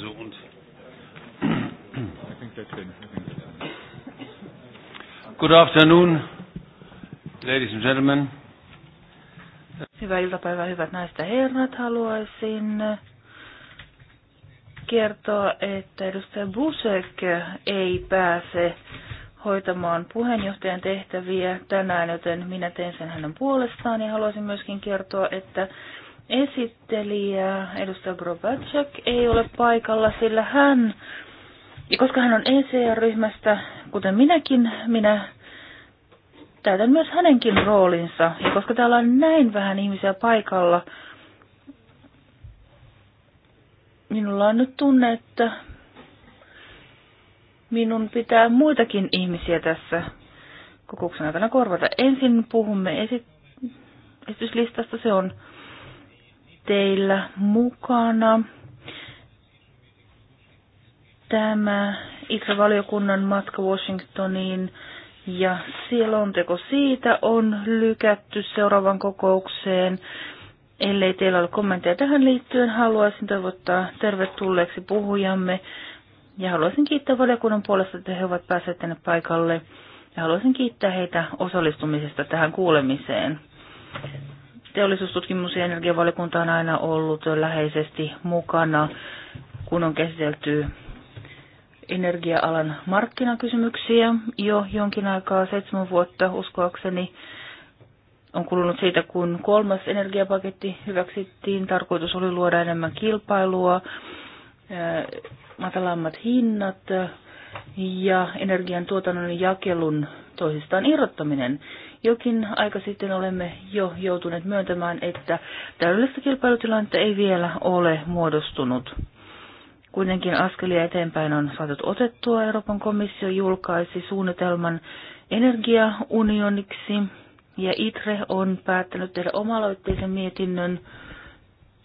So und. Good afternoon, ladies and gentlemen. Hyvää iltapäivää, hyvät naiset ja herrat. Haluaisin kertoa, että edustaja Busek ei pääse hoitamaan puheenjohtajan tehtäviä tänään, joten minä teen sen hänen puolestaan. Ja haluaisin myöskin kertoa, että esittelijä, edustaja Grobacek, ei ole paikalla, sillä hän, ja koska hän on ECR-ryhmästä, kuten minäkin, minä täytän myös hänenkin roolinsa. Ja koska täällä on näin vähän ihmisiä paikalla, minulla on nyt tunne, että minun pitää muitakin ihmisiä tässä kokouksen aikana korvata. Ensin puhumme esityslistasta, se on teillä mukana. Tämä ITRA-valiokunnan matka Washingtoniin ja selonteko siitä on lykätty seuraavan kokoukseen. Ellei teillä ole kommentteja tähän liittyen, haluaisin toivottaa tervetulleeksi puhujamme. Ja haluaisin kiittää valiokunnan puolesta, että he ovat päässeet tänne paikalle. Ja haluaisin kiittää heitä osallistumisesta tähän kuulemiseen teollisuustutkimus- ja energiavaliokunta on aina ollut läheisesti mukana, kun on käsitelty energia-alan markkinakysymyksiä jo jonkin aikaa, seitsemän vuotta uskoakseni. On kulunut siitä, kun kolmas energiapaketti hyväksyttiin. Tarkoitus oli luoda enemmän kilpailua, matalammat hinnat ja energian tuotannon ja jakelun toisistaan irrottaminen. Jokin aika sitten olemme jo joutuneet myöntämään, että täydellistä kilpailutilannetta ei vielä ole muodostunut. Kuitenkin askelia eteenpäin on saatu otettua. Euroopan komissio julkaisi suunnitelman energiaunioniksi ja ITRE on päättänyt tehdä omaloitteisen mietinnön.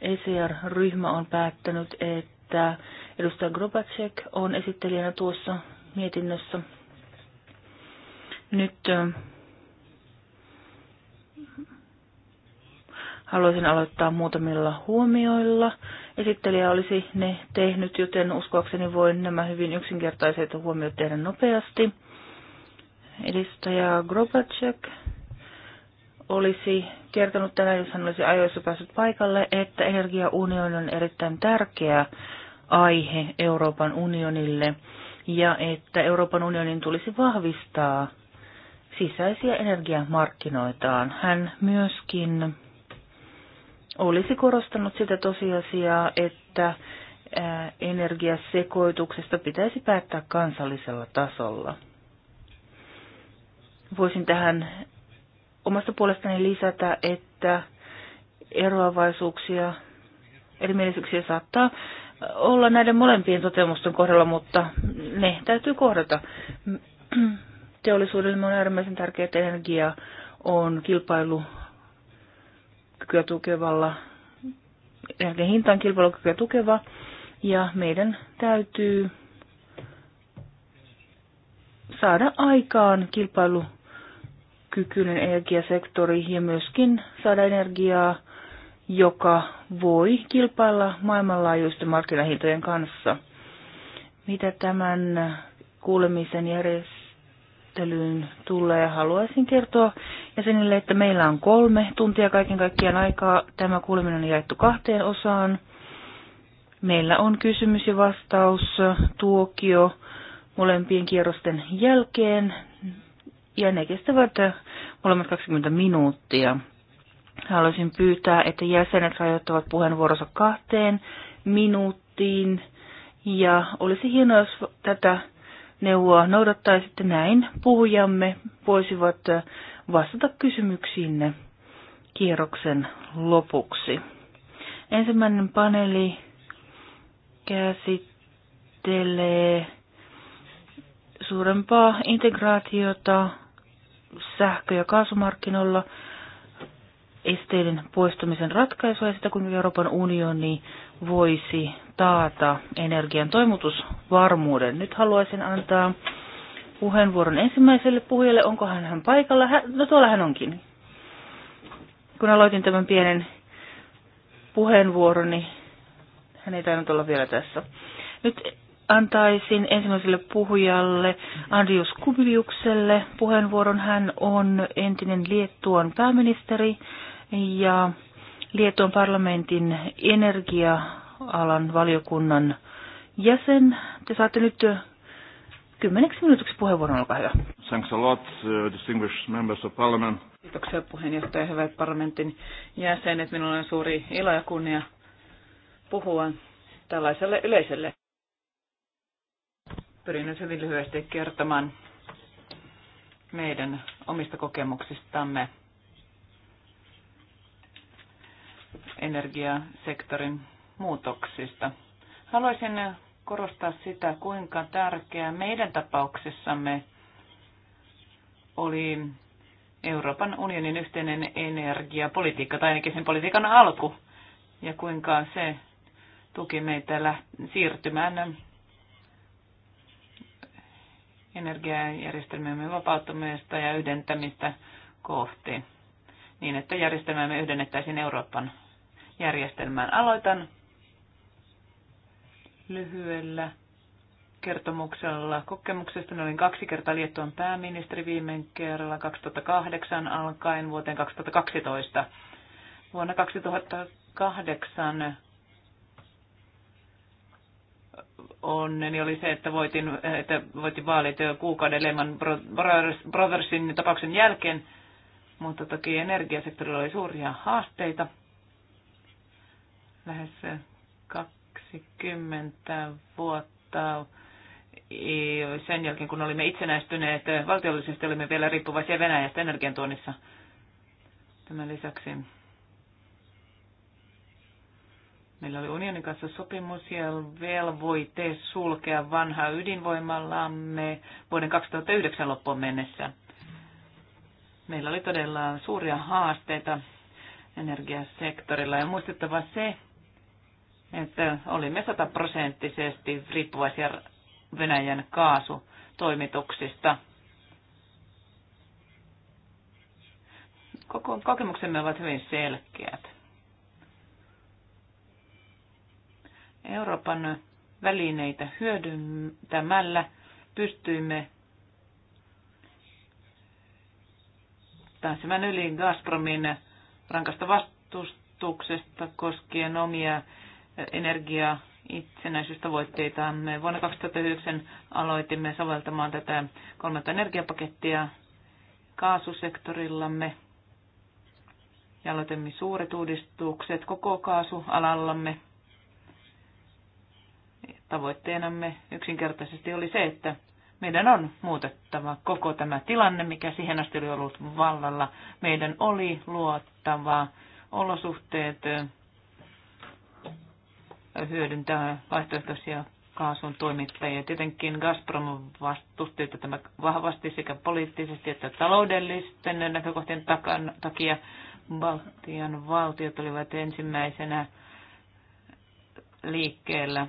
ECR-ryhmä on päättänyt, että edustaja Grobacek on esittelijänä tuossa mietinnössä. Nyt Haluaisin aloittaa muutamilla huomioilla. Esittelijä olisi ne tehnyt, joten uskoakseni voin nämä hyvin yksinkertaiset huomiot tehdä nopeasti. Edistäjä Grobacek olisi kertonut tänään, jos hän olisi ajoissa päässyt paikalle, että energiaunioni on erittäin tärkeä aihe Euroopan unionille ja että Euroopan unionin tulisi vahvistaa sisäisiä energiamarkkinoitaan. Hän myöskin olisi korostanut sitä tosiasiaa, että energiasekoituksesta pitäisi päättää kansallisella tasolla. Voisin tähän omasta puolestani lisätä, että eroavaisuuksia, erimielisyyksiä saattaa olla näiden molempien toteamusten kohdalla, mutta ne täytyy kohdata. Teollisuudelle on äärimmäisen tärkeää, että energia on kilpailu kilpailukykyä tukevalla, energian hinta on kilpailukykyä tukeva, ja meidän täytyy saada aikaan kilpailukykyinen energiasektori ja myöskin saada energiaa, joka voi kilpailla maailmanlaajuisten markkinahintojen kanssa. Mitä tämän kuulemisen järjestelyyn tulee, haluaisin kertoa jäsenille, että meillä on kolme tuntia kaiken kaikkiaan aikaa. Tämä kuuleminen on jaettu kahteen osaan. Meillä on kysymys ja vastaus, tuokio molempien kierrosten jälkeen, ja ne kestävät molemmat 20 minuuttia. Haluaisin pyytää, että jäsenet rajoittavat puheenvuoronsa kahteen minuuttiin, ja olisi hienoa, jos tätä neuvoa noudattaisitte näin. Puhujamme voisivat vastata kysymyksiinne kierroksen lopuksi. Ensimmäinen paneeli käsittelee suurempaa integraatiota sähkö- ja kaasumarkkinoilla, esteiden poistamisen ratkaisua ja sitä, kuinka Euroopan unioni voisi taata energian toimitusvarmuuden. Nyt haluaisin antaa puheenvuoron ensimmäiselle puhujalle. Onko hän, hän paikalla? Hän, no tuolla hän onkin. Kun aloitin tämän pienen puheenvuoroni, hän ei tainnut olla vielä tässä. Nyt antaisin ensimmäiselle puhujalle Andrius Kubiliukselle puheenvuoron. Hän on entinen Liettuan pääministeri ja Liettuan parlamentin energia-alan valiokunnan jäsen. Te saatte nyt kymmeneksi minuutiksi puheenvuoron, olkaa hyvä. Thanks a lot, uh, distinguished members of parliament. Kiitoksia puheenjohtaja, hyvät parlamentin jäsenet. Minulla on suuri ilo ja kunnia puhua tällaiselle yleiselle. Pyrin nyt hyvin lyhyesti kertomaan meidän omista kokemuksistamme energiasektorin muutoksista. Haluaisin korostaa sitä, kuinka tärkeää meidän tapauksessamme oli Euroopan unionin yhteinen energiapolitiikka, tai ainakin sen politiikan alku, ja kuinka se tuki meitä siirtymään energiajärjestelmämme vapauttamista ja yhdentämistä kohti, niin että järjestelmämme yhdennettäisiin Euroopan järjestelmään. Aloitan lyhyellä kertomuksella kokemuksesta. Olin kaksi kertaa Liettuan pääministeri viime kerralla 2008 alkaen vuoteen 2012. Vuonna 2008 onneni oli se, että voitin, että voitin vaalit kuukauden Lehman Brothersin tapauksen jälkeen, mutta toki energiasektorilla oli suuria haasteita. Lähes 20 vuotta sen jälkeen, kun olimme itsenäistyneet, valtiollisesti olimme vielä riippuvaisia Venäjästä energiantuonnissa. Tämän lisäksi meillä oli unionin kanssa sopimus ja velvoite sulkea vanha ydinvoimallamme vuoden 2009 loppuun mennessä. Meillä oli todella suuria haasteita energiasektorilla ja muistettava se, että olimme sataprosenttisesti riippuvaisia Venäjän kaasutoimituksista. Koko, kokemuksemme ovat hyvin selkeät. Euroopan välineitä hyödyntämällä pystyimme pääsemään yli Gazpromin rankasta vastustuksesta koskien omia energia itsenäisyystavoitteitaan. Me vuonna 2009 aloitimme soveltamaan tätä kolmatta energiapakettia kaasusektorillamme ja aloitimme suuret uudistukset koko kaasualallamme. Tavoitteenamme yksinkertaisesti oli se, että meidän on muutettava koko tämä tilanne, mikä siihen asti oli ollut vallalla. Meidän oli luottava olosuhteet hyödyntää vaihtoehtoisia kaasun toimittajia. Tietenkin Gazprom vastusti tätä vahvasti sekä poliittisesti että taloudellisten näkökohtien takia. Baltian valtiot olivat ensimmäisenä liikkeellä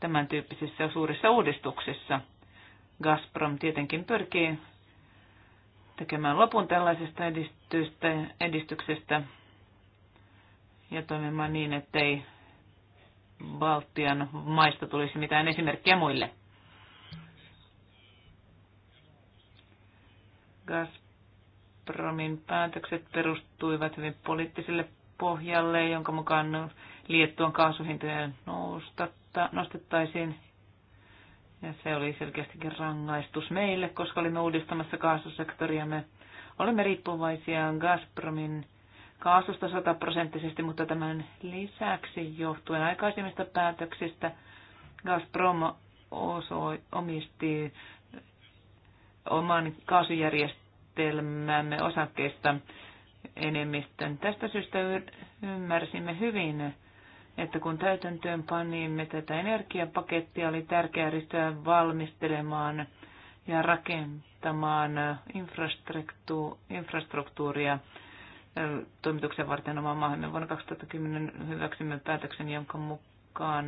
tämän tyyppisissä suurissa uudistuksissa. Gazprom tietenkin pyrkii tekemään lopun tällaisesta edistyksestä ja toimimaan niin, ettei Baltian maista tulisi mitään esimerkkiä muille. Gazpromin päätökset perustuivat hyvin poliittiselle pohjalle, jonka mukaan Liettuan kaasuhintoja nostettaisiin. Ja se oli selkeästikin rangaistus meille, koska olimme uudistamassa kaasusektoriamme. Olemme riippuvaisia Gazpromin kaasusta sataprosenttisesti, mutta tämän lisäksi johtuen aikaisemmista päätöksistä Gazprom osoi, omisti oman kaasujärjestelmämme osakkeista enemmistön. Tästä syystä ymmärsimme hyvin, että kun täytäntöön panimme tätä energiapakettia, oli tärkeää ryhtyä valmistelemaan ja rakentamaan infrastruktuuria toimituksen varten omaa maahamme. Vuonna 2010 hyväksymme päätöksen, jonka mukaan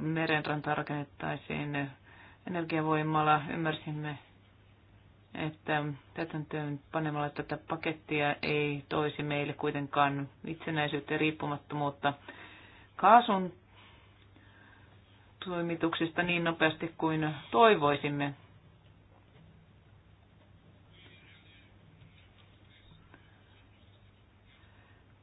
merenrantaan rakennettaisiin energiavoimalla. Ymmärsimme, että täytäntöön panemalla tätä pakettia ei toisi meille kuitenkaan itsenäisyyttä ja riippumattomuutta kaasun toimituksista niin nopeasti kuin toivoisimme.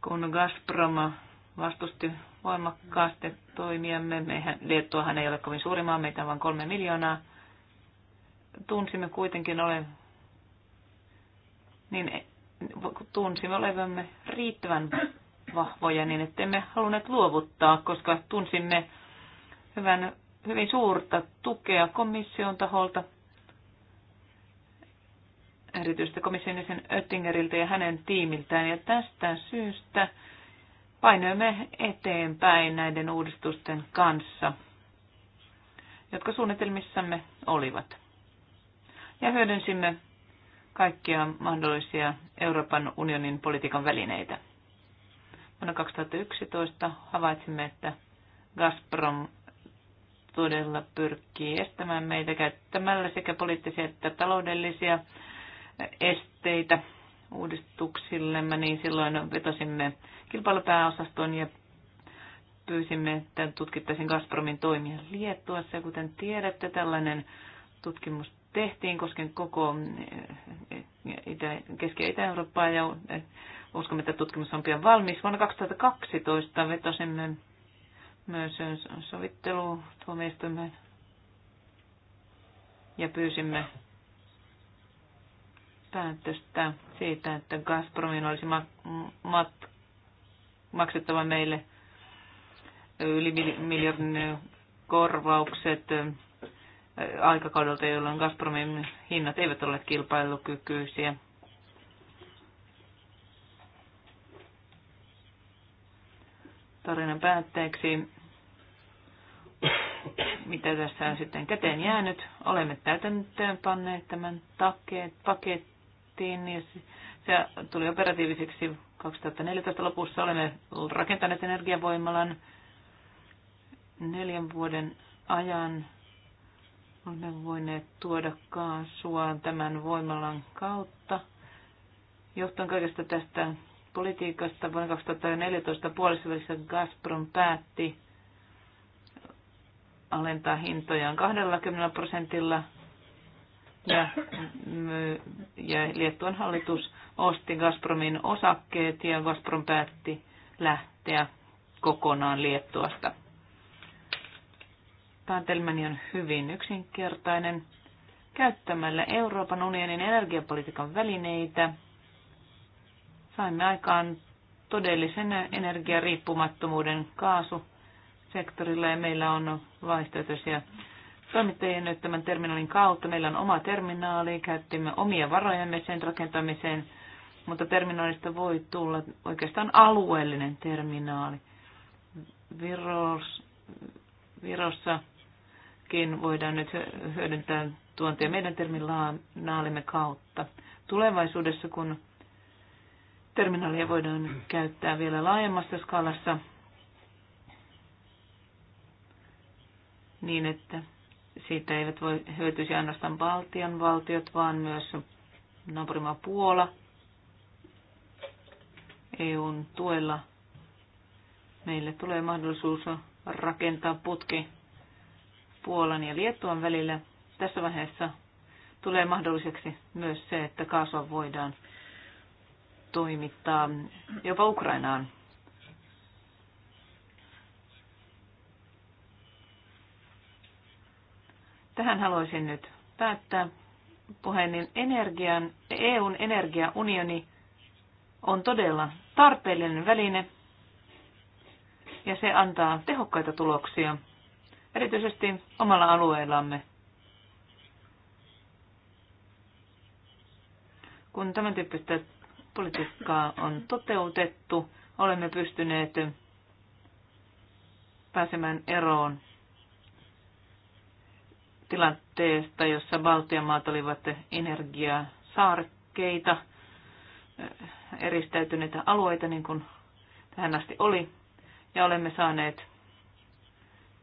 kun Gazprom vastusti voimakkaasti toimiamme, mehän, Liettuahan ei ole kovin suuri maa, meitä on vain kolme miljoonaa, tunsimme kuitenkin ole, niin tunsimme olevamme riittävän vahvoja niin, että emme halunneet luovuttaa, koska tunsimme hyvän, hyvin suurta tukea komission taholta erityisesti komission jäsen Oettingeriltä ja hänen tiimiltään. Ja tästä syystä painoimme eteenpäin näiden uudistusten kanssa, jotka suunnitelmissamme olivat. Ja hyödynsimme kaikkia mahdollisia Euroopan unionin politiikan välineitä. Vuonna 2011 havaitsimme, että Gazprom todella pyrkii estämään meitä käyttämällä sekä poliittisia että taloudellisia esteitä uudistuksillemme, niin silloin vetosimme kilpailupääosastoon ja pyysimme, että tutkittaisiin Gazpromin toimia Liettuassa. Ja kuten tiedätte, tällainen tutkimus tehtiin koskien koko eh, Itä, Keski- ja Itä-Eurooppaa ja uskomme, että tutkimus on pian valmis. Vuonna 2012 vetosimme myös sovittelutuomioistuimen ja pyysimme päätöstä siitä, että Gazpromin olisi mat- maksettava meille yli miljardin korvaukset aikakaudelta, jolloin Gazpromin hinnat eivät ole kilpailukykyisiä. Tarinan päätteeksi, mitä tässä on sitten käteen jäänyt, olemme täytäntöön panneet tämän takeet, paketin tehtiin niin se tuli operatiiviseksi 2014 lopussa. Olemme rakentaneet energiavoimalan neljän vuoden ajan. Olemme voineet tuoda kaasua tämän voimalan kautta. Johtuen kaikesta tästä politiikasta vuonna 2014 puolessa Gazprom päätti alentaa hintojaan 20 prosentilla – ja, mm, ja Liettuan hallitus osti Gazpromin osakkeet ja Gazprom päätti lähteä kokonaan Liettuasta. Päätelmäni on hyvin yksinkertainen. Käyttämällä Euroopan unionin energiapolitiikan välineitä saimme aikaan todellisen energiariippumattomuuden kaasu sektorilla ja meillä on vaihtoehtoisia toimittajien nyt tämän terminaalin kautta. Meillä on oma terminaali, käyttimme omia varojamme sen rakentamiseen, mutta terminaalista voi tulla oikeastaan alueellinen terminaali. Viros, Virossakin voidaan nyt hyödyntää tuontia meidän terminaalimme kautta. Tulevaisuudessa, kun terminaalia voidaan käyttää vielä laajemmassa skaalassa, niin että siitä eivät voi hyötyisi ainoastaan Baltian valtiot, vaan myös naapurimaa Puola EUn tuella. Meille tulee mahdollisuus rakentaa putki Puolan ja Liettuan välillä. Tässä vaiheessa tulee mahdolliseksi myös se, että kaasua voidaan toimittaa jopa Ukrainaan. Tähän haluaisin nyt päättää puheen, energian, EUn energiaunioni on todella tarpeellinen väline ja se antaa tehokkaita tuloksia, erityisesti omalla alueellamme. Kun tämän tyyppistä politiikkaa on toteutettu, olemme pystyneet pääsemään eroon tilanteesta, jossa Baltian maat olivat energiasaarekkeita, eristäytyneitä alueita, niin kuin tähän asti oli, ja olemme saaneet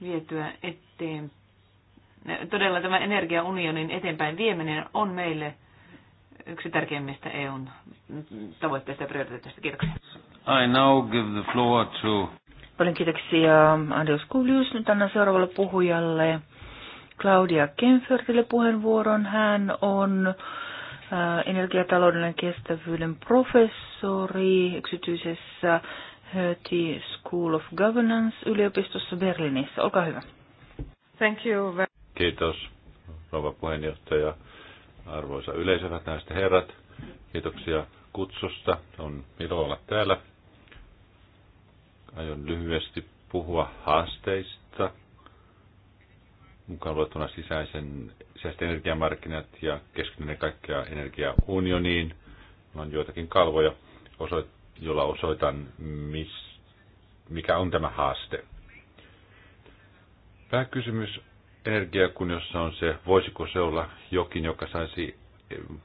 vietyä eteen. Todella tämä energiaunionin eteenpäin vieminen on meille yksi tärkeimmistä EUn tavoitteista ja prioriteetteista. Kiitoksia. I now give the floor to... Paljon kiitoksia Andreas Kuljus. Nyt annan seuraavalle puhujalle Claudia Kempfertille puheenvuoron. Hän on äh, energiataloudellinen kestävyyden professori yksityisessä Hertie School of Governance yliopistossa Berliinissä. Olkaa hyvä. Thank you. Kiitos, rouva puheenjohtaja. Arvoisa yleisövät näistä herrat, kiitoksia kutsusta. On ilo olla täällä. Aion lyhyesti puhua haasteista, mukaan luettuna sisäisen, sisäiset energiamarkkinat ja keskittyneen kaikkea energiaunioniin. On joitakin kalvoja, osoit, jolla osoitan, mis, mikä on tämä haaste. Pääkysymys energiakunnossa on se, voisiko se olla jokin, joka saisi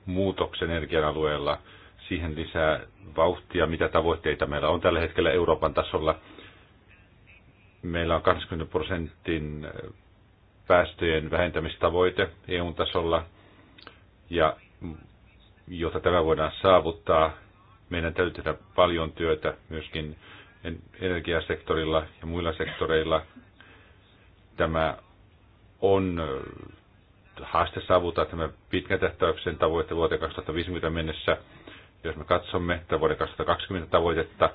muutoksen energian alueella siihen lisää vauhtia, mitä tavoitteita meillä on tällä hetkellä Euroopan tasolla. Meillä on 20 prosentin päästöjen vähentämistavoite eu tasolla, ja jotta tämä voidaan saavuttaa, meidän täytyy tehdä paljon työtä myöskin energiasektorilla ja muilla sektoreilla. Tämä on äh, haaste saavuttaa tämä pitkän tähtäyksen tavoite vuoteen 2050 mennessä. Jos me katsomme tätä vuoden 2020 tavoitetta,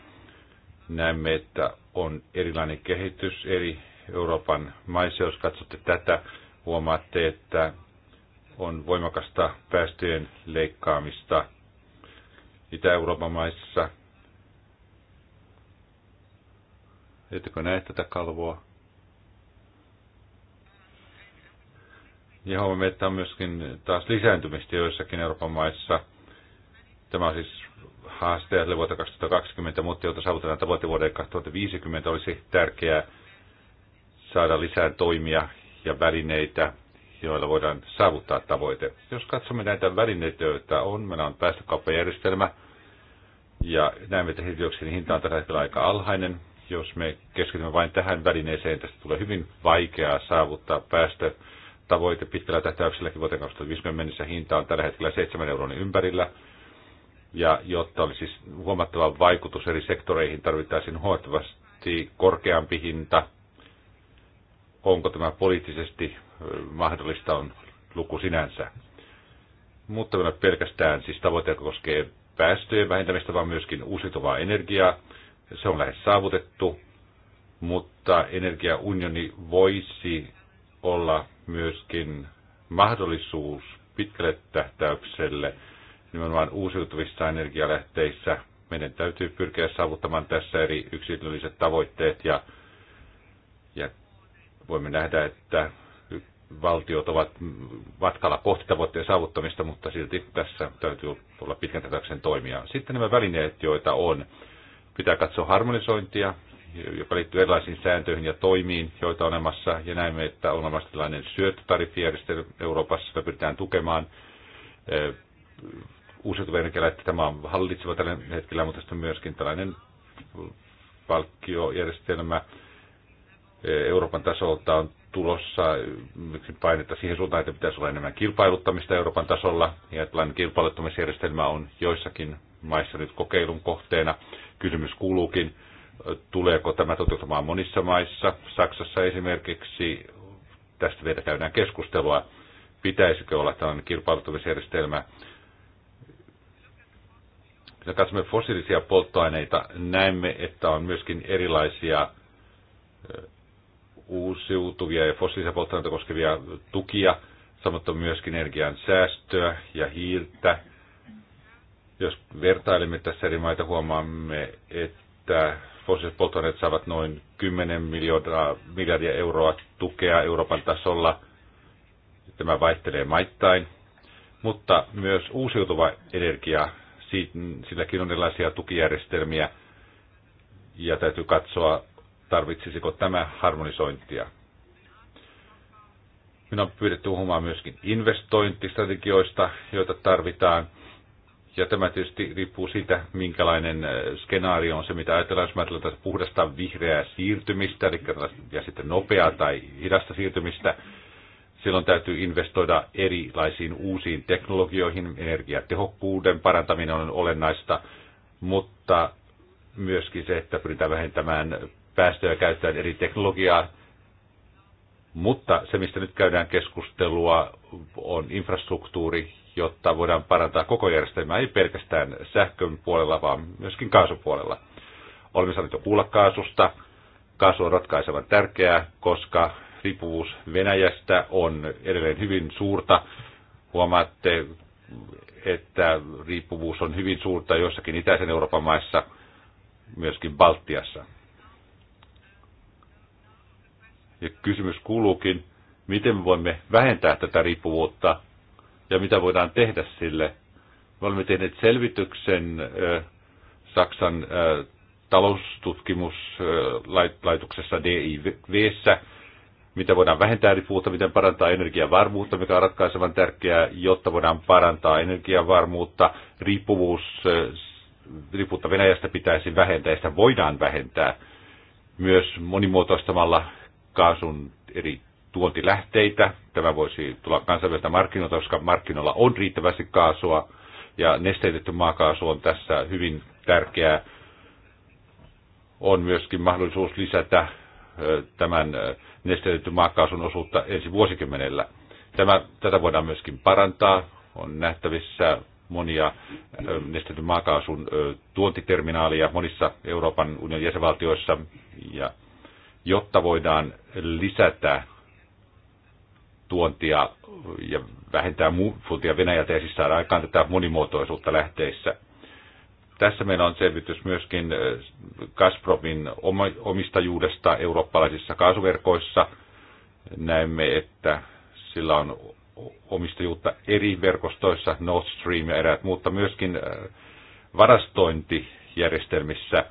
näemme, että on erilainen kehitys eri Euroopan maissa, jos katsotte tätä, huomaatte, että on voimakasta päästöjen leikkaamista Itä-Euroopan maissa. Ettekö näe tätä kalvoa? Ja huomaamme, että on myöskin taas lisääntymistä joissakin Euroopan maissa. Tämä on siis haasteelle vuotta 2020, mutta jota saavutetaan tavoite vuoden 2050 olisi tärkeää saada lisää toimia ja välineitä, joilla voidaan saavuttaa tavoite. Jos katsomme näitä välineitä, joita on, meillä on päästökauppajärjestelmä, ja näemme, että hiilidioksidin hinta on tällä hetkellä aika alhainen. Jos me keskitymme vain tähän välineeseen, tästä tulee hyvin vaikeaa saavuttaa päästötavoite pitkällä tähtäykselläkin vuoteen 2050 mennessä. Hinta on tällä hetkellä 7 euron ympärillä. Ja jotta olisi siis huomattava vaikutus eri sektoreihin, tarvittaisiin huomattavasti korkeampi hinta – onko tämä poliittisesti mahdollista, on luku sinänsä. Mutta meillä pelkästään siis tavoite, joka koskee päästöjen vähentämistä, vaan myöskin uusiutuvaa energiaa. Se on lähes saavutettu, mutta energiaunioni voisi olla myöskin mahdollisuus pitkälle tähtäykselle nimenomaan uusiutuvissa energialähteissä. Meidän täytyy pyrkiä saavuttamaan tässä eri yksilölliset tavoitteet ja, ja Voimme nähdä, että valtiot ovat matkalla kohti tavoitteen saavuttamista, mutta silti tässä täytyy olla pitkän tätäkseen toimia. Sitten nämä välineet, joita on. Pitää katsoa harmonisointia, joka liittyy erilaisiin sääntöihin ja toimiin, joita on olemassa. Ja näemme, että on olemassa tällainen syöttötariffijärjestelmä Euroopassa, jota pyritään tukemaan energialla, että Tämä on hallitseva tällä hetkellä, mutta sitten myöskin tällainen palkkiojärjestelmä, Euroopan tasolta on tulossa painetta siihen suuntaan, että pitäisi olla enemmän kilpailuttamista Euroopan tasolla, ja tällainen kilpailuttamisjärjestelmä on joissakin maissa nyt kokeilun kohteena. Kysymys kuuluukin, tuleeko tämä toteutumaan monissa maissa. Saksassa esimerkiksi tästä vielä käydään keskustelua, pitäisikö olla tällainen kilpailuttamisjärjestelmä. Kun katsomme fossiilisia polttoaineita, näemme, että on myöskin erilaisia uusiutuvia ja fossiilisia polttoaineita koskevia tukia, samoin myöskin energian säästöä ja hiiltä. Jos vertailemme tässä eri maita, huomaamme, että fossiiliset polttoaineet saavat noin 10 miljardia, miljardia euroa tukea Euroopan tasolla. Tämä vaihtelee maittain. Mutta myös uusiutuva energia, silläkin on erilaisia tukijärjestelmiä, ja täytyy katsoa tarvitsisiko tämä harmonisointia. Minä on pyydetty puhumaan myöskin investointistrategioista, joita tarvitaan. Ja tämä tietysti riippuu siitä, minkälainen äh, skenaario on se, mitä ajatellaan, jos ajatellaan tästä puhdasta vihreää siirtymistä, eli ja sitten nopeaa tai hidasta siirtymistä, silloin täytyy investoida erilaisiin uusiin teknologioihin. Energiatehokkuuden parantaminen on olennaista, mutta myöskin se, että pyritään vähentämään päästöjä käyttäen eri teknologiaa. Mutta se, mistä nyt käydään keskustelua, on infrastruktuuri, jotta voidaan parantaa koko järjestelmää, ei pelkästään sähkön puolella, vaan myöskin kaasupuolella. Olemme saaneet jo kuulla kaasusta. Kaasu on ratkaisevan tärkeää, koska riippuvuus Venäjästä on edelleen hyvin suurta. Huomaatte, että riippuvuus on hyvin suurta joissakin itäisen Euroopan maissa, myöskin Baltiassa. Ja kysymys kuuluukin, miten voimme vähentää tätä riippuvuutta ja mitä voidaan tehdä sille. Me olemme tehneet selvityksen Saksan taloustutkimuslaitoksessa DIVssä, mitä voidaan vähentää riippuvuutta, miten parantaa energiavarmuutta, mikä on ratkaisevan tärkeää, jotta voidaan parantaa energiavarmuutta. Riippuvuus, riippuvuutta Venäjästä pitäisi vähentää ja sitä voidaan vähentää myös monimuotoistamalla kaasun eri tuontilähteitä. Tämä voisi tulla kansainvälistä markkinoilta, koska markkinoilla on riittävästi kaasua ja nesteytetty maakaasu on tässä hyvin tärkeää. On myöskin mahdollisuus lisätä tämän nesteytetty maakaasun osuutta ensi vuosikymmenellä. Tämä, tätä voidaan myöskin parantaa. On nähtävissä monia nesteytetty maakaasun tuontiterminaaleja monissa Euroopan unionin jäsenvaltioissa ja jotta voidaan lisätä tuontia ja vähentää muuttia Venäjältä ja siis saada aikaan tätä monimuotoisuutta lähteissä. Tässä meillä on selvitys myöskin Gazpromin omistajuudesta eurooppalaisissa kaasuverkoissa. Näemme, että sillä on omistajuutta eri verkostoissa, Nord Stream ja eräät, mutta myöskin varastointijärjestelmissä –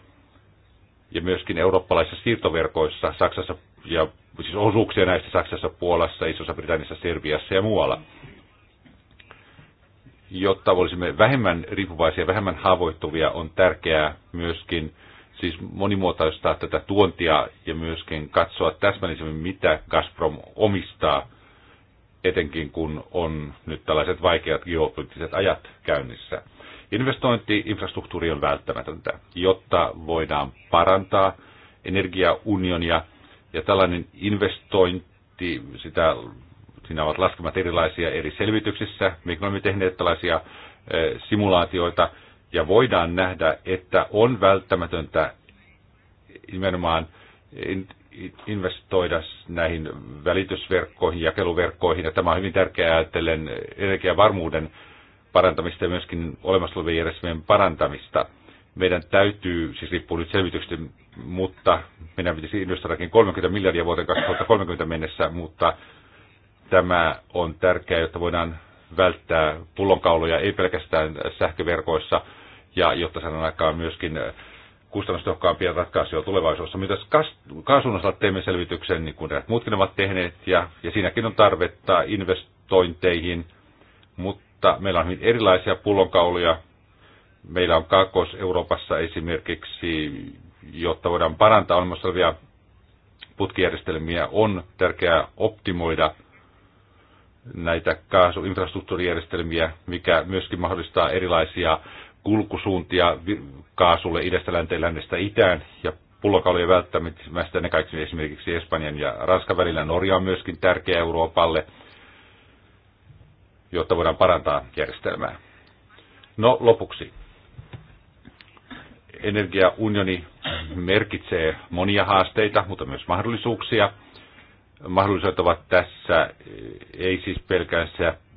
ja myöskin eurooppalaisissa siirtoverkoissa Saksassa ja siis osuuksia näistä Saksassa, Puolassa, Isossa Britanniassa, Serbiassa ja muualla. Jotta olisimme vähemmän riippuvaisia, vähemmän haavoittuvia, on tärkeää myöskin siis monimuotoistaa tätä tuontia ja myöskin katsoa täsmällisemmin, mitä Gazprom omistaa, etenkin kun on nyt tällaiset vaikeat geopoliittiset ajat käynnissä. Investointi infrastruktuuri on välttämätöntä, jotta voidaan parantaa energiaunionia ja tällainen investointi, sitä, siinä ovat laskemat erilaisia eri selvityksissä. Me olemme tehneet tällaisia eh, simulaatioita ja voidaan nähdä, että on välttämätöntä nimenomaan investoida näihin välitysverkkoihin, jakeluverkkoihin, ja tämä on hyvin tärkeää ajatellen energiavarmuuden parantamista ja myöskin olemassa olevien järjestelmien parantamista. Meidän täytyy, siis riippuu nyt selvityksestä, mutta meidän pitäisi investoidakin 30 miljardia vuoteen 2030 mennessä, mutta tämä on tärkeää, jotta voidaan välttää pullonkauloja ei pelkästään sähköverkoissa, ja jotta saadaan aikaan myöskin kustannustehokkaampia ratkaisuja tulevaisuudessa. Mitä kaasun osalta teemme selvityksen, niin kuin muutkin ovat tehneet, ja, ja siinäkin on tarvetta investointeihin, mutta mutta meillä on hyvin erilaisia pullonkauluja. Meillä on Kaakkois-Euroopassa esimerkiksi, jotta voidaan parantaa olemassa olevia putkijärjestelmiä, on tärkeää optimoida näitä kaasuinfrastruktuurijärjestelmiä, mikä myöskin mahdollistaa erilaisia kulkusuuntia kaasulle idästä, länteen, lännestä, itään ja pullokalujen välttämättä ennen kaikkea esimerkiksi Espanjan ja Ranskan välillä. Norja on myöskin tärkeä Euroopalle – jotta voidaan parantaa järjestelmää. No lopuksi. Energiaunioni merkitsee monia haasteita, mutta myös mahdollisuuksia. Mahdollisuudet ovat tässä, ei siis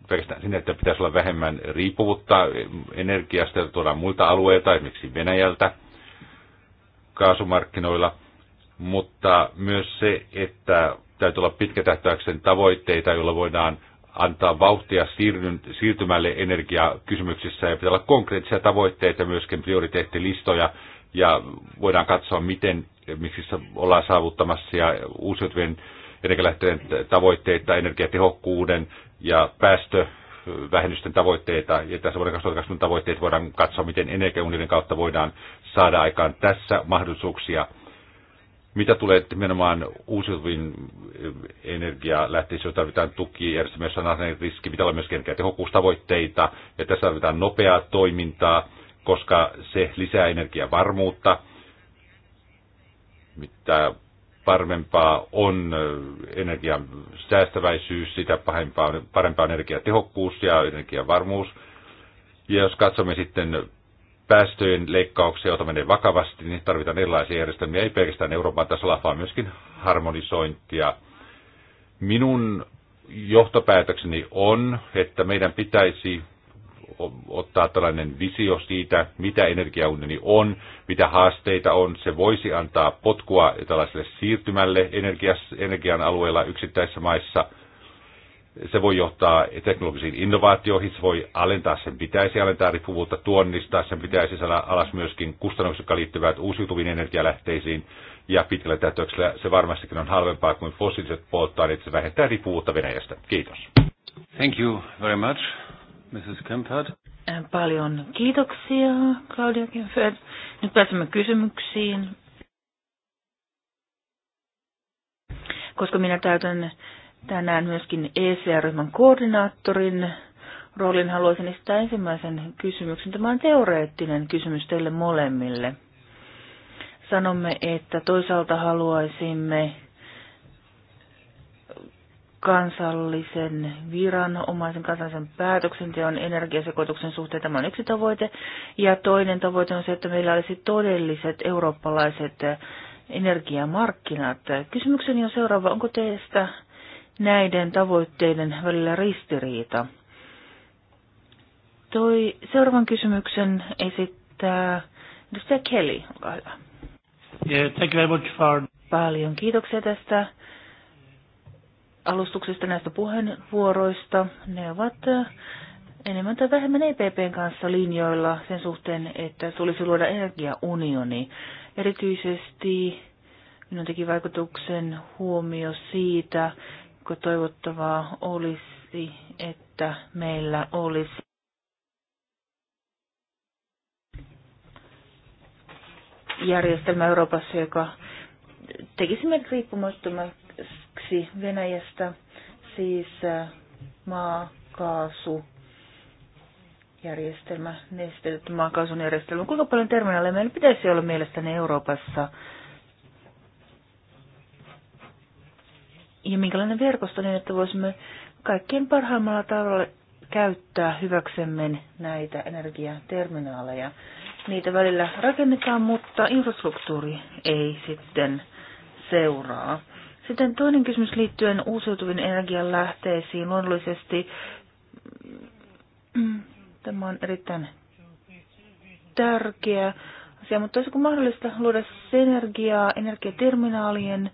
pelkästään sinne, että pitäisi olla vähemmän riippuvuutta energiasta, jota tuodaan muilta alueilta, esimerkiksi Venäjältä kaasumarkkinoilla, mutta myös se, että täytyy olla pitkätähtäyksen tavoitteita, joilla voidaan antaa vauhtia siirtymälle energiakysymyksissä ja pitää olla konkreettisia tavoitteita ja myöskin prioriteettilistoja ja voidaan katsoa, miten, miksi ollaan saavuttamassa ja uusiutuvien energialähteiden tavoitteita, energiatehokkuuden ja päästö vähennysten tavoitteita, ja tässä vuoden 2020 tavoitteet voidaan katsoa, miten energiaunionin kautta voidaan saada aikaan tässä mahdollisuuksia mitä tulee nimenomaan uusiutuviin energialähteisiin, tarvitaan tuki, järjestelmässä on riski, pitää olla myös energiatehokkuustavoitteita, ja tässä tarvitaan nopeaa toimintaa, koska se lisää energiavarmuutta, mitä parempaa on äh, energian säästäväisyys, sitä parempaa on energiatehokkuus ja energiavarmuus. Ja jos katsomme sitten päästöjen leikkauksia menee vakavasti, niin tarvitaan erilaisia järjestelmiä, ei pelkästään Euroopan tasolla, vaan myöskin harmonisointia. Minun johtopäätökseni on, että meidän pitäisi ottaa tällainen visio siitä, mitä energiaunioni on, mitä haasteita on. Se voisi antaa potkua tällaiselle siirtymälle energias, energian alueella yksittäisissä maissa – se voi johtaa teknologisiin innovaatioihin, se voi alentaa, sen pitäisi alentaa riippuvuutta tuonnista, sen pitäisi saada alas myöskin kustannukset, jotka liittyvät uusiutuviin energialähteisiin, ja pitkällä tähtäyksellä se varmastikin on halvempaa kuin fossiiliset polttoaineet, se vähentää riippuvuutta Venäjästä. Kiitos. Thank you very much, Mrs. Kempert. Äh, paljon kiitoksia, Claudia Kempert. Nyt pääsemme kysymyksiin. Koska minä täytän tänään myöskin ECR-ryhmän koordinaattorin roolin. Haluaisin esittää ensimmäisen kysymyksen. Tämä on teoreettinen kysymys teille molemmille. Sanomme, että toisaalta haluaisimme kansallisen viranomaisen, kansallisen päätöksenteon energiasekoituksen suhteen. Tämä on yksi tavoite. Ja toinen tavoite on se, että meillä olisi todelliset eurooppalaiset energiamarkkinat. Kysymykseni on seuraava. Onko teistä näiden tavoitteiden välillä ristiriita. Toi seuraavan kysymyksen esittää edustaja Kelly, olkaa hyvä. Yeah, thank you very much for... Paljon kiitoksia tästä alustuksesta näistä puheenvuoroista. Ne ovat eh, enemmän tai vähemmän EPPn kanssa linjoilla sen suhteen, että tulisi luoda energiaunioni. Erityisesti minun teki vaikutuksen huomio siitä, toivottavaa olisi, että meillä olisi järjestelmä Euroopassa, joka tekisi meidät riippumattomaksi Venäjästä, siis äh, maakaasujärjestelmä, nesteet, nesteytetty maakaasun järjestelmä. Kuinka paljon terminaaleja meillä pitäisi olla mielestäni Euroopassa? ja minkälainen verkosto niin, että voisimme kaikkein parhaimmalla tavalla käyttää hyväksemme näitä energiaterminaaleja. Niitä välillä rakennetaan, mutta infrastruktuuri ei sitten seuraa. Sitten toinen kysymys liittyen uusiutuvien energian lähteisiin. Luonnollisesti mm, tämä on erittäin tärkeä asia, mutta olisiko mahdollista luoda synergiaa energiaterminaalien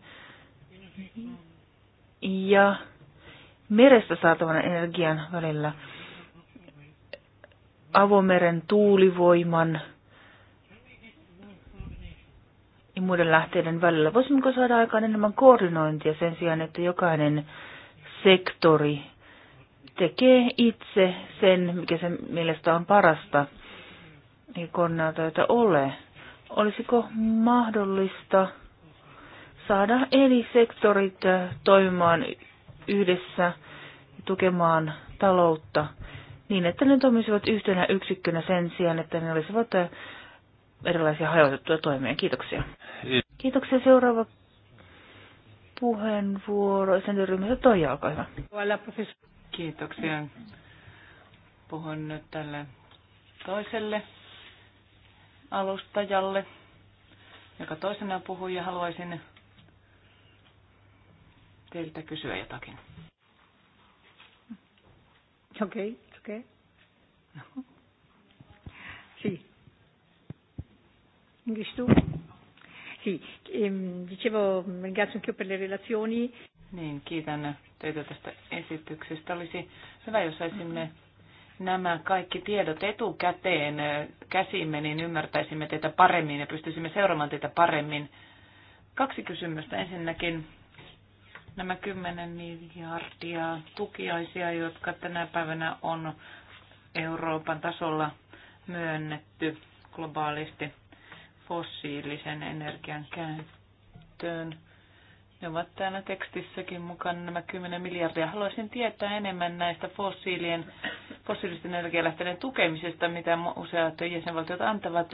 ja merestä saatavan energian välillä avomeren tuulivoiman ja muiden lähteiden välillä. Voisimmeko saada aikaan enemmän koordinointia sen sijaan, että jokainen sektori tekee itse sen, mikä sen mielestä on parasta, ei koordinaatioita ole. Olisiko mahdollista saada eri sektorit äh, toimimaan yhdessä tukemaan taloutta niin, että ne toimisivat yhtenä yksikkönä sen sijaan, että ne olisivat äh, erilaisia hajautettuja toimia. Kiitoksia. Kiitoksia. Seuraava puheenvuoro. Sen ryhmässä Toija, olkaa hyvä. Kiitoksia. Puhun nyt tälle toiselle alustajalle, joka toisena puhui ja haluaisin teiltä kysyä jotakin. Okei, okay, okei. Okay. Sì. English too? Sì, ehm, dicevo, ringrazio anch'io per le relazioni. Niin, kiitän teitä tästä esityksestä. Olisi hyvä, jos saisimme nämä kaikki tiedot etukäteen eh, käsimme, niin ymmärtäisimme teitä paremmin ja pystyisimme seuraamaan teitä paremmin. Kaksi kysymystä. Ensinnäkin, nämä 10 miljardia tukiaisia, jotka tänä päivänä on Euroopan tasolla myönnetty globaalisti fossiilisen energian käyttöön. Ne ovat täällä tekstissäkin mukana nämä 10 miljardia. Haluaisin tietää enemmän näistä fossiilien, fossiilisten energialähteiden tukemisesta, mitä useat jäsenvaltiot antavat.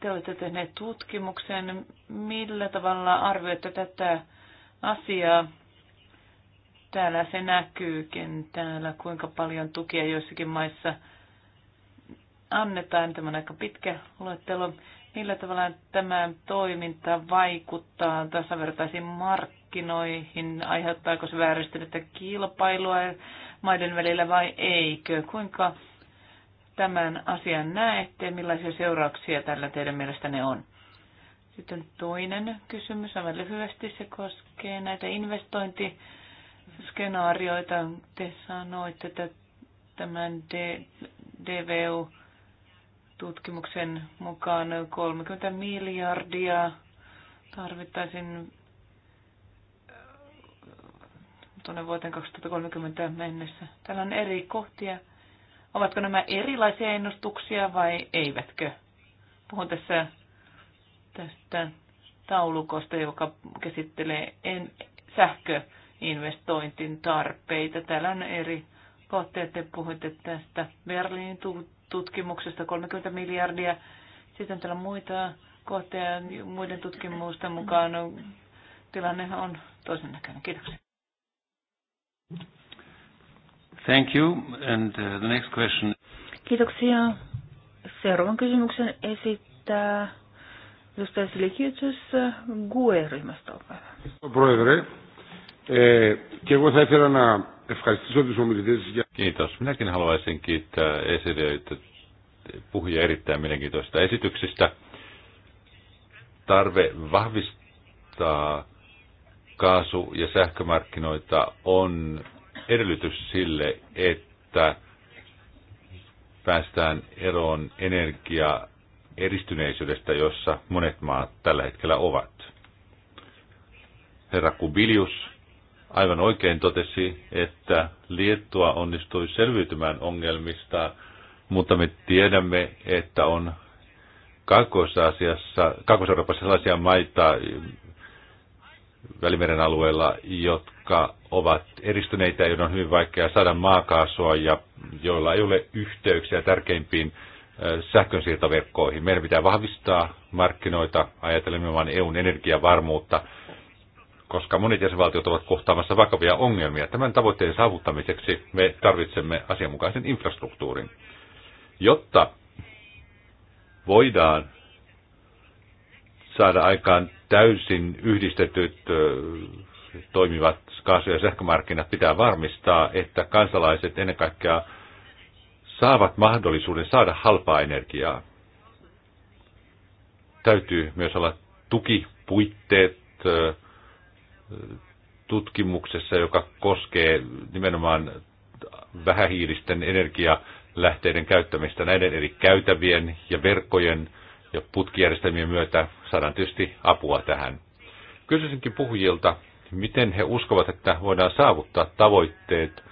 Te olette tehneet tutkimuksen, millä tavalla arvioitte tätä asiaa. Täällä se näkyykin, täällä kuinka paljon tukia joissakin maissa annetaan. Tämä on aika pitkä luettelo. Millä tavalla tämä toiminta vaikuttaa tasavertaisiin markkinoihin? Aiheuttaako se vääristynyttä kilpailua maiden välillä vai eikö? Kuinka tämän asian näette? Millaisia seurauksia tällä teidän mielestänne on? Sitten toinen kysymys, aivan lyhyesti se koskee näitä investointiskenaarioita. Te sanoitte, että tämän DVU-tutkimuksen mukaan 30 miljardia tarvittaisiin äh, tuonne vuoteen 2030 mennessä. Täällä on eri kohtia. Ovatko nämä erilaisia ennustuksia vai eivätkö? Puhun tässä tästä taulukosta, joka käsittelee en, sähköinvestointin tarpeita. Täällä on eri kohteet, te puhuitte tästä Berliinin tutkimuksesta 30 miljardia. Sitten on täällä muita kohteja muiden tutkimusten mukaan. Tilanne on toisen näköinen. Kiitoksia. Thank you. And uh, the next question. Kiitoksia. Seuraavan kysymyksen esittää Edustaja είμαστε GUE-ryhmästä, Πρόεδρε, ε, και εγώ θα ήθελα να ευχαριστήσω τους ομιλητές για... Kiitos. Minäkin haluaisin kiittää esitöitä puhuja erittäin mielenkiintoisista esityksistä. Tarve vahvistaa kaasu- ja sähkömarkkinoita on edellytys sille, että päästään eroon energiaa eristyneisyydestä, jossa monet maat tällä hetkellä ovat. Herra Kubilius aivan oikein totesi, että Liettua onnistui selviytymään ongelmista, mutta me tiedämme, että on Kaakkois-Aasiassa, Kaakkois-Euroopassa sellaisia maita Välimeren alueella, jotka ovat eristyneitä, joiden on hyvin vaikea saada maakaasua ja joilla ei ole yhteyksiä tärkeimpiin sähkönsiirtoverkkoihin. Meidän pitää vahvistaa markkinoita, ajatellen nimenomaan EUn energiavarmuutta, koska monet jäsenvaltiot ovat kohtaamassa vakavia ongelmia. Tämän tavoitteen saavuttamiseksi me tarvitsemme asianmukaisen infrastruktuurin, jotta voidaan saada aikaan täysin yhdistetyt toimivat kaasu- ja sähkömarkkinat, pitää varmistaa, että kansalaiset ennen kaikkea saavat mahdollisuuden saada halpaa energiaa. Täytyy myös olla tukipuitteet tutkimuksessa, joka koskee nimenomaan vähähiilisten energialähteiden käyttämistä näiden eri käytävien ja verkkojen ja putkijärjestelmien myötä saadaan tietysti apua tähän. Kysyisinkin puhujilta, miten he uskovat, että voidaan saavuttaa tavoitteet,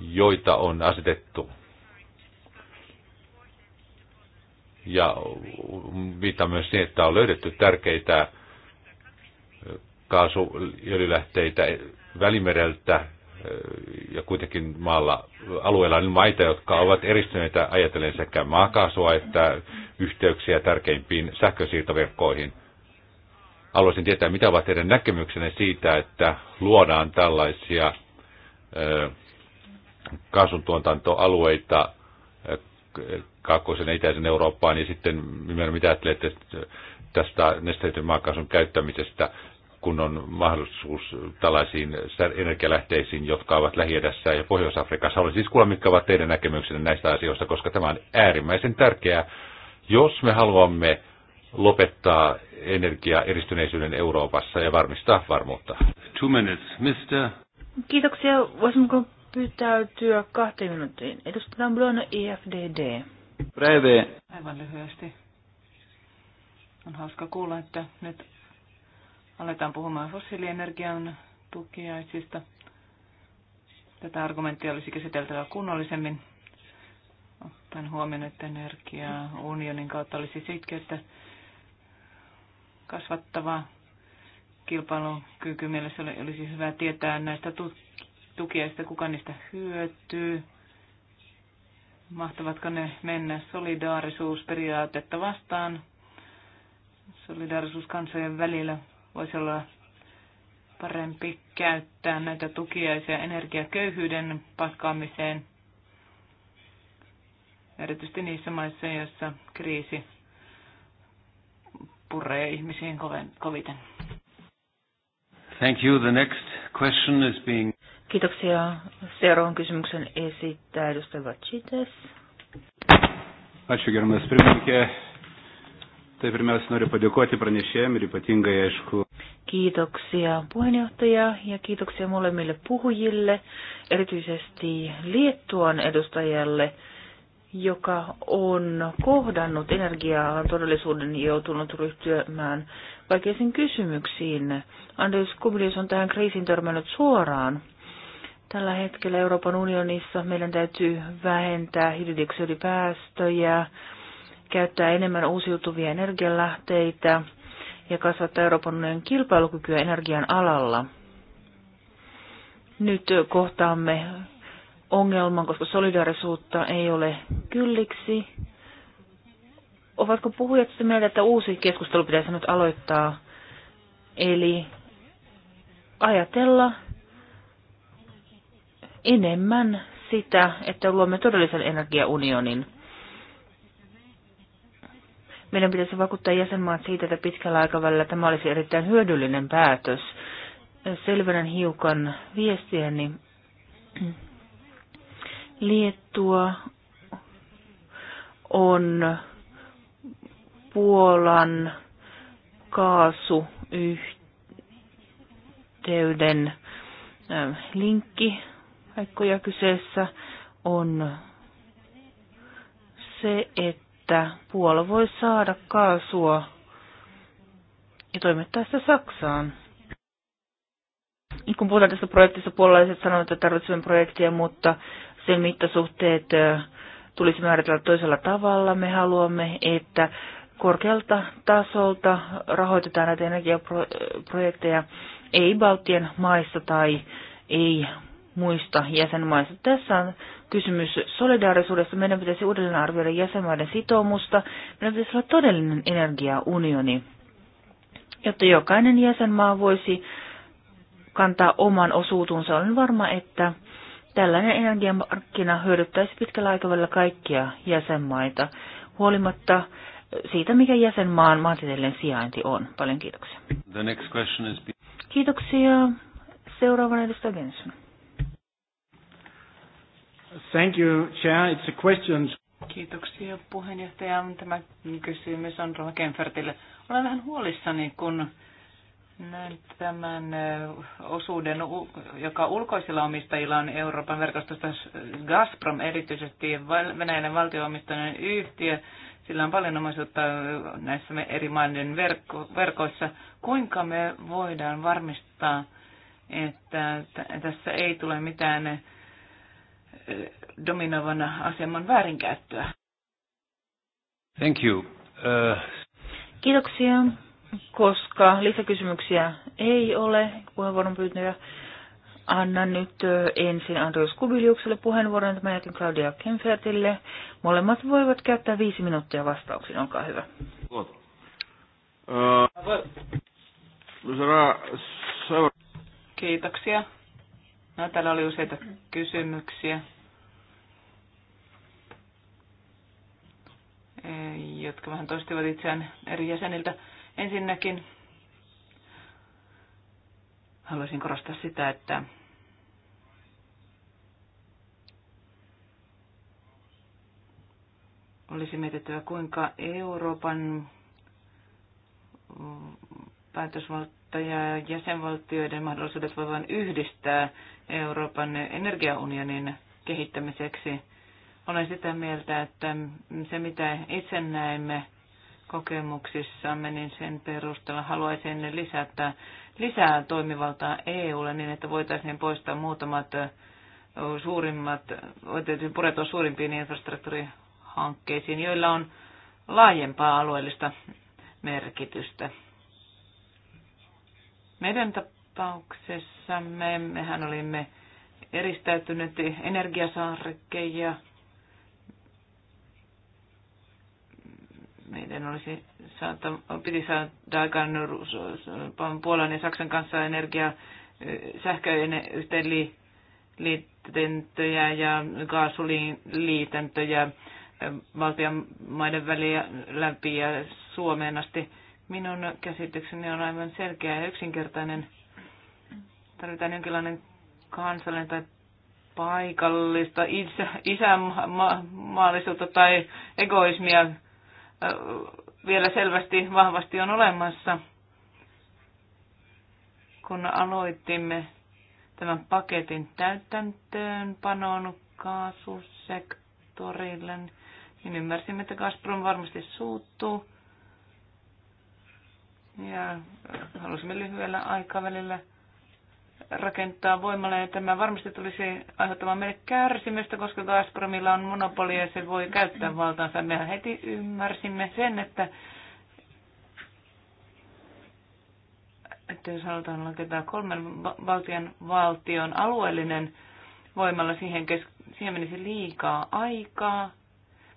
joita on asetettu Ja viittaa myös siihen, että on löydetty tärkeitä kaasuöljylähteitä välimereltä ja kuitenkin maalla alueella on maita, jotka ovat eristyneitä ajatellen sekä maakaasua että yhteyksiä tärkeimpiin sähkösiirtoverkkoihin. Haluaisin tietää, mitä ovat teidän näkemyksenne siitä, että luodaan tällaisia kaasuntuotantoalueita kaakkoisen ja itäisen Eurooppaan, ja sitten mitä ajattelette tästä nesteytyn maakaasun käyttämisestä, kun on mahdollisuus tällaisiin energialähteisiin, jotka ovat lähi ja Pohjois-Afrikassa. Haluaisin siis kuulla, mitkä ovat teidän näkemyksenne näistä asioista, koska tämä on äärimmäisen tärkeää, jos me haluamme lopettaa energia eristyneisyyden Euroopassa ja varmistaa varmuutta. Two minutes, mister. Kiitoksia. Voisinko pytäytyä kahteen minuuttiin. Edustetaan Blona IFDD. E Breve. Aivan lyhyesti. On hauska kuulla, että nyt aletaan puhumaan fossiilienergian tukiaisista. Tätä argumenttia olisi käsiteltävä kunnollisemmin. Ottaen huomioon, että energiaa unionin kautta olisi sitkeyttä kasvattavaa kilpailukyky mielessä olisi hyvä tietää näistä tut- tukiaista, kuka niistä hyötyy. Mahtavatko ne mennä solidaarisuusperiaatetta vastaan? Solidaarisuus kansojen välillä voisi olla parempi käyttää näitä tukiaisia energiaköyhyyden paskaamiseen, erityisesti niissä maissa, joissa kriisi puree ihmisiin koviten. Thank you. The next question is being... Kiitoksia. Seuraavan kysymyksen esittää edustaja Vatsites. Ačiū gerbiamas pirmininkė. Tai pirmiausia noriu padėkoti pranešėjim ir ypatingai aišku. Kiitoksia puheenjohtaja ja kiitoksia molemmille puhujille, erityisesti Liettuan edustajalle, joka on kohdannut energiaa todellisuuden ja joutunut ryhtymään vaikeisiin kysymyksiin. Andreas Kubilius on tähän kriisin törmännyt suoraan. Tällä hetkellä Euroopan unionissa meidän täytyy vähentää hiilidioksidipäästöjä, käyttää enemmän uusiutuvia energialähteitä ja kasvattaa Euroopan unionin kilpailukykyä energian alalla. Nyt kohtaamme ongelman, koska solidaarisuutta ei ole kylliksi. Ovatko puhujat sitä mieltä, että uusi keskustelu pitäisi nyt aloittaa? Eli ajatella enemmän sitä, että luomme todellisen energiaunionin. Meidän pitäisi vakuuttaa jäsenmaat siitä, että pitkällä aikavälillä tämä olisi erittäin hyödyllinen päätös. Selvennän hiukan viestiäni. Liettua on Puolan kaasuyhteyden linkki paikkoja kyseessä on se, että Puola voi saada kaasua ja toimittaa sitä Saksaan. Kun puhutaan tästä projektista, puolalaiset sanovat, että tarvitsemme projektia, mutta sen mittasuhteet tulisi määritellä toisella tavalla. Me haluamme, että korkealta tasolta rahoitetaan näitä energiaprojekteja ei Baltian maissa tai ei muista jäsenmaista. Tässä on kysymys solidaarisuudesta. Meidän pitäisi uudelleen arvioida jäsenmaiden sitoumusta. Meidän pitäisi olla todellinen energiaunioni, jotta jokainen jäsenmaa voisi kantaa oman osuutunsa. Olen varma, että tällainen energiamarkkina hyödyttäisi pitkällä aikavälillä kaikkia jäsenmaita, huolimatta siitä, mikä jäsenmaan maantieteellinen sijainti on. Paljon kiitoksia. The next question is... Kiitoksia. Seuraavana edustaja Genson. Thank you, Chair. It's a question. Kiitoksia puheenjohtaja. Tämä kysymys on Rola Kenfertille. Olen vähän huolissani, kun näin tämän osuuden, joka ulkoisilla omistajilla on Euroopan verkostosta Gazprom erityisesti, Venäjän valtioomistainen yhtiö, sillä on paljon omaisuutta näissä eri maiden verkko, verkoissa. Kuinka me voidaan varmistaa, että tässä ei tule mitään dominoivan aseman väärinkäyttöä. Thank you. Uh... Kiitoksia, koska lisäkysymyksiä ei ole. Puheenvuoron pyytäjä, annan nyt ensin Andreas Kubiliukselle puheenvuoron, tämän jälkeen Claudia Kemfertille. Molemmat voivat käyttää viisi minuuttia vastauksiin, olkaa hyvä. Kiitoksia. No, täällä oli useita kysymyksiä, e, jotka vähän toistivat itseään eri jäseniltä. Ensinnäkin haluaisin korostaa sitä, että olisi mietittävä, kuinka Euroopan päätösvalta ja jäsenvaltioiden mahdollisuudet voivat yhdistää Euroopan energiaunionin kehittämiseksi. Olen sitä mieltä, että se mitä itse näemme kokemuksissamme, niin sen perusteella haluaisin lisätä lisää toimivaltaa EUlle niin, että voitaisiin poistaa muutamat suurimmat, voitaisiin puretua suurimpiin infrastruktuurihankkeisiin, joilla on laajempaa alueellista merkitystä. Meidän tapauksessamme mehän olimme eristäytyneet energiasaareke ja meidän olisi saata, piti saada aikaan Puolan ja Saksan kanssa energia, sähköyhteenliitäntöjä ja kaasuliitäntöjä valtion maiden väliä läpi ja Suomeen asti. Minun käsitykseni on aivan selkeä ja yksinkertainen – tarvitaan jonkinlainen kansallinen tai paikallista isä, isänmaallisuutta tai egoismia vielä selvästi vahvasti on olemassa. Kun aloitimme tämän paketin täytäntöönpanon kaasusektorille, niin ymmärsimme, että Gazprom varmasti suuttuu. Ja halusimme lyhyellä aikavälillä – rakentaa voimalle. Ja tämä varmasti tulisi aiheuttamaan meille kärsimystä, koska Gazpromilla on monopoli ja se voi käyttää mm. valtaansa. Mehän heti ymmärsimme sen, että, että jos halutaan rakentaa kolmen valtion valtion alueellinen voimalla, siihen, kes- siihen menisi liikaa aikaa.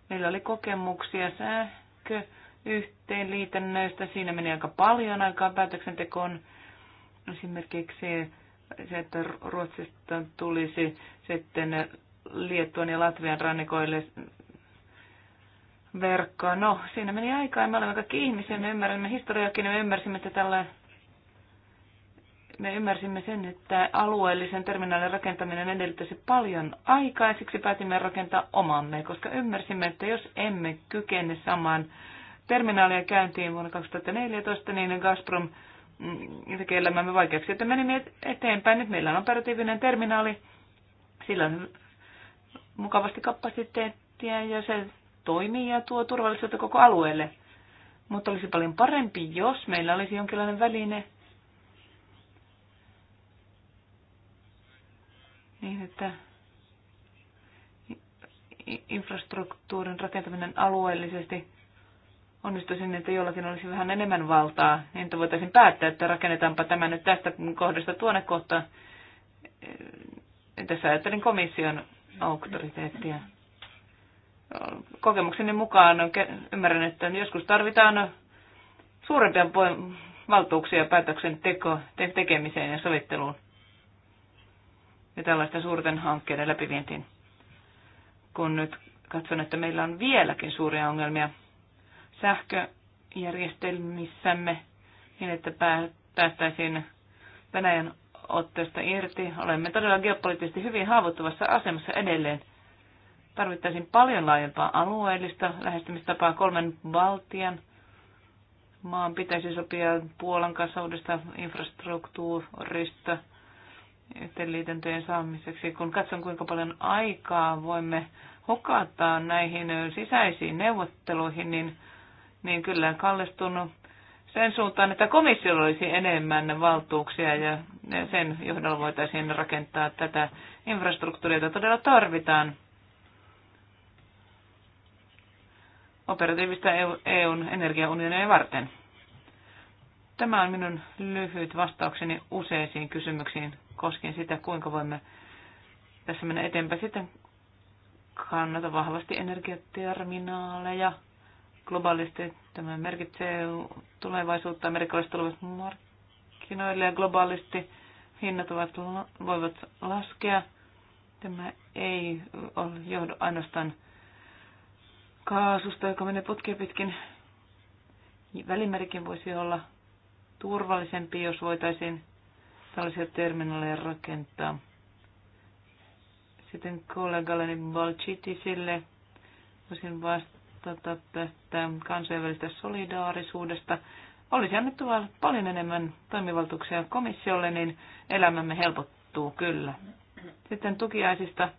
Meillä oli kokemuksia sähkö yhteenliitännöistä. Siinä meni aika paljon aikaa päätöksentekoon esimerkiksi se, että Ruotsista tulisi sitten Liettuan ja Latvian rannikoille verkkoa. No, siinä meni aikaa ja me olemme kaikki ihmisiä, me ymmärrämme historiakin ja me ymmärsimme, että tällä me ymmärsimme sen, että alueellisen terminaalin rakentaminen edellyttäisi paljon aikaa ja siksi päätimme rakentaa omamme, koska ymmärsimme, että jos emme kykene samaan terminaalia käyntiin vuonna 2014, niin Gazprom teki elämämme vaikeaksi, että menimme eteenpäin. Nyt meillä on operatiivinen terminaali, sillä on mukavasti kapasiteettia ja se toimii ja tuo turvallisuutta koko alueelle. Mutta olisi paljon parempi, jos meillä olisi jonkinlainen väline, niin että infrastruktuurin rakentaminen alueellisesti onnistuisin, että jollakin olisi vähän enemmän valtaa, niin että voitaisiin päättää, että rakennetaanpa tämä nyt tästä kohdasta tuonne kohtaan. Äh, tässä ajattelin komission auktoriteettia. Kokemukseni mukaan ymmärrän, että joskus tarvitaan suurempia valtuuksia päätöksenteko teko tekemiseen ja sovitteluun ja tällaisten suurten hankkeiden läpivientiin. Kun nyt katson, että meillä on vieläkin suuria ongelmia sähköjärjestelmissämme niin, että päästäisiin Venäjän otteesta irti. Olemme todella geopoliittisesti hyvin haavoittuvassa asemassa edelleen. Tarvittaisiin paljon laajempaa alueellista lähestymistapaa kolmen valtian maan pitäisi sopia Puolan kanssa uudesta infrastruktuurista yhteenliitäntöjen saamiseksi. Kun katson, kuinka paljon aikaa voimme hukata näihin sisäisiin neuvotteluihin, niin niin kyllä kallistunut sen suuntaan, että komissiolla olisi enemmän valtuuksia ja sen johdolla voitaisiin rakentaa tätä infrastruktuuria, jota todella tarvitaan. operatiivista EUn e energiaunionia varten. Tämä on minun lyhyt vastaukseni useisiin kysymyksiin koskien sitä, kuinka voimme tässä mennä eteenpäin. Sitten kannata vahvasti energiaterminaaleja globaalisti tämä merkitsee tulevaisuutta. Amerikkalaiset tulevat markkinoille ja globaalisti hinnat ovat, voivat laskea. Tämä ei ole johdu ainoastaan kaasusta, joka menee putkeen pitkin. Välimerikin voisi olla turvallisempi, jos voitaisiin tällaisia terminaaleja rakentaa. Sitten kollegalleni Valchitisille voisin vastata vastata tästä kansainvälistä solidaarisuudesta. Olisi annettu paljon enemmän toimivaltuuksia komissiolle, niin elämämme helpottuu kyllä. Sitten tukiaisista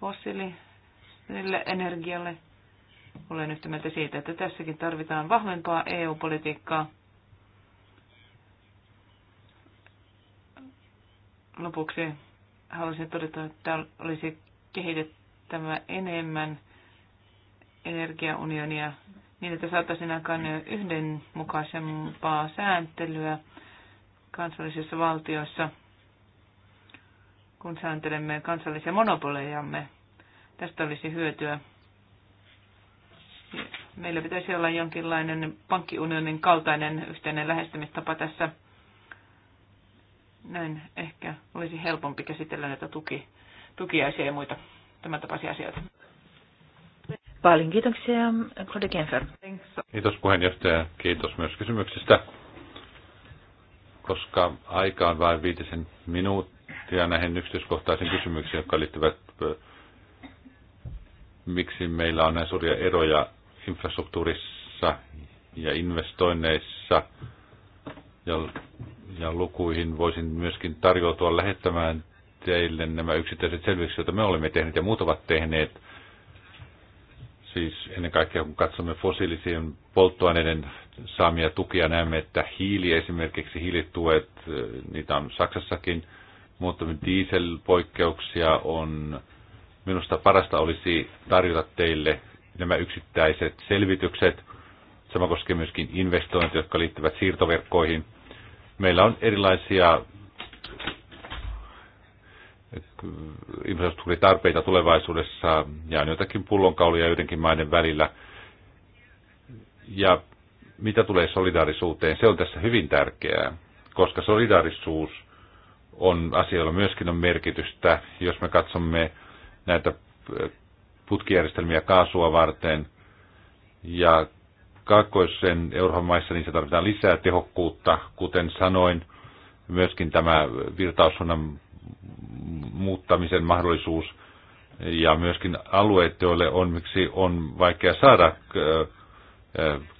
fossiilille energialle. Olen yhtä mieltä siitä, että tässäkin tarvitaan vahvempaa EU-politiikkaa. Lopuksi haluaisin todeta, että olisi kehitettävä enemmän – energiaunionia niin, että saataisiin aikaan yhdenmukaisempaa sääntelyä kansallisissa valtioissa, kun sääntelemme kansallisia monopolejamme. Tästä olisi hyötyä. Meillä pitäisi olla jonkinlainen pankkiunionin kaltainen yhteinen lähestymistapa tässä. Näin ehkä olisi helpompi käsitellä näitä tuki, tukiaisia ja muita tämän tapaisia asioita. Paljon kiitoksia, Claude Kienfer. Kiitos puheenjohtaja, kiitos myös kysymyksistä. Koska aika on vain viitisen minuuttia näihin yksityiskohtaisiin kysymyksiin, jotka liittyvät eh, miksi meillä on näin suuria eroja infrastruktuurissa ja investoinneissa ja, ja lukuihin. Voisin myöskin tarjoutua lähettämään teille nämä yksittäiset selvitykset, joita me olemme tehneet ja muut ovat tehneet Siis ennen kaikkea kun katsomme fossiilisien polttoaineiden saamia tukia, näemme, että hiili esimerkiksi, hiilituet, eh, niitä on Saksassakin, mutta dieselpoikkeuksia on, minusta parasta olisi tarjota teille nämä yksittäiset selvitykset. Sama koskee myöskin investointeja, jotka liittyvät siirtoverkkoihin. Meillä on erilaisia infrastruktuuritarpeita tulevaisuudessa ja on jotakin pullonkaulia joidenkin maiden välillä. Ja mitä tulee solidaarisuuteen, se on tässä hyvin tärkeää, koska solidaarisuus on asioilla myöskin on merkitystä. Jos me katsomme näitä putkijärjestelmiä kaasua varten ja kaakkoisen Euroopan maissa, niin se tarvitaan lisää tehokkuutta. Kuten sanoin, myöskin tämä virtaussuunnan muuttamisen mahdollisuus ja myöskin alueet, joille on, miksi on vaikea saada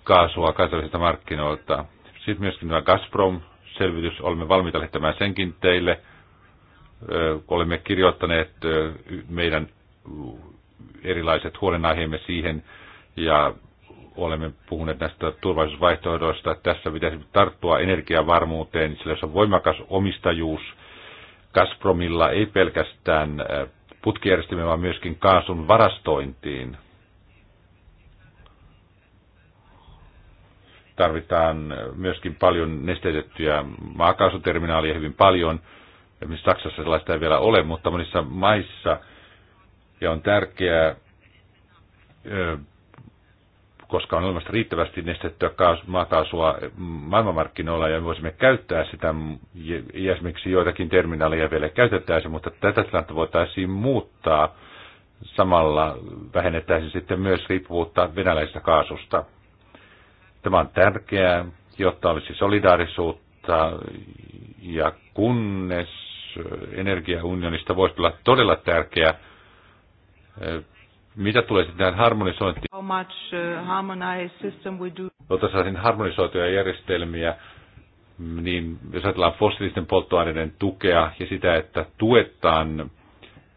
kaasua kansallisilta markkinoilta. Sitten myöskin tämä Gazprom-selvitys, olemme valmiita lähettämään senkin teille. Olemme kirjoittaneet meidän erilaiset huolenaiheemme siihen ja olemme puhuneet näistä turvallisuusvaihtoehdoista. Tässä pitäisi tarttua energiavarmuuteen, sillä jos on voimakas omistajuus – Gazpromilla ei pelkästään äh, putkijärjestelmiä, vaan myöskin kaasun varastointiin. Tarvitaan äh, myöskin paljon nesteytettyjä maakaasuterminaaleja hyvin paljon. Esimerkiksi Saksassa sellaista ei vielä ole, mutta monissa maissa. Ja on tärkeää äh, koska on olemassa riittävästi nestettyä maakaasua maailmanmarkkinoilla ja voisimme käyttää sitä, ja esimerkiksi joitakin terminaaleja vielä käytettäisiin, mutta tätä tilannetta voitaisiin muuttaa samalla vähennettäisiin sitten myös riippuvuutta venäläisestä kaasusta. Tämä on tärkeää, jotta olisi solidaarisuutta ja kunnes energiaunionista voisi olla todella tärkeä mitä tulee sitten tähän harmonisointiin? How much uh, system we do? No, harmonisoituja järjestelmiä, niin jos ajatellaan fossiilisten polttoaineiden tukea ja sitä, että tuetaan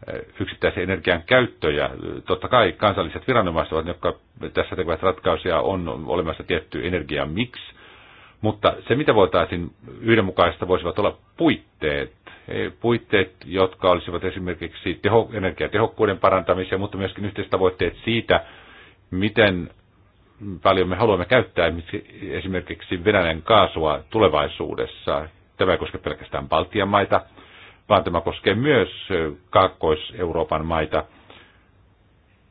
eh, yksittäisen energian käyttöjä. Totta kai kansalliset viranomaiset ovat, jotka tässä tekevät ratkaisuja, on olemassa tietty energia miksi, mutta se mitä voitaisiin yhdenmukaista voisivat olla puitteet, Eh, puitteet, jotka olisivat esimerkiksi teho, energiatehokkuuden parantamiseen, mutta myöskin yhteistavoitteet siitä, miten paljon me haluamme käyttää esimerkiksi Venäjän kaasua tulevaisuudessa. Tämä ei koske pelkästään Baltian maita, vaan tämä koskee myös eh, Kaakkois-Euroopan maita.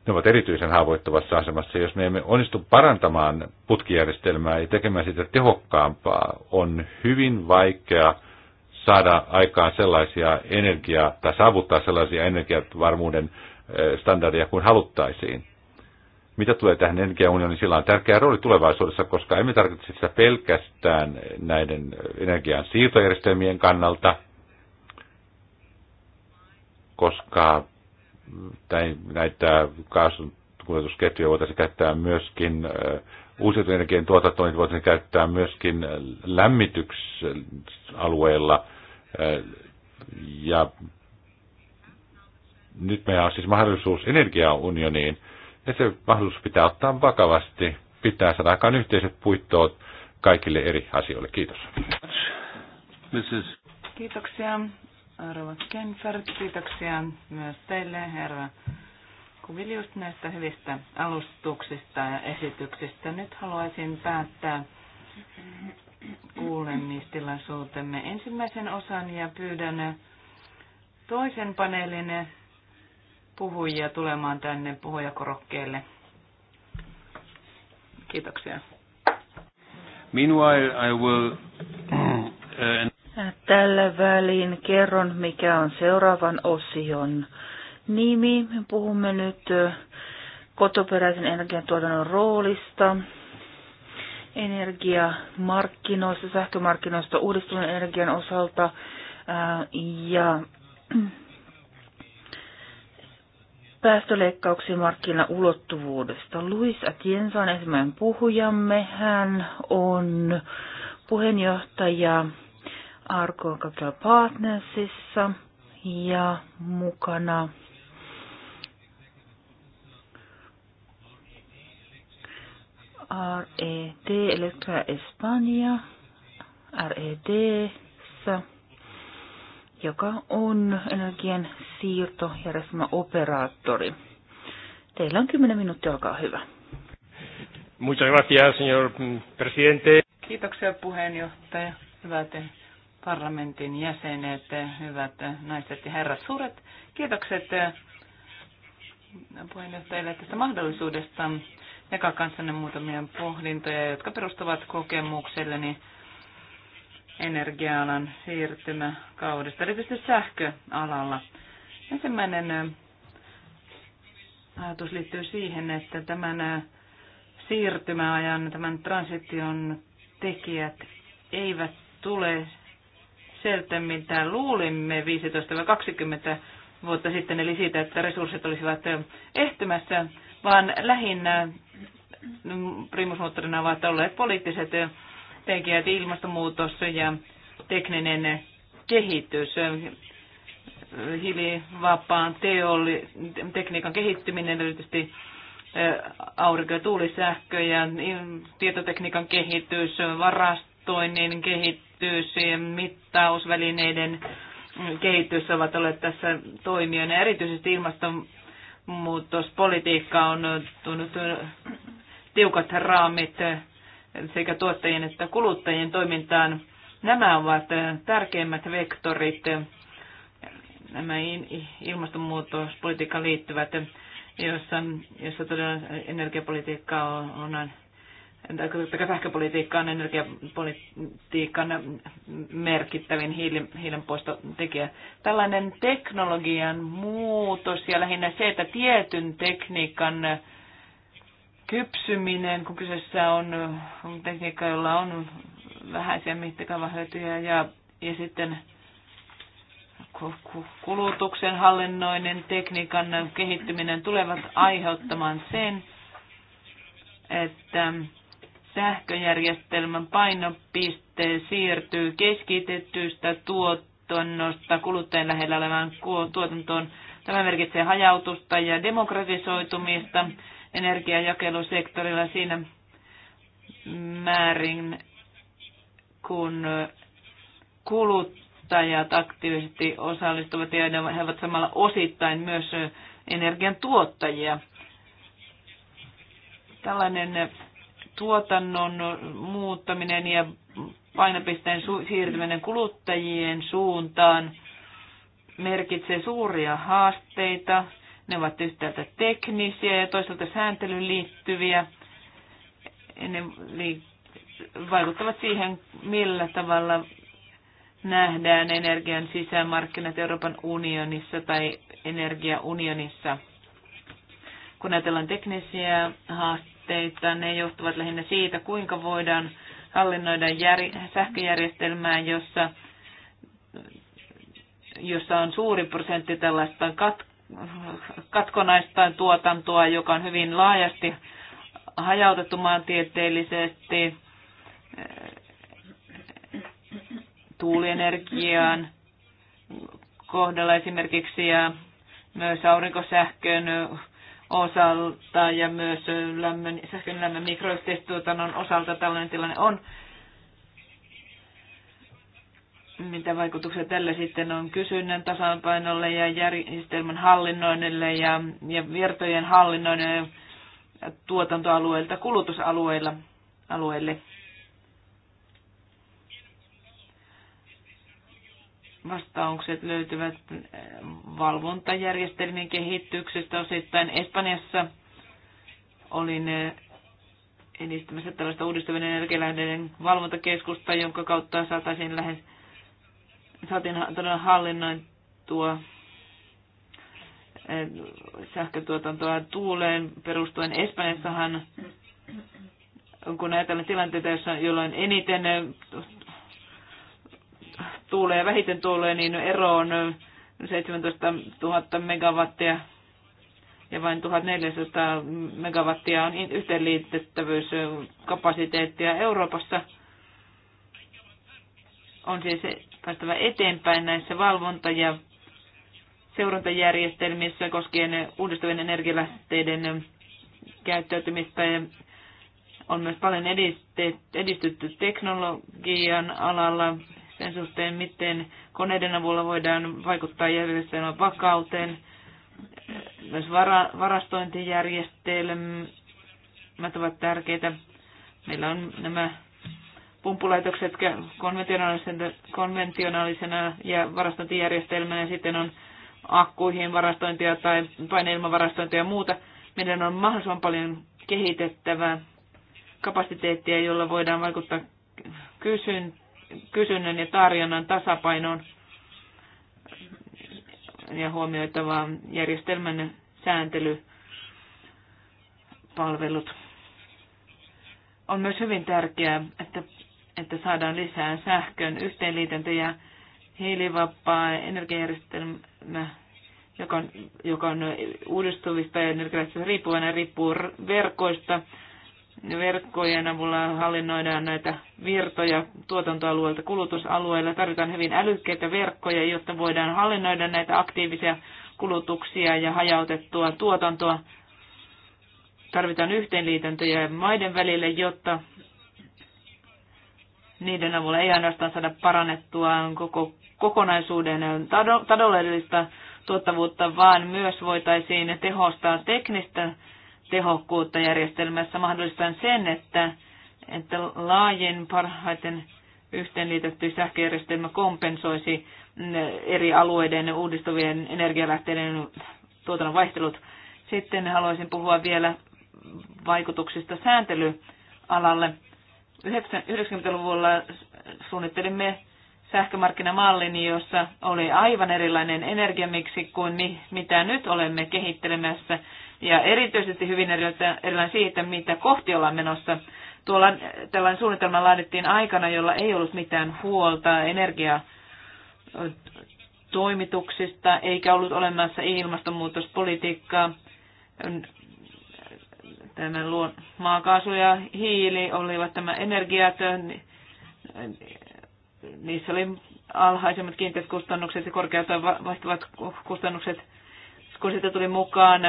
Ne ovat erityisen haavoittuvassa asemassa. Jos me emme onnistu parantamaan putkijärjestelmää ja tekemään sitä tehokkaampaa, on hyvin vaikea – saada aikaan sellaisia energia tai saavuttaa sellaisia energiavarmuuden eh, standardeja kuin haluttaisiin. Mitä tulee tähän energiaunioniin, niin sillä on tärkeä rooli tulevaisuudessa, koska emme tarkoita sitä pelkästään näiden energian siirtojärjestelmien kannalta, koska näitä kaasun voitaisiin käyttää myöskin eh, uusiutuvan energian tuotantoon, voitaisiin käyttää myöskin lämmitysalueella – ja nyt meillä on siis mahdollisuus energiaunioniin, ja se mahdollisuus pitää ottaa vakavasti, pitää saada aikaan yhteiset puittoot kaikille eri asioille. Kiitos. Kiitoksia, Arvo Kenfer. Kiitoksia myös teille, herra Kuvilius, näistä hyvistä alustuksista ja esityksistä. Nyt haluaisin päättää kuulemistilaisuutemme ensimmäisen osan ja pyydän toisen paneelin puhujia tulemaan tänne puhujakorokkeelle. Kiitoksia. Meanwhile, I will... Uh, Tällä väliin kerron, mikä on seuraavan osion nimi. Puhumme nyt kotoperäisen energiantuotannon roolista energiamarkkinoista, sähkömarkkinoista uudistuvan energian osalta ja päästöleikkauksien markkinaulottuvuudesta. Luis Atienza on ensimmäinen puhujamme. Hän on puheenjohtaja Arco Capital Partnersissa ja mukana RED Elektra Espanja RED, joka on energian siirtojärjestelmä operaattori. Teillä on 10 minuuttia, olkaa hyvä. Muchas gracias, señor presidente. Kiitoksia puheenjohtaja, hyvät parlamentin jäsenet, hyvät naiset ja herrat, suuret kiitokset puheenjohtajille tästä mahdollisuudesta jakaa kanssanne muutamia pohdintoja, jotka perustuvat kokemukselleni energia-alan siirtymäkaudesta, erityisesti sähköalalla. Ensimmäinen äh, ajatus liittyy siihen, että tämän äh, siirtymäajan, tämän transition tekijät eivät tule sieltä, mitä luulimme 15-20 vuotta sitten, eli siitä, että resurssit olisivat äh, ehtymässä, vaan lähinnä primusmoottorina ovat olleet poliittiset tekijät, ilmastonmuutos ja tekninen kehitys, hiilivapaan teoli, tekniikan kehittyminen, erityisesti aurinko- ja tuulisähkö ja tietotekniikan kehitys, varastoinnin kehitys ja mittausvälineiden kehitys ovat olleet tässä toimijoina. Erityisesti ilmastonmuutospolitiikka on tuonut tiukat raamit eh, sekä tuottajien että kuluttajien toimintaan. Nämä ovat eh, tärkeimmät vektorit, eh, nämä ilmastonmuutospolitiikkaan liittyvät, jossa, jossa todella energiapolitiikka on, on tai sähköpolitiikka on energiapolitiikan merkittävin hiilen, hiilenpoistotekijä. Tällainen teknologian muutos ja lähinnä se, että tietyn tekniikan kypsyminen, kun kyseessä on tekniikka, jolla on vähäisiä mittakaavahyötyjä ja, ja sitten kulutuksen hallinnoinen tekniikan kehittyminen tulevat aiheuttamaan sen, että sähköjärjestelmän painopiste siirtyy keskitettyistä tuotannosta kuluttajan lähellä olevaan tuotantoon. Tämä merkitsee hajautusta ja demokratisoitumista energiajakelusektorilla siinä määrin, kun kuluttajat aktiivisesti osallistuvat ja he ovat samalla osittain myös energian tuottajia. Tällainen tuotannon muuttaminen ja painopisteen siirtyminen kuluttajien suuntaan merkitsee suuria haasteita ne ovat yhtäältä teknisiä ja toisaalta sääntelyyn liittyviä. Ne vaikuttavat siihen, millä tavalla nähdään energian sisämarkkinat Euroopan unionissa tai energiaunionissa. Kun ajatellaan teknisiä haasteita, ne johtuvat lähinnä siitä, kuinka voidaan hallinnoida jär- sähköjärjestelmää, jossa, jossa on suuri prosentti tällaista katkoa katkonaista tuotantoa, joka on hyvin laajasti hajautettu maantieteellisesti tuulienergiaan kohdalla esimerkiksi ja myös aurinkosähkön osalta ja myös lämmön, sähkön lämmön mikroyhteistuotannon osalta tällainen tilanne on mitä vaikutuksia tällä sitten on kysynnän tasapainolle ja järjestelmän hallinnoinnille ja, ja virtojen hallinnoinnille tuotantoalueilta kulutusalueilla alueille. Vastaukset löytyvät eh, valvontajärjestelmien kehityksestä osittain Espanjassa. Olin eh, edistämässä tällaista uudistuvien energialähdeiden valvontakeskusta, jonka kautta saataisiin lähes saatiin todella hallinnoitua eh, sähkötuotantoa tuuleen perustuen. Espanjassahan, kun ajatellaan tilanteita, jossa, jolloin eniten eh, tuulee ja vähiten tuulee, niin ero on 17 eh, 000 megawattia ja vain 1400 megawattia on yhteenliitettävyys kapasiteettia Euroopassa. On siis päästävä eteenpäin näissä valvonta- ja seurantajärjestelmissä koskien uudistuvien energialähteiden käyttäytymistä. On myös paljon edistytty teknologian alalla sen suhteen, miten koneiden avulla voidaan vaikuttaa järjestelmän vakauteen. Myös vara, varastointijärjestelmät ovat tärkeitä. Meillä on nämä pumppulaitokset konventionaalisena, konventionaalisena ja varastointijärjestelmänä ja sitten on akkuihin varastointia tai paineilmavarastointia ja muuta. Meidän on mahdollisimman paljon kehitettävää kapasiteettia, jolla voidaan vaikuttaa kysyn, kysynnän ja tarjonnan tasapainoon ja huomioitavaa järjestelmän sääntelypalvelut. On myös hyvin tärkeää, että että saadaan lisää sähkön yhteenliitäntä ja hiilivapaa energiajärjestelmä, joka on, joka on uudistuvista ja energialaisista riippuvainen, riippuu verkoista. Verkkojen avulla hallinnoidaan näitä virtoja tuotantoalueelta kulutusalueella. Tarvitaan hyvin älykkäitä verkkoja, jotta voidaan hallinnoida näitä aktiivisia kulutuksia ja hajautettua tuotantoa. Tarvitaan yhteenliitäntöjä maiden välille, jotta niiden avulla ei ainoastaan saada parannettua koko kokonaisuuden taloudellista tuottavuutta, vaan myös voitaisiin tehostaa teknistä tehokkuutta järjestelmässä mahdollistaen sen, että, että laajin parhaiten yhteenliitetty sähköjärjestelmä kompensoisi eri alueiden uudistuvien energialähteiden tuotannon vaihtelut. Sitten haluaisin puhua vielä vaikutuksista sääntelyalalle. 90-luvulla suunnittelimme sähkömarkkinamallin, jossa oli aivan erilainen energiamiksi kuin mi, mitä nyt olemme kehittelemässä. Ja erityisesti hyvin erilainen siitä, mitä kohti ollaan menossa. Tuolla, tällainen suunnitelma laadittiin aikana, jolla ei ollut mitään huolta energia toimituksista, eikä ollut olemassa ilmastonmuutospolitiikkaa. Tämä maakaasu ja hiili olivat tämä energiat, niissä oli alhaisemmat kiinteät kustannukset ja korkeat vaihtuvat kustannukset. Kun siitä tuli mukaan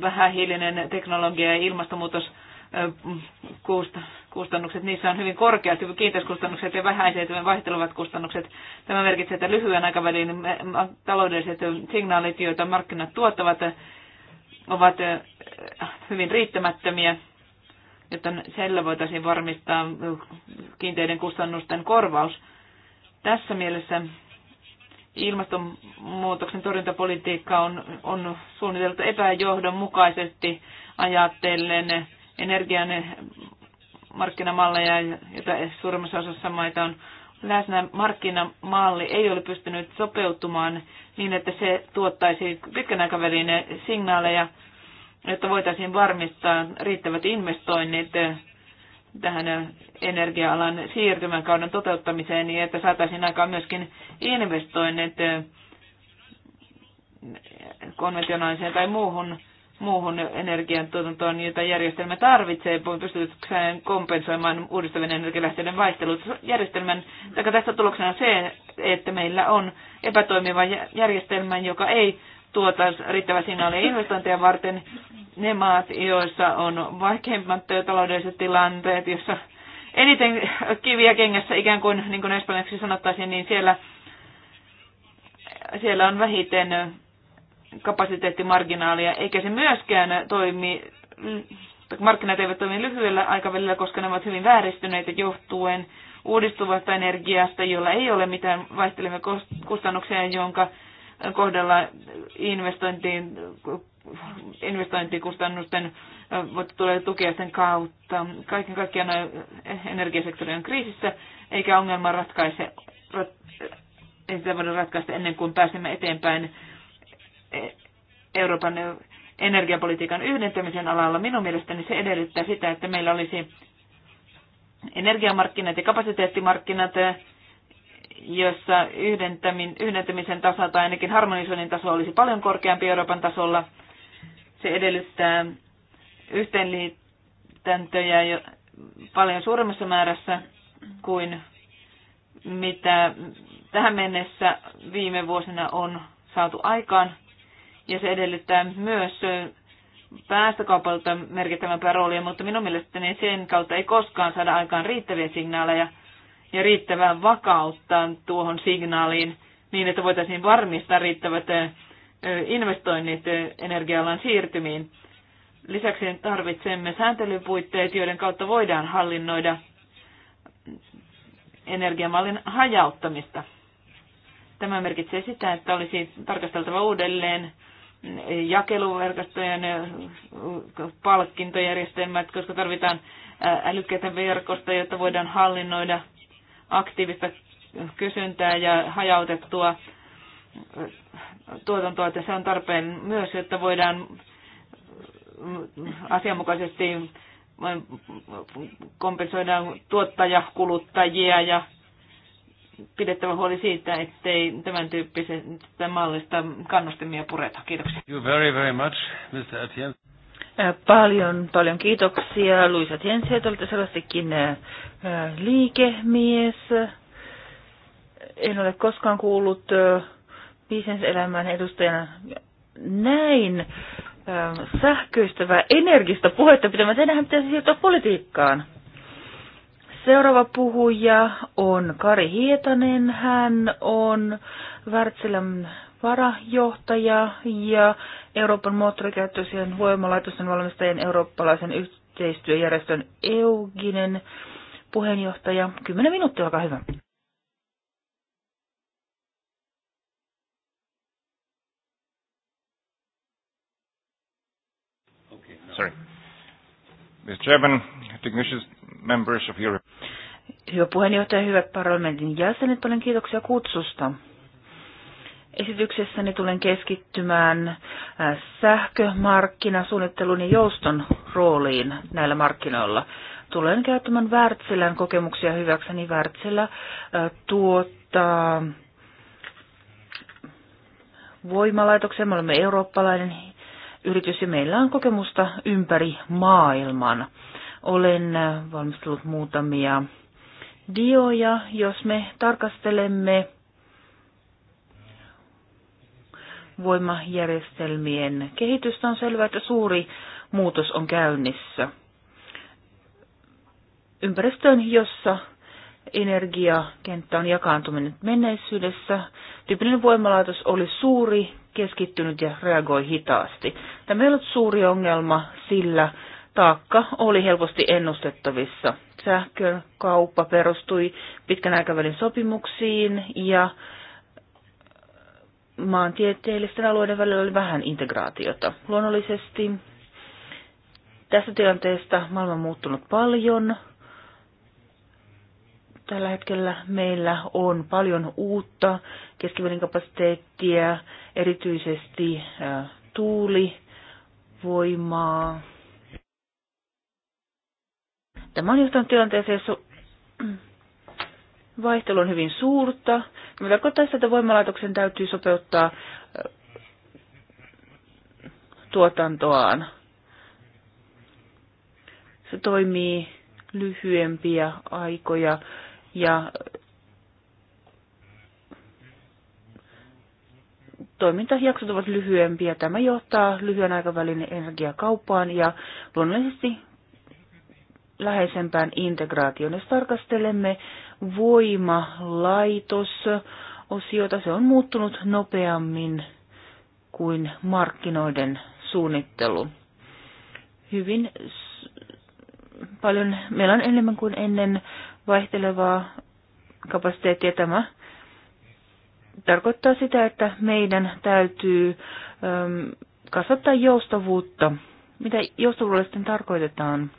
vähähiilinen teknologia ja ilmastonmuutos, kustannukset, niissä on hyvin korkeat kiinteiskustannukset ja vähäiset vaihtelevat kustannukset. Tämä merkitsee, että lyhyen aikavälin taloudelliset signaalit, joita markkinat tuottavat, ovat hyvin riittämättömiä, joten sillä voitaisiin varmistaa kiinteiden kustannusten korvaus. Tässä mielessä ilmastonmuutoksen torjuntapolitiikka on, on suunniteltu epäjohdonmukaisesti ajatellen energian markkinamalleja, joita suurimmassa osassa maita on läsnä markkinamalli ei ole pystynyt sopeutumaan niin, että se tuottaisi pitkän aikavälin signaaleja, että voitaisiin varmistaa riittävät investoinnit tähän energia-alan kauden toteuttamiseen niin, että saataisiin aikaan myöskin investoinnit konventionaaliseen tai muuhun muuhun energiantuotantoon, niin jota järjestelmä tarvitsee, pystytykseen kompensoimaan uudistavien energialähteiden vaihtelut. Järjestelmän, taka tästä tuloksena on se, että meillä on epätoimiva järjestelmä, joka ei tuota riittävä signaalia investointeja varten. Ne maat, joissa on vaikeimmat taloudelliset tilanteet, joissa eniten kiviä kengässä ikään kuin, niin kuin espanjaksi sanottaisiin, niin siellä, siellä on vähiten kapasiteettimarginaalia, eikä se myöskään toimi, markkinat eivät toimi lyhyellä aikavälillä, koska ne ovat hyvin vääristyneitä johtuen uudistuvasta energiasta, jolla ei ole mitään vaihtelevia kustannuksia, jonka kohdalla investointiin, investointikustannusten tulee tukea sen kautta. Kaiken kaikkiaan energiasektori on kriisissä, eikä ongelma ratkaise, rat, ei sitä voida ratkaista ennen kuin pääsemme eteenpäin Euroopan energiapolitiikan yhdentämisen alalla. Minun mielestäni se edellyttää sitä, että meillä olisi energiamarkkinat ja kapasiteettimarkkinat, jossa yhdentämisen taso tai ainakin harmonisoinnin taso olisi paljon korkeampi Euroopan tasolla. Se edellyttää yhteenliitäntöjä jo paljon suuremmassa määrässä kuin mitä tähän mennessä viime vuosina on saatu aikaan ja se edellyttää myös päästökaupalta merkittävämpää roolia, mutta minun mielestäni sen kautta ei koskaan saada aikaan riittäviä signaaleja ja riittävää vakautta tuohon signaaliin niin, että voitaisiin varmistaa riittävät investoinnit energialan siirtymiin. Lisäksi tarvitsemme sääntelypuitteet, joiden kautta voidaan hallinnoida energiamallin hajauttamista. Tämä merkitsee sitä, että olisi tarkasteltava uudelleen jakeluverkostojen palkintojärjestelmät, koska tarvitaan älykkäitä verkostoja, jotta voidaan hallinnoida aktiivista kysyntää ja hajautettua tuotantoa, että se on tarpeen myös, että voidaan asianmukaisesti kompensoida tuottajakuluttajia ja pidettävä huoli siitä, ettei tämän tyyppisestä mallista kannustimia pureta. Kiitoksia. you very, very much, Mr. Äh, paljon, paljon kiitoksia. Luisa Tiensiä, että olette sellaisikin äh, äh, liikemies. En ole koskaan kuullut bisneselämän edustajana näin sähköistävää energista puhetta pitämään. Teidänhän pitäisi siirtyä politiikkaan. Seuraava puhuja on Kari Hietanen. Hän on Wärtsilän varajohtaja ja Euroopan moottorikäyttöisen voimalaitosten valmistajien eurooppalaisen yhteistyöjärjestön EUGINen puheenjohtaja. Kymmenen minuuttia, olkaa hyvä. Sorry. Mr. Chairman, members of your Hyvä puheenjohtaja, hyvät parlamentin jäsenet, paljon kiitoksia kutsusta. Esityksessäni tulen keskittymään äh, sähkömarkkinasuunnittelun ja jouston rooliin näillä markkinoilla. Tulen käyttämään Wärtsilän kokemuksia hyväkseni. Wärtsilä äh, tuottaa voimalaitoksen. Me olemme eurooppalainen yritys ja meillä on kokemusta ympäri maailman. Olen äh, valmistellut muutamia dioja, jos me tarkastelemme voimajärjestelmien kehitystä, on selvää, että suuri muutos on käynnissä. Ympäristöön, jossa energiakenttä on jakaantuminen menneisyydessä, tyypillinen voimalaitos oli suuri, keskittynyt ja reagoi hitaasti. Tämä ei ollut suuri ongelma, sillä taakka oli helposti ennustettavissa – sähkökauppa perustui pitkän aikavälin sopimuksiin ja maantieteellisten alueiden välillä oli vähän integraatiota. Luonnollisesti tästä tilanteesta maailma on muuttunut paljon. Tällä hetkellä meillä on paljon uutta keskivälin kapasiteettia, erityisesti äh, tuulivoimaa, Tämä on johtanut tilanteeseen, jossa vaihtelu on hyvin suurta. Mitä tarkoittaa sitä, että voimalaitoksen täytyy sopeuttaa tuotantoaan. Se toimii lyhyempiä aikoja ja toimintajaksot ovat lyhyempiä. Tämä johtaa lyhyen aikavälin energiakauppaan ja luonnollisesti läheisempään integraatioon. Jos tarkastelemme voimalaitos-osiota, se on muuttunut nopeammin kuin markkinoiden suunnittelu. Hyvin paljon, meillä on enemmän kuin ennen vaihtelevaa kapasiteettia. Tämä tarkoittaa sitä, että meidän täytyy kasvattaa joustavuutta. Mitä joustavuudella sitten tarkoitetaan?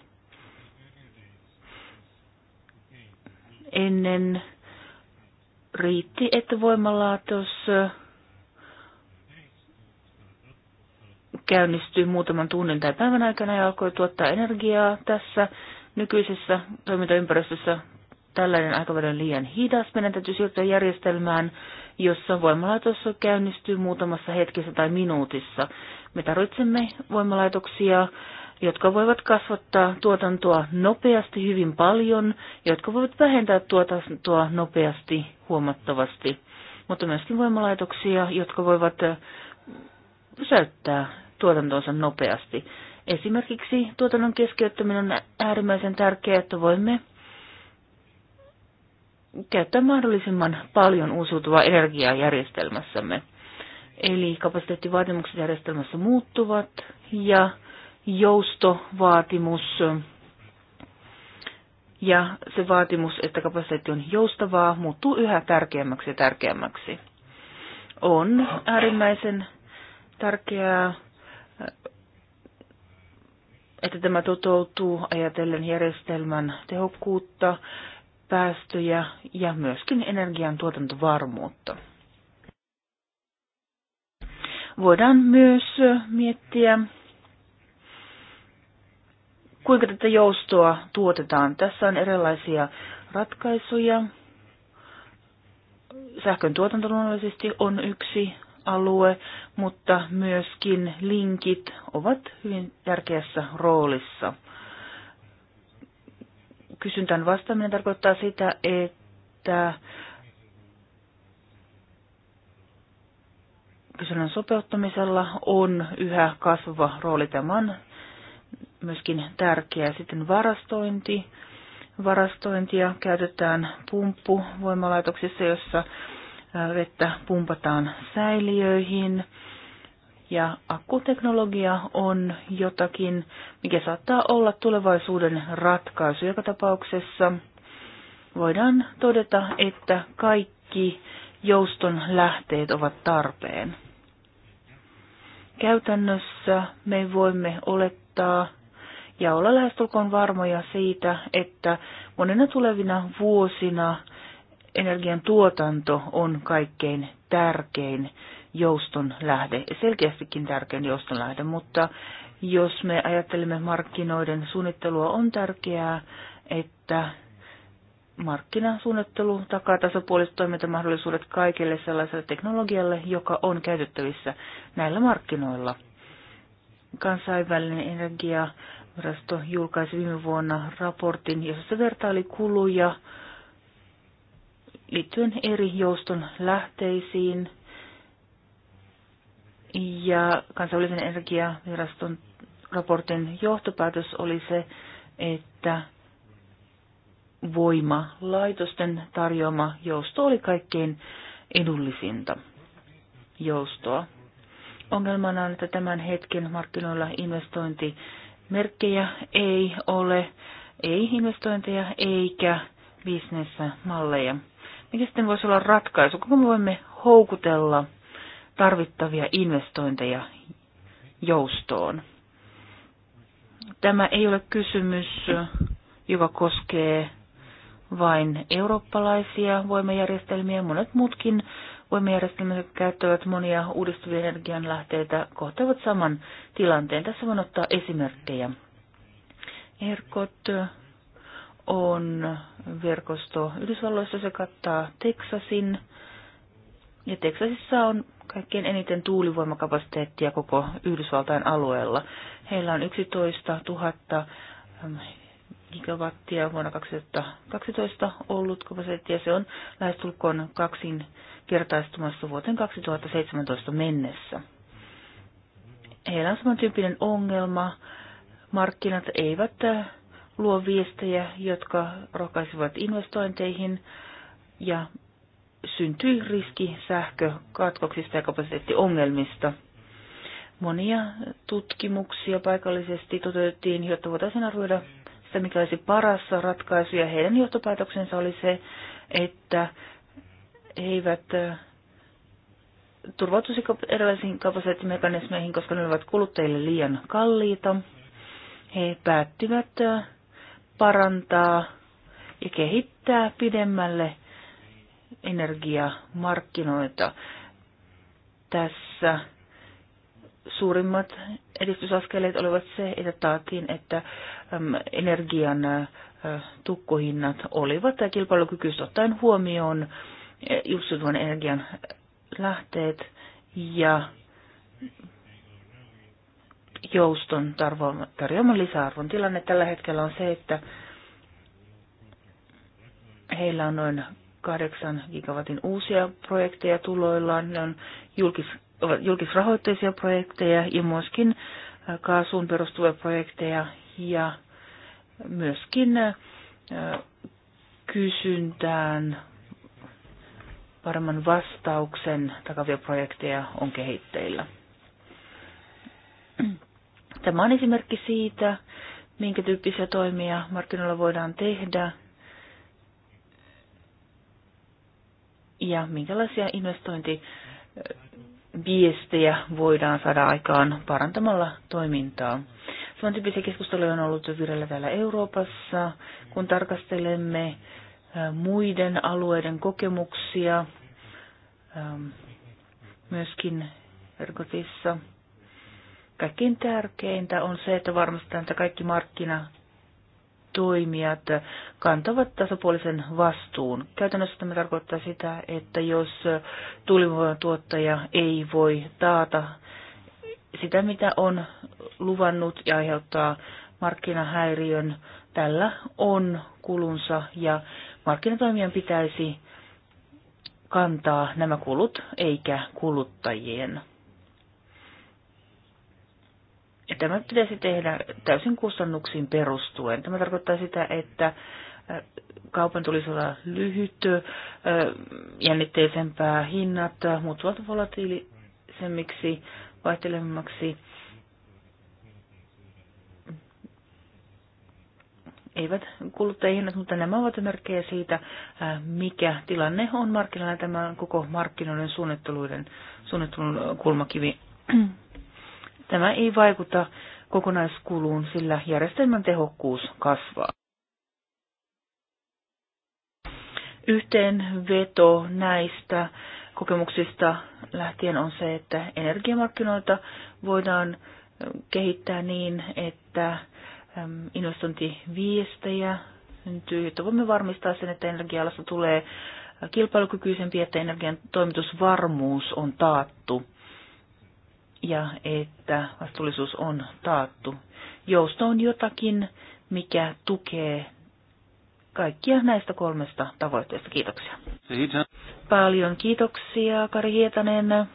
ennen riitti, että voimalaatos käynnistyi muutaman tunnin tai päivän aikana ja alkoi tuottaa energiaa tässä nykyisessä toimintaympäristössä tällainen aikavälin liian hidas. Meidän täytyy siirtyä järjestelmään, jossa voimalaitos käynnistyy muutamassa hetkessä tai minuutissa. Me tarvitsemme voimalaitoksia jotka voivat kasvattaa tuotantoa nopeasti hyvin paljon, jotka voivat vähentää tuotantoa nopeasti huomattavasti, mutta myöskin voimalaitoksia, jotka voivat pysäyttää äh, tuotantonsa nopeasti. Esimerkiksi tuotannon keskeyttäminen on äärimmäisen tärkeää, että voimme käyttää mahdollisimman paljon uusiutuvaa energiaa järjestelmässämme. Eli kapasiteettivaatimukset järjestelmässä muuttuvat ja joustovaatimus ja se vaatimus, että kapasiteetti on joustavaa, muuttuu yhä tärkeämmäksi ja tärkeämmäksi. On äärimmäisen tärkeää, että tämä toteutuu ajatellen järjestelmän tehokkuutta, päästöjä ja myöskin energian tuotantovarmuutta. Voidaan myös miettiä kuinka tätä joustoa tuotetaan. Tässä on erilaisia ratkaisuja. Sähkön tuotanto luonnollisesti on yksi alue, mutta myöskin linkit ovat hyvin tärkeässä roolissa. Kysyntän vastaaminen tarkoittaa sitä, että kysynnän sopeuttamisella on yhä kasvava rooli. tämän myöskin tärkeä. Sitten varastointi. Varastointia käytetään pumppuvoimalaitoksissa, jossa vettä pumpataan säiliöihin. Ja akkuteknologia on jotakin, mikä saattaa olla tulevaisuuden ratkaisu. Joka tapauksessa voidaan todeta, että kaikki jouston lähteet ovat tarpeen. Käytännössä me voimme olettaa, ja olla lähestulkoon varmoja siitä, että monena tulevina vuosina energian tuotanto on kaikkein tärkein jouston lähde, selkeästikin tärkein jouston lähde, mutta jos me ajattelemme markkinoiden suunnittelua, on tärkeää, että markkinasuunnittelu takaa tasapuoliset toimintamahdollisuudet kaikille sellaiselle teknologialle, joka on käytettävissä näillä markkinoilla. Kansainvälinen energia Virasto julkaisi viime vuonna raportin, jossa se vertaili kuluja liittyen eri jouston lähteisiin ja kansainvälisen energiaviraston raportin johtopäätös oli se, että voimalaitosten tarjoama jousto oli kaikkein edullisinta joustoa. Ongelmana on, että tämän hetken markkinoilla investointi merkkejä ei ole, ei investointeja eikä bisnesmalleja. Mikä sitten voisi olla ratkaisu? Kuinka me voimme houkutella tarvittavia investointeja joustoon? Tämä ei ole kysymys, joka koskee vain eurooppalaisia voimajärjestelmiä. Monet muutkin voimajärjestelmät käyttävät monia uudistuvia energianlähteitä kohtavat saman tilanteen. Tässä voin ottaa esimerkkejä. ERCOT on verkosto Yhdysvalloissa, se kattaa Teksasin. Ja Teksasissa on kaikkein eniten tuulivoimakapasiteettia koko Yhdysvaltain alueella. Heillä on 11 000 gigawattia vuonna 2012 ollut kapasiteetti ja se on lähestulkoon kaksinkertaistumassa vuoteen 2017 mennessä. Heillä on samantyyppinen ongelma. Markkinat eivät äh, luo viestejä, jotka rohkaisivat investointeihin ja syntyi riski sähkökatkoksista ja kapasiteettiongelmista. Monia tutkimuksia paikallisesti toteutettiin, jotta voitaisiin arvioida se, mikä olisi paras ratkaisu, ja heidän johtopäätöksensä oli se, että he eivät turvautuisi erilaisiin kapasiteettimekanismeihin, koska ne olivat kuluttajille liian kalliita. He päättivät parantaa ja kehittää pidemmälle energiamarkkinoita. Tässä suurimmat edistysaskeleet olivat se, että taattiin, että energian tukkohinnat olivat kilpailukykyistä, ottaen huomioon uusiutuvan energian lähteet ja jouston tarjoaman lisäarvon. Tilanne tällä hetkellä on se, että heillä on noin kahdeksan gigawatin uusia projekteja tuloillaan. Ne on julkis ovat julkisrahoitteisia projekteja ja myöskin äh, kaasuun perustuvia projekteja ja myöskin äh, kysyntään varman vastauksen takavia projekteja on kehitteillä. Tämä on esimerkki siitä, minkä tyyppisiä toimia markkinoilla voidaan tehdä ja minkälaisia investointi viestejä voidaan saada aikaan parantamalla toimintaa. Saman tyyppisiä keskusteluja on ollut jo vireillä täällä Euroopassa, kun tarkastelemme muiden alueiden kokemuksia, myöskin Ergotissa. Kaikkein tärkeintä on se, että varmistetaan, että kaikki markkinat toimijat kantavat tasapuolisen vastuun. Käytännössä tämä tarkoittaa sitä, että jos tuulivoiman tuottaja ei voi taata sitä, mitä on luvannut ja aiheuttaa markkinahäiriön, tällä on kulunsa ja markkinatoimijan pitäisi kantaa nämä kulut eikä kuluttajien. Ja tämä pitäisi tehdä täysin kustannuksiin perustuen. Tämä tarkoittaa sitä, että kaupan tulisi olla lyhyt, jännitteisempää hinnat, muuttuvat volatiilisemmiksi, vaihtelemmaksi. Eivät kuluttajahinnat, mutta nämä ovat merkkejä siitä, mikä tilanne on markkinoilla. tämän koko markkinoiden suunnitteluiden, suunnittelun kulmakivi Tämä ei vaikuta kokonaiskuluun, sillä järjestelmän tehokkuus kasvaa. Yhteenveto näistä kokemuksista lähtien on se, että energiamarkkinoita voidaan kehittää niin, että investointiviestejä syntyy, jotta voimme varmistaa sen, että energia tulee kilpailukykyisempi, että energian toimitusvarmuus on taattu ja että vastuullisuus on taattu. Jousto on jotakin, mikä tukee kaikkia näistä kolmesta tavoitteesta. Kiitoksia. Paljon kiitoksia, Kari Hietanen.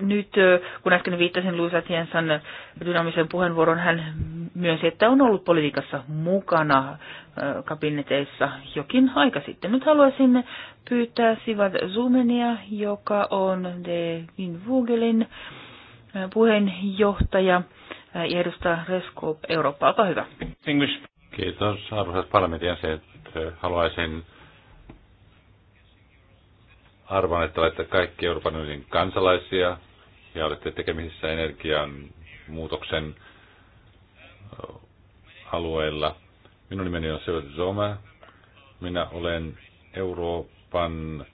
nyt, kun äsken viittasin Luisa Tiensan dynaamisen puheenvuoron, hän myönsi, että on ollut politiikassa mukana kabineteissa jokin aika sitten. Nyt haluaisin pyytää Sivat Zumenia, joka on De Vinvugelin puheenjohtaja ja edustaa Rescope Eurooppaa. Olkaa hyvä. Kiitos, arvoisat parlamentin jäsenet. Haluaisin arvan, että olette kaikki Euroopan unionin kansalaisia ja olette tekemisissä energian muutoksen alueella. Minun nimeni on Sylvia Zoma. Minä olen Euroopan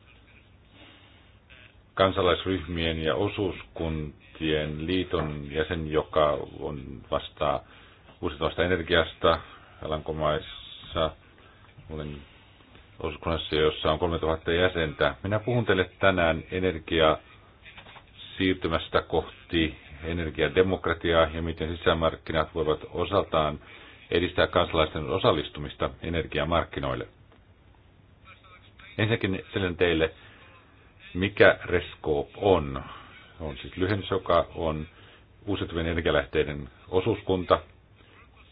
kansalaisryhmien ja osuuskuntien liiton jäsen, joka on vastaa uusiutuvasta energiasta Alankomaissa. Olen osuuskunnassa, jossa on 3000 jäsentä. Minä puhun teille tänään energia siirtymästä kohti energiademokratiaa ja miten sisämarkkinat voivat osaltaan edistää kansalaisten osallistumista energiamarkkinoille. Ensinnäkin selän teille, mikä RESCOP on. On siis lyhennys, joka on uusiutuvien energialähteiden osuuskunta.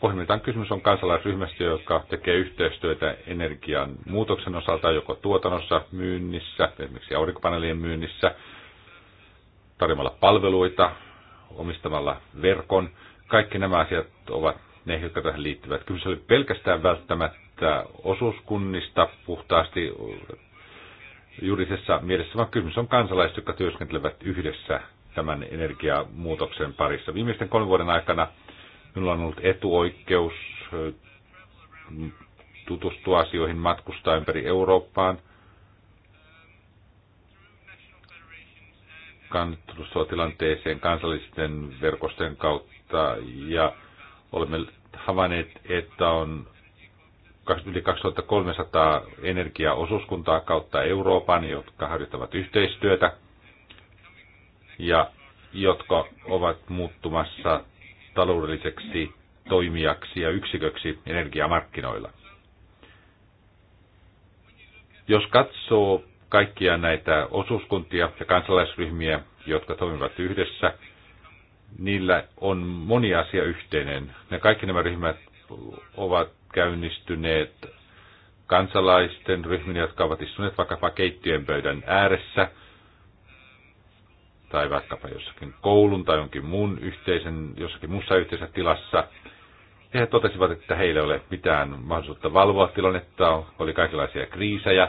Pohjimmiltaan kysymys on kansalaisryhmästä, joka tekee yhteistyötä energian muutoksen osalta joko tuotannossa, myynnissä, esimerkiksi aurinkopaneelien myynnissä, tarjomalla palveluita, omistamalla verkon. Kaikki nämä asiat ovat ne, jotka tähän liittyvät. Kysymys oli pelkästään välttämättä osuuskunnista puhtaasti juridisessa mielessä, vaan kysymys on kansalaiset, jotka työskentelevät yhdessä tämän energiamuutoksen parissa. Viimeisten kolmen vuoden aikana Minulla on ollut etuoikeus tutustua asioihin, matkustaa ympäri Eurooppaan, tutustua tilanteeseen kansallisten verkosten kautta ja olemme havainneet, että on yli 2300 energiaosuuskuntaa kautta Euroopan, jotka harjoittavat yhteistyötä ja jotka ovat muuttumassa taloudelliseksi toimijaksi ja yksiköksi energiamarkkinoilla. Jos katsoo kaikkia näitä osuuskuntia ja kansalaisryhmiä, jotka toimivat yhdessä, niillä on moni asia yhteinen. Ne kaikki nämä ryhmät ovat käynnistyneet kansalaisten ryhmin, jotka ovat istuneet vaikkapa keittiön pöydän ääressä – tai vaikkapa jossakin koulun tai jonkin muun yhteisen, jossakin muussa yhteisessä tilassa. Ja he totesivat, että heillä ei ole mitään mahdollisuutta valvoa tilannetta, oli kaikenlaisia kriisejä.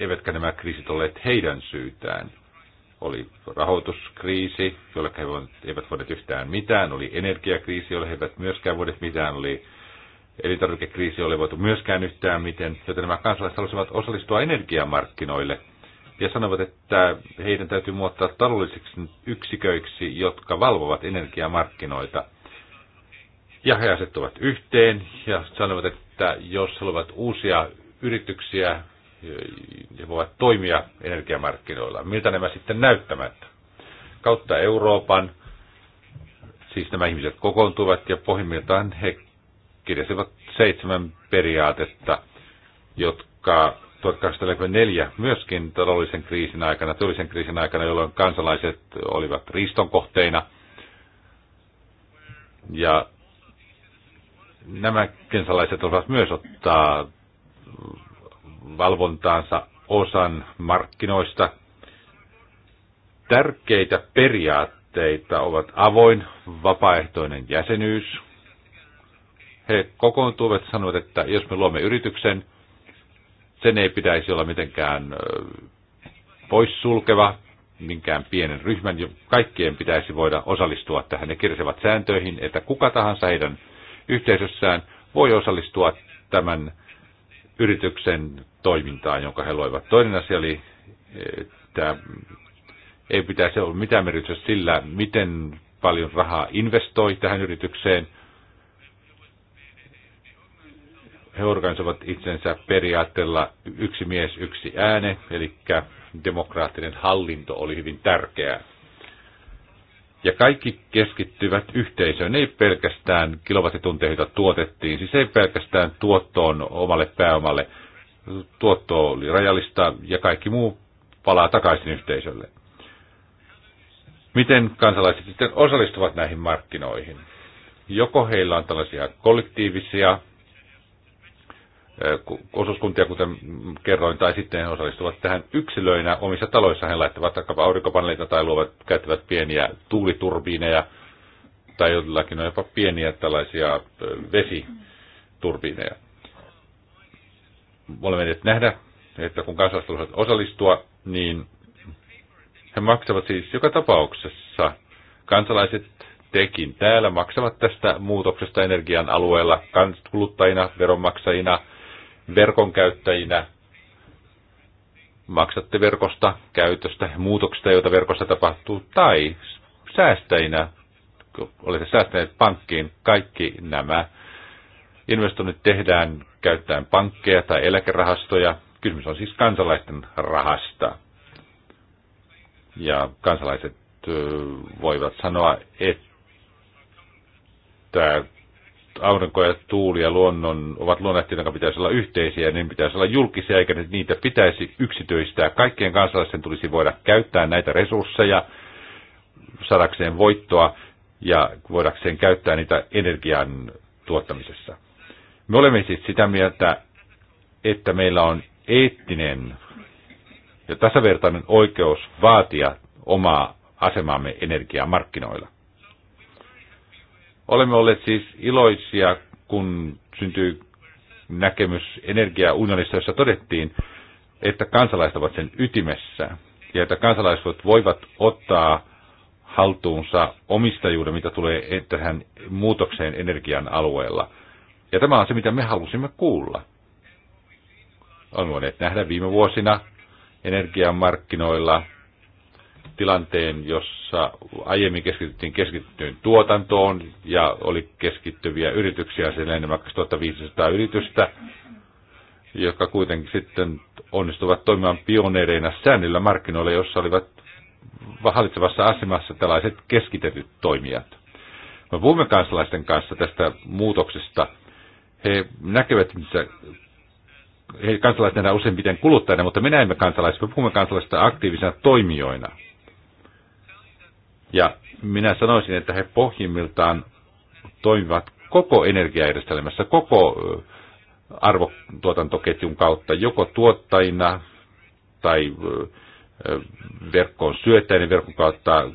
Eivätkä nämä kriisit olleet heidän syytään. Oli rahoituskriisi, jolle he eivät voineet yhtään mitään. Oli energiakriisi, jolle he eivät myöskään voineet mitään. Oli elintarvikekriisi ole voitu myöskään yhtään miten, joten nämä kansalaiset halusivat osallistua energiamarkkinoille ja sanovat, että heidän täytyy muuttaa taloudellisiksi yksiköiksi, jotka valvovat energiamarkkinoita. Ja he asettuvat yhteen ja sanovat, että jos haluavat uusia yrityksiä, he voivat toimia energiamarkkinoilla. Miltä nämä sitten näyttävät? Kautta Euroopan, siis nämä ihmiset kokoontuvat ja pohjimmiltaan he kirjasivat seitsemän periaatetta, jotka 1844 myöskin taloudellisen kriisin aikana, teollisen kriisin aikana, jolloin kansalaiset olivat riiston kohteina. Ja nämä kansalaiset osasivat myös ottaa valvontaansa osan markkinoista. Tärkeitä periaatteita ovat avoin vapaaehtoinen jäsenyys, he kokoontuivat ja sanoivat, että jos me luomme yrityksen, sen ei pitäisi olla mitenkään poissulkeva, minkään pienen ryhmän. Kaikkien pitäisi voida osallistua tähän. Ne kirjasevat sääntöihin, että kuka tahansa heidän yhteisössään voi osallistua tämän yrityksen toimintaan, jonka he loivat. Toinen asia oli, että ei pitäisi olla mitään merkitystä sillä, miten paljon rahaa investoi tähän yritykseen – he organisoivat itsensä periaatteella yksi mies, yksi ääne, eli demokraattinen hallinto oli hyvin tärkeää. Ja kaikki keskittyvät yhteisöön, ei pelkästään kilowattitunteihin, joita tuotettiin, siis ei pelkästään tuottoon omalle pääomalle. Tuotto oli rajallista ja kaikki muu palaa takaisin yhteisölle. Miten kansalaiset sitten osallistuvat näihin markkinoihin? Joko heillä on tällaisia kollektiivisia osuuskuntia, kuten kerroin, tai sitten he osallistuvat tähän yksilöinä omissa taloissa. He laittavat vaikkapa aurinkopaneeleita tai luovat, käyttävät pieniä tuuliturbiineja tai jollakin on jopa pieniä tällaisia vesiturbiineja. Olemme edes nähdä, että kun kansalaiset haluavat osallistua, niin he maksavat siis joka tapauksessa. Kansalaiset tekin täällä maksavat tästä muutoksesta energian alueella kuluttajina, veronmaksajina – verkon käyttäjinä maksatte verkosta, käytöstä, muutoksista, joita verkossa tapahtuu, tai säästäjinä, olette säästäneet pankkiin, kaikki nämä investoinnit tehdään käyttäen pankkeja tai eläkerahastoja. Kysymys on siis kansalaisten rahasta. Ja kansalaiset voivat sanoa, että aurinko ja tuuli ja luonnon ovat luonnehtijoita, jotka pitäisi olla yhteisiä, niin pitäisi olla julkisia, eikä niitä pitäisi yksityistää. Kaikkien kansalaisten tulisi voida käyttää näitä resursseja saadakseen voittoa ja voidakseen käyttää niitä energian tuottamisessa. Me olemme siis sitä mieltä, että meillä on eettinen ja tasavertainen oikeus vaatia omaa asemamme energiamarkkinoilla. Olemme olleet siis iloisia, kun syntyi näkemys energiaunionista, jossa todettiin, että kansalaiset ovat sen ytimessä ja että kansalaiset voivat ottaa haltuunsa omistajuuden, mitä tulee tähän muutokseen energian alueella. Ja tämä on se, mitä me halusimme kuulla. Olemme voineet nähdä viime vuosina energiamarkkinoilla tilanteen, jossa aiemmin keskityttiin keskittyyn tuotantoon ja oli keskittyviä yrityksiä, sen enemmän 2500 yritystä, jotka kuitenkin sitten onnistuvat toimimaan pioneereina säännillä markkinoilla, jossa olivat hallitsevassa asemassa tällaiset keskitetyt toimijat. Me puhumme kansalaisten kanssa tästä muutoksesta. He näkevät, missä he kansalaiset nähdään useimmiten kuluttajana, mutta me näemme kansalaiset, me puhumme kansalaisista aktiivisina toimijoina. Ja minä sanoisin, että he pohjimmiltaan toimivat koko energiajärjestelmässä, koko arvotuotantoketjun kautta, joko tuottajina tai verkkoon syöttäjien verkon kautta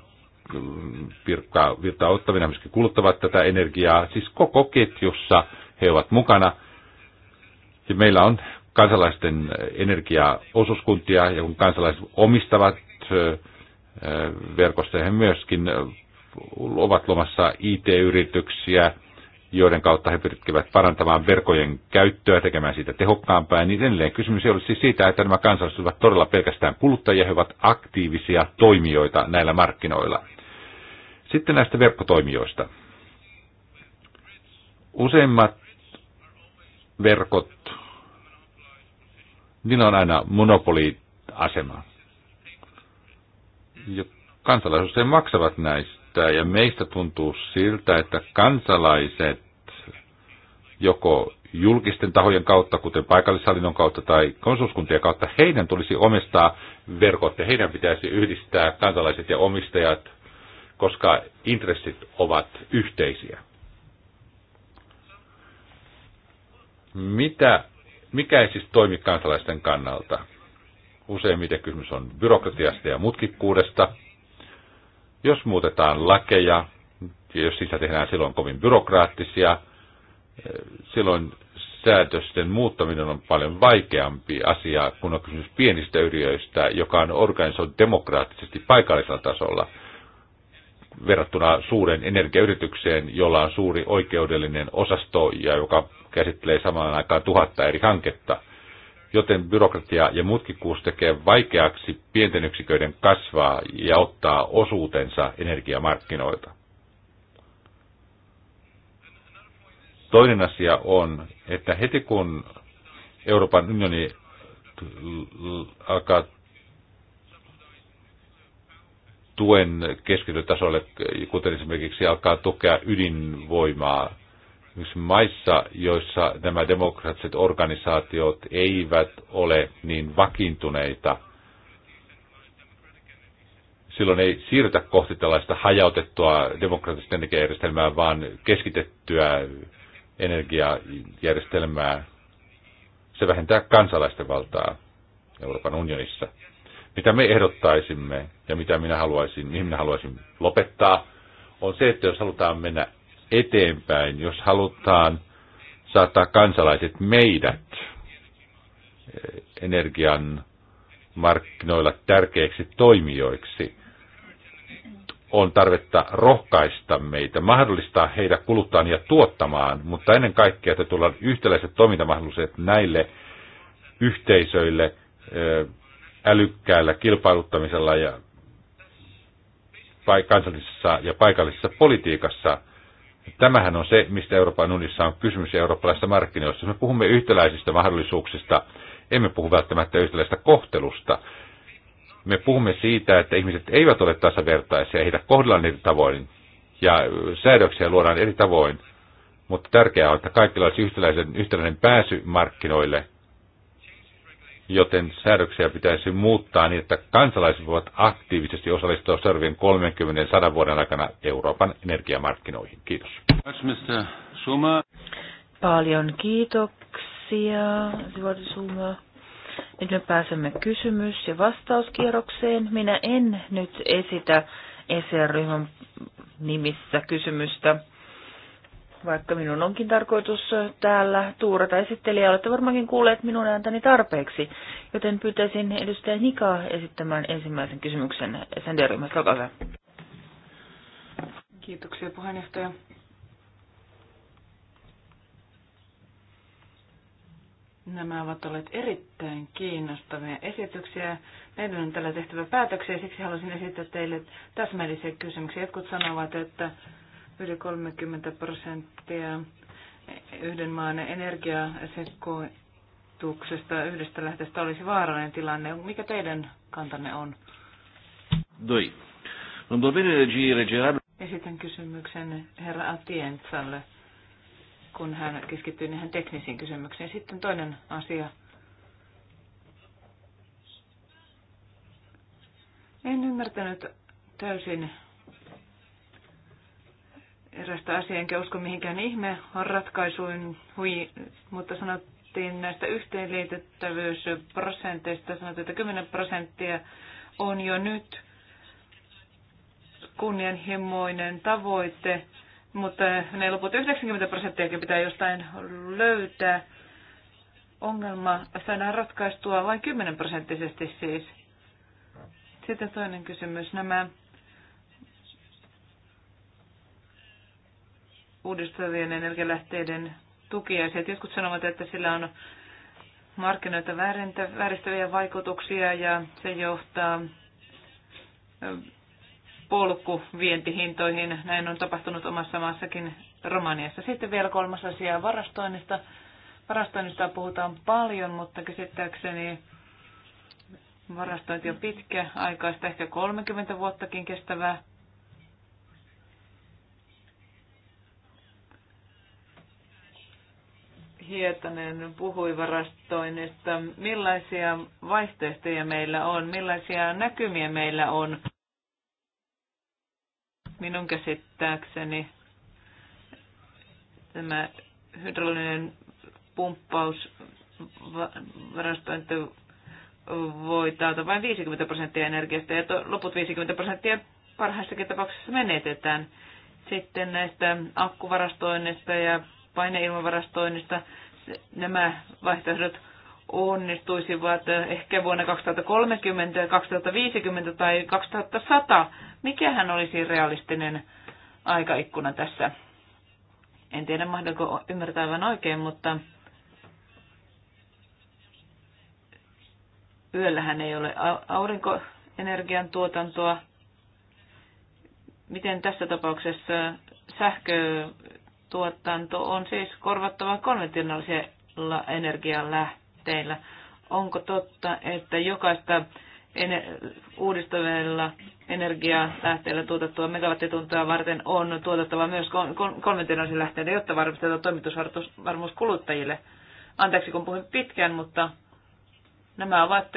virtaa, virtaa ottavina myöskin kuluttavat tätä energiaa. Siis koko ketjussa he ovat mukana. Ja meillä on kansalaisten energiaosuuskuntia, ja kun kansalaiset omistavat verkostoja. He myöskin ovat lomassa IT-yrityksiä, joiden kautta he pyrkivät parantamaan verkojen käyttöä, tekemään siitä tehokkaampaa ja niin edelleen. Kysymys ei ole siis siitä, että nämä kansalaiset ovat todella pelkästään kuluttajia, he ovat aktiivisia toimijoita näillä markkinoilla. Sitten näistä verkkotoimijoista. Useimmat verkot, niillä on aina monopoliasema kansalaiset maksavat näistä ja meistä tuntuu siltä, että kansalaiset joko julkisten tahojen kautta, kuten paikallishallinnon kautta tai konsulskuntien kautta, heidän tulisi omistaa verkot ja heidän pitäisi yhdistää kansalaiset ja omistajat, koska intressit ovat yhteisiä. Mitä, mikä ei siis toimi kansalaisten kannalta? Useimmiten kysymys on byrokratiasta ja mutkikkuudesta. Jos muutetaan lakeja, ja jos sitä tehdään silloin kovin byrokraattisia, silloin säädösten muuttaminen on paljon vaikeampi asia, kun on kysymys pienistä yriöistä, joka on organisoitu demokraattisesti paikallisella tasolla verrattuna suuren energiayritykseen, jolla on suuri oikeudellinen osasto ja joka käsittelee samaan aikaan tuhatta eri hanketta joten byrokratia ja mutkikkuus tekee vaikeaksi pienten yksiköiden kasvaa ja ottaa osuutensa energiamarkkinoilta. Toinen asia on, että heti kun Euroopan unioni alkaa tuen keskitytasolle, kuten esimerkiksi alkaa tukea ydinvoimaa, myös maissa, joissa nämä demokraattiset organisaatiot eivät ole niin vakiintuneita, silloin ei siirrytä kohti tällaista hajautettua demokraattista energiajärjestelmää, vaan keskitettyä energiajärjestelmää. Se vähentää kansalaisten valtaa Euroopan unionissa. Mitä me ehdottaisimme ja mitä minä haluaisin, mihin minä haluaisin lopettaa, on se, että jos halutaan mennä eteenpäin, jos halutaan saattaa kansalaiset meidät eh, energian markkinoilla tärkeiksi toimijoiksi. On tarvetta rohkaista meitä, mahdollistaa heidät kuluttaa ja tuottamaan, mutta ennen kaikkea, että tullaan yhtäläiset toimintamahdollisuudet näille yhteisöille eh, älykkäällä kilpailuttamisella ja kansallisessa ja paikallisessa politiikassa – Tämähän on se, mistä Euroopan unissa on kysymys eurooppalaisissa markkinoissa. Jos me puhumme yhtäläisistä mahdollisuuksista, emme puhu välttämättä yhtäläisestä kohtelusta. Me puhumme siitä, että ihmiset eivät ole tasavertaisia, heitä kohdellaan eri tavoin ja säädöksiä luodaan eri tavoin. Mutta tärkeää on, että kaikilla olisi yhtäläinen pääsy markkinoille – joten säädöksiä pitäisi muuttaa niin, että kansalaiset voivat aktiivisesti osallistua seuraavien 30-100 vuoden aikana Euroopan energiamarkkinoihin. Kiitos. Paljon kiitoksia, Eduard Suma. Nyt me pääsemme kysymys- ja vastauskierrokseen. Minä en nyt esitä ESR-ryhmän nimissä kysymystä vaikka minun onkin tarkoitus äh, täällä tuurata esittelijä, olette varmaankin kuulleet minun ääntäni tarpeeksi, joten pyytäisin edustaja Nikaa esittämään ensimmäisen kysymyksen SND-ryhmästä. Olkaa hyvä. Kiitoksia puheenjohtaja. Nämä ovat olleet erittäin kiinnostavia esityksiä. Meidän on tällä tehtävä päätöksiä, siksi haluaisin esittää teille täsmällisiä kysymyksiä. Jotkut sanovat, että yli 30 prosenttia yhden maan energiasekoituksesta yhdestä lähteestä olisi vaarallinen tilanne. Mikä teidän kantanne on? Doi. Non dovere energie Esitän kysymyksen herra Atientsalle, kun hän keskittyy niihin teknisiin kysymyksiin. Sitten toinen asia. En ymmärtänyt täysin erästä asiaa, enkä usko mihinkään ihme ratkaisuin, hui, mutta sanottiin näistä yhteenliitettävyysprosenteista, sanottiin, että 10 prosenttia on jo nyt kunnianhimoinen tavoite, mutta ne loput 90 prosenttiakin pitää jostain löytää. Ongelma saadaan ratkaistua vain 10 prosenttisesti siis. Sitten toinen kysymys. Nämä uudistuvien energialähteiden tukiaiset. Jotkut sanovat, että sillä on markkinoita vääristäviä vaikutuksia ja se johtaa polkuvientihintoihin. Näin on tapahtunut omassa maassakin Romaniassa. Sitten vielä kolmas asia varastoinnista. Varastoinnista puhutaan paljon, mutta käsittääkseni varastointi on pitkä aikaista, ehkä 30 vuottakin kestävää Hietanen puhui varastoinnista. Millaisia vaihtoehtoja meillä on? Millaisia näkymiä meillä on? Minun käsittääkseni tämä hydraulinen pumppaus varastointi voi taata vain 50 prosenttia energiasta ja loput 50 prosenttia parhaissakin tapauksessa menetetään. Sitten näistä akkuvarastoinnista ja paineilmavarastoinnista nämä vaihtoehdot onnistuisivat ehkä vuonna 2030, 2050 tai 2100. Mikähän olisi realistinen aikaikkuna tässä? En tiedä, mahdanko ymmärtää aivan oikein, mutta yöllähän ei ole aurinkoenergian tuotantoa. Miten tässä tapauksessa sähkö tuotanto on siis korvattava konventionaalisilla lähteillä. Onko totta, että jokaista ener- uudistuvilla energialähteillä tuotettua megawattituntoa varten on tuotettava myös kon- konventionaalisia lähteitä, jotta varmistetaan toimitusvarmuus kuluttajille? Anteeksi, kun puhuin pitkään, mutta nämä ovat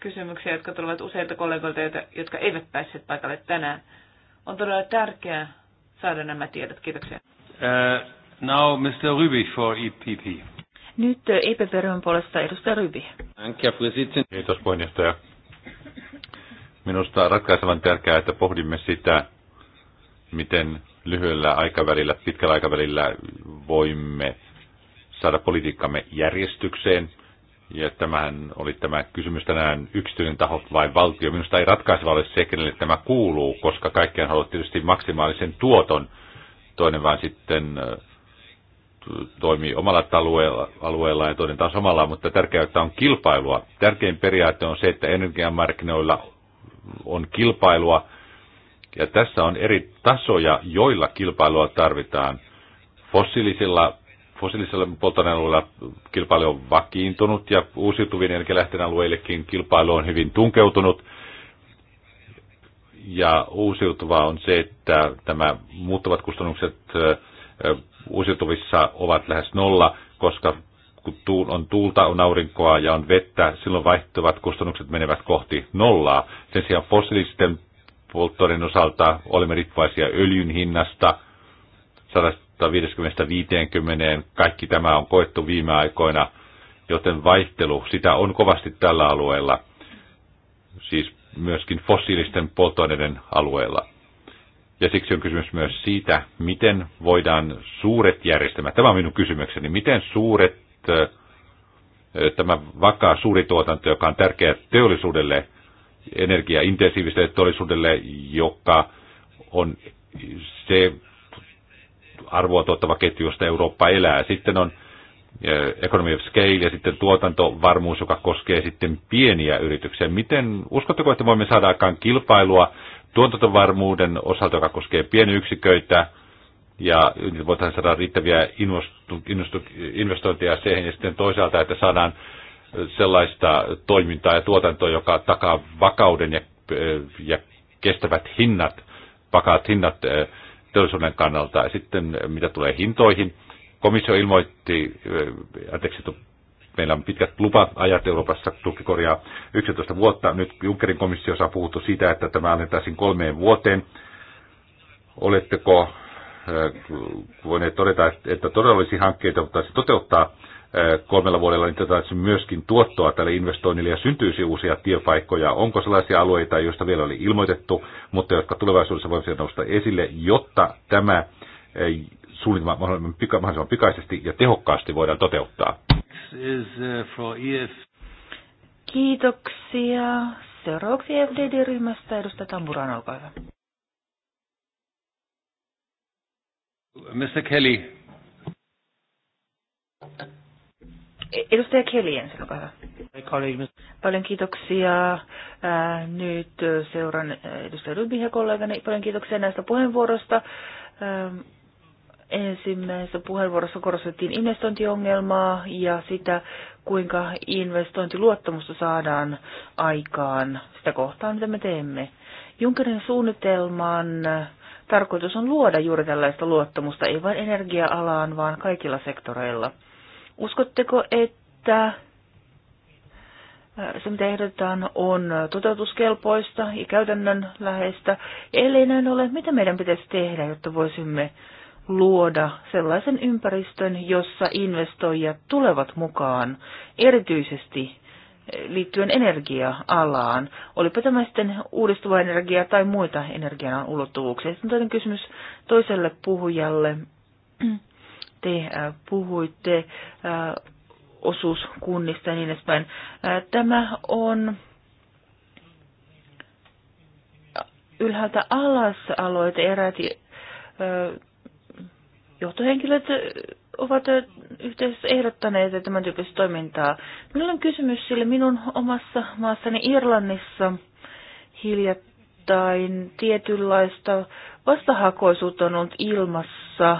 kysymyksiä, jotka tulevat useilta kollegoilta, jotka eivät päässeet paikalle tänään. On todella tärkeää saada nämä tiedot. Kiitoksia. Uh, now Mr. Ryby for EPP. Nyt EPP-ryhmän puolesta edustaja Ryby. Kiitos puheenjohtaja. Minusta on ratkaisevan tärkeää, että pohdimme sitä, miten lyhyellä aikavälillä, pitkällä aikavälillä voimme saada politiikkamme järjestykseen. Ja tämähän oli tämä kysymys tänään, yksityinen taho vai valtio. Minusta ei ratkaiseva ole se, kenelle tämä kuuluu, koska kaikkiaan haluat tietysti maksimaalisen tuoton – toinen vaan sitten toimii omalla alueella, alueella ja toinen taas omalla, mutta tärkeää, että on kilpailua. Tärkein periaate on se, että energiamarkkinoilla on kilpailua, ja tässä on eri tasoja, joilla kilpailua tarvitaan. Fossiilisilla, fossiilisilla polttoainealueilla kilpailu on vakiintunut ja uusiutuvien energialähteen alueillekin kilpailu on hyvin tunkeutunut – ja uusiutuvaa on se, että tämä muuttuvat kustannukset uusiutuvissa ovat lähes nolla, koska kun on tuulta, on aurinkoa ja on vettä, silloin vaihtuvat kustannukset menevät kohti nollaa. Sen sijaan fossiilisten polttoaineen osalta olemme riippuvaisia öljyn hinnasta 150-50. Kaikki tämä on koettu viime aikoina, joten vaihtelu, sitä on kovasti tällä alueella. Siis myöskin fossiilisten polttoaineiden alueella. Ja siksi on kysymys myös siitä, miten voidaan suuret järjestelmät, tämä on minun kysymykseni, miten suuret, tämä vakaa tuotanto, joka on tärkeä teollisuudelle, energiaintensiiviselle teollisuudelle, joka on se arvoa tuottava ketju, josta Eurooppa elää. Sitten on economy of scale ja sitten tuotantovarmuus, joka koskee sitten pieniä yrityksiä. Miten, uskotteko, että voimme saada aikaan kilpailua tuotantovarmuuden osalta, joka koskee yksiköitä ja voitaisiin saada riittäviä investointeja siihen, ja sitten toisaalta, että saadaan sellaista toimintaa ja tuotantoa, joka takaa vakauden ja, ja kestävät hinnat, vakaat hinnat teollisuuden kannalta. Ja sitten mitä tulee hintoihin, Komissio ilmoitti, anteeksi, meillä on pitkät lupa-ajat Euroopassa, tulkki korjaa 11 vuotta. Nyt Junckerin komissio saa puhuttu siitä, että tämä annettaisiin kolmeen vuoteen. Oletteko voineet todeta, että todella olisi hankkeita, mutta se toteuttaa kolmella vuodella, niin tätä myöskin tuottoa tälle investoinnille ja syntyisi uusia työpaikkoja. Onko sellaisia alueita, joista vielä oli ilmoitettu, mutta jotka tulevaisuudessa voisivat nousta esille, jotta tämä suunnitelma mahdollisimman pikaisesti ja tehokkaasti voidaan toteuttaa. Uh, e kiitoksia. Seuraavaksi FDD-ryhmästä edustaja Tamburan, olkaa hyvä. Mr. Kelly. E- edustaja Kelly ensin, olkaa hyvä. Paljon kiitoksia. Äh, nyt seuran edustaja Rubin ja kollegani. Paljon kiitoksia näistä puheenvuorosta. Ähm, ensimmäisessä puheenvuorossa korostettiin investointiongelmaa ja sitä, kuinka investointiluottamusta saadaan aikaan sitä kohtaa, mitä me teemme. Junckerin suunnitelman tarkoitus on luoda juuri tällaista luottamusta, ei vain energia-alaan, vaan kaikilla sektoreilla. Uskotteko, että se, mitä ehdotetaan, on toteutuskelpoista ja käytännönläheistä. Ja ellei näin ole, mitä meidän pitäisi tehdä, jotta voisimme luoda sellaisen ympäristön, jossa investoijat tulevat mukaan, erityisesti eh, liittyen energia-alaan. Olipa tämä sitten uudistuva energia tai muita energian ulottuvuuksia. Sitten toinen kysymys toiselle puhujalle. Te eh, puhuitte eh, osuuskunnista ja niin edespäin. Tämä on ylhäältä alas aloite. Eräät johtohenkilöt ovat yhteydessä ehdottaneet tämän tyyppistä toimintaa. Minulla on kysymys, sille minun omassa maassani Irlannissa hiljattain tietynlaista vastahakoisuutta on ollut ilmassa,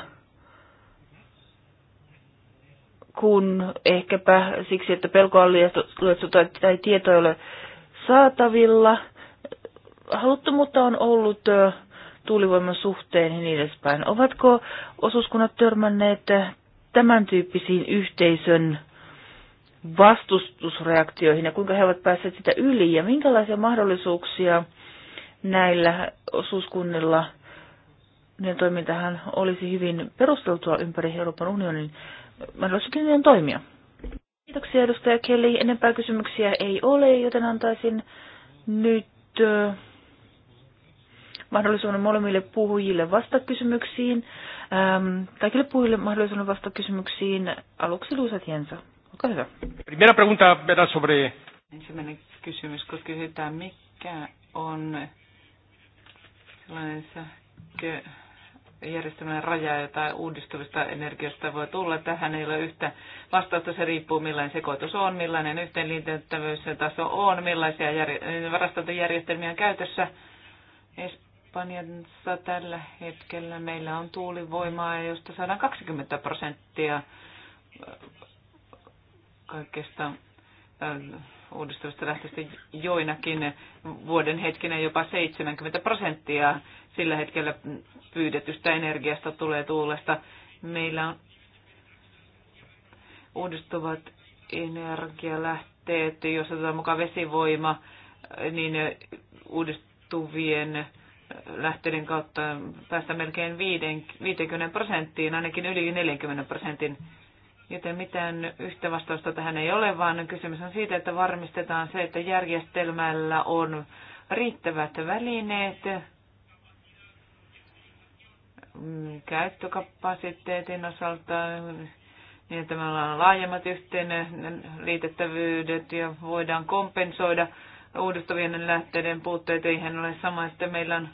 kun ehkäpä siksi, että pelkoa on lietsu tai, tai tietoa ei ole saatavilla. Haluttomuutta on ollut tuulivoiman suhteen ja niin edespäin. Ovatko osuuskunnat törmänneet tämän tyyppisiin yhteisön vastustusreaktioihin ja kuinka he ovat päässeet sitä yli ja minkälaisia mahdollisuuksia näillä osuuskunnilla niiden toimintahan olisi hyvin perusteltua ympäri Euroopan unionin mahdollisuuksien niin toimia. Kiitoksia edustaja Kelly. Enempää kysymyksiä ei ole, joten antaisin nyt mahdollisuuden molemmille puhujille vastakysymyksiin. Ähm, kaikille puhujille mahdollisuuden vastakysymyksiin. Aluksi Luisa Tiensa, olkaa hyvä. Primera pregunta sobre... Ensimmäinen kysymys, kun kysytään, mikä on sellainen sähkö, järjestelmän raja, tai uudistuvista energiasta voi tulla. Tähän ei ole yhtä vastausta, se riippuu millainen sekoitus on, millainen yhteenliitettävyys taso on, millaisia jär... varastointijärjestelmiä on käytössä kampanjansa tällä hetkellä meillä on tuulivoimaa, josta saadaan 20 prosenttia äh, kaikesta äh, uudistuvista lähteistä joinakin vuoden hetkinä jopa 70 prosenttia sillä hetkellä pyydetystä energiasta tulee tuulesta. Meillä on uudistuvat energialähteet, jos otetaan mukaan vesivoima, niin uudistuvien lähteiden kautta päästä melkein 50 prosenttiin, ainakin yli 40 prosentin. Joten mitään yhtä vastausta tähän ei ole, vaan kysymys on siitä, että varmistetaan se, että järjestelmällä on riittävät välineet, mm, käyttökapasiteetin osalta, niin että meillä on laajemmat yhteen liitettävyydet ja voidaan kompensoida – uudistuvien lähteiden puutteet, eihän ole sama, että meillä on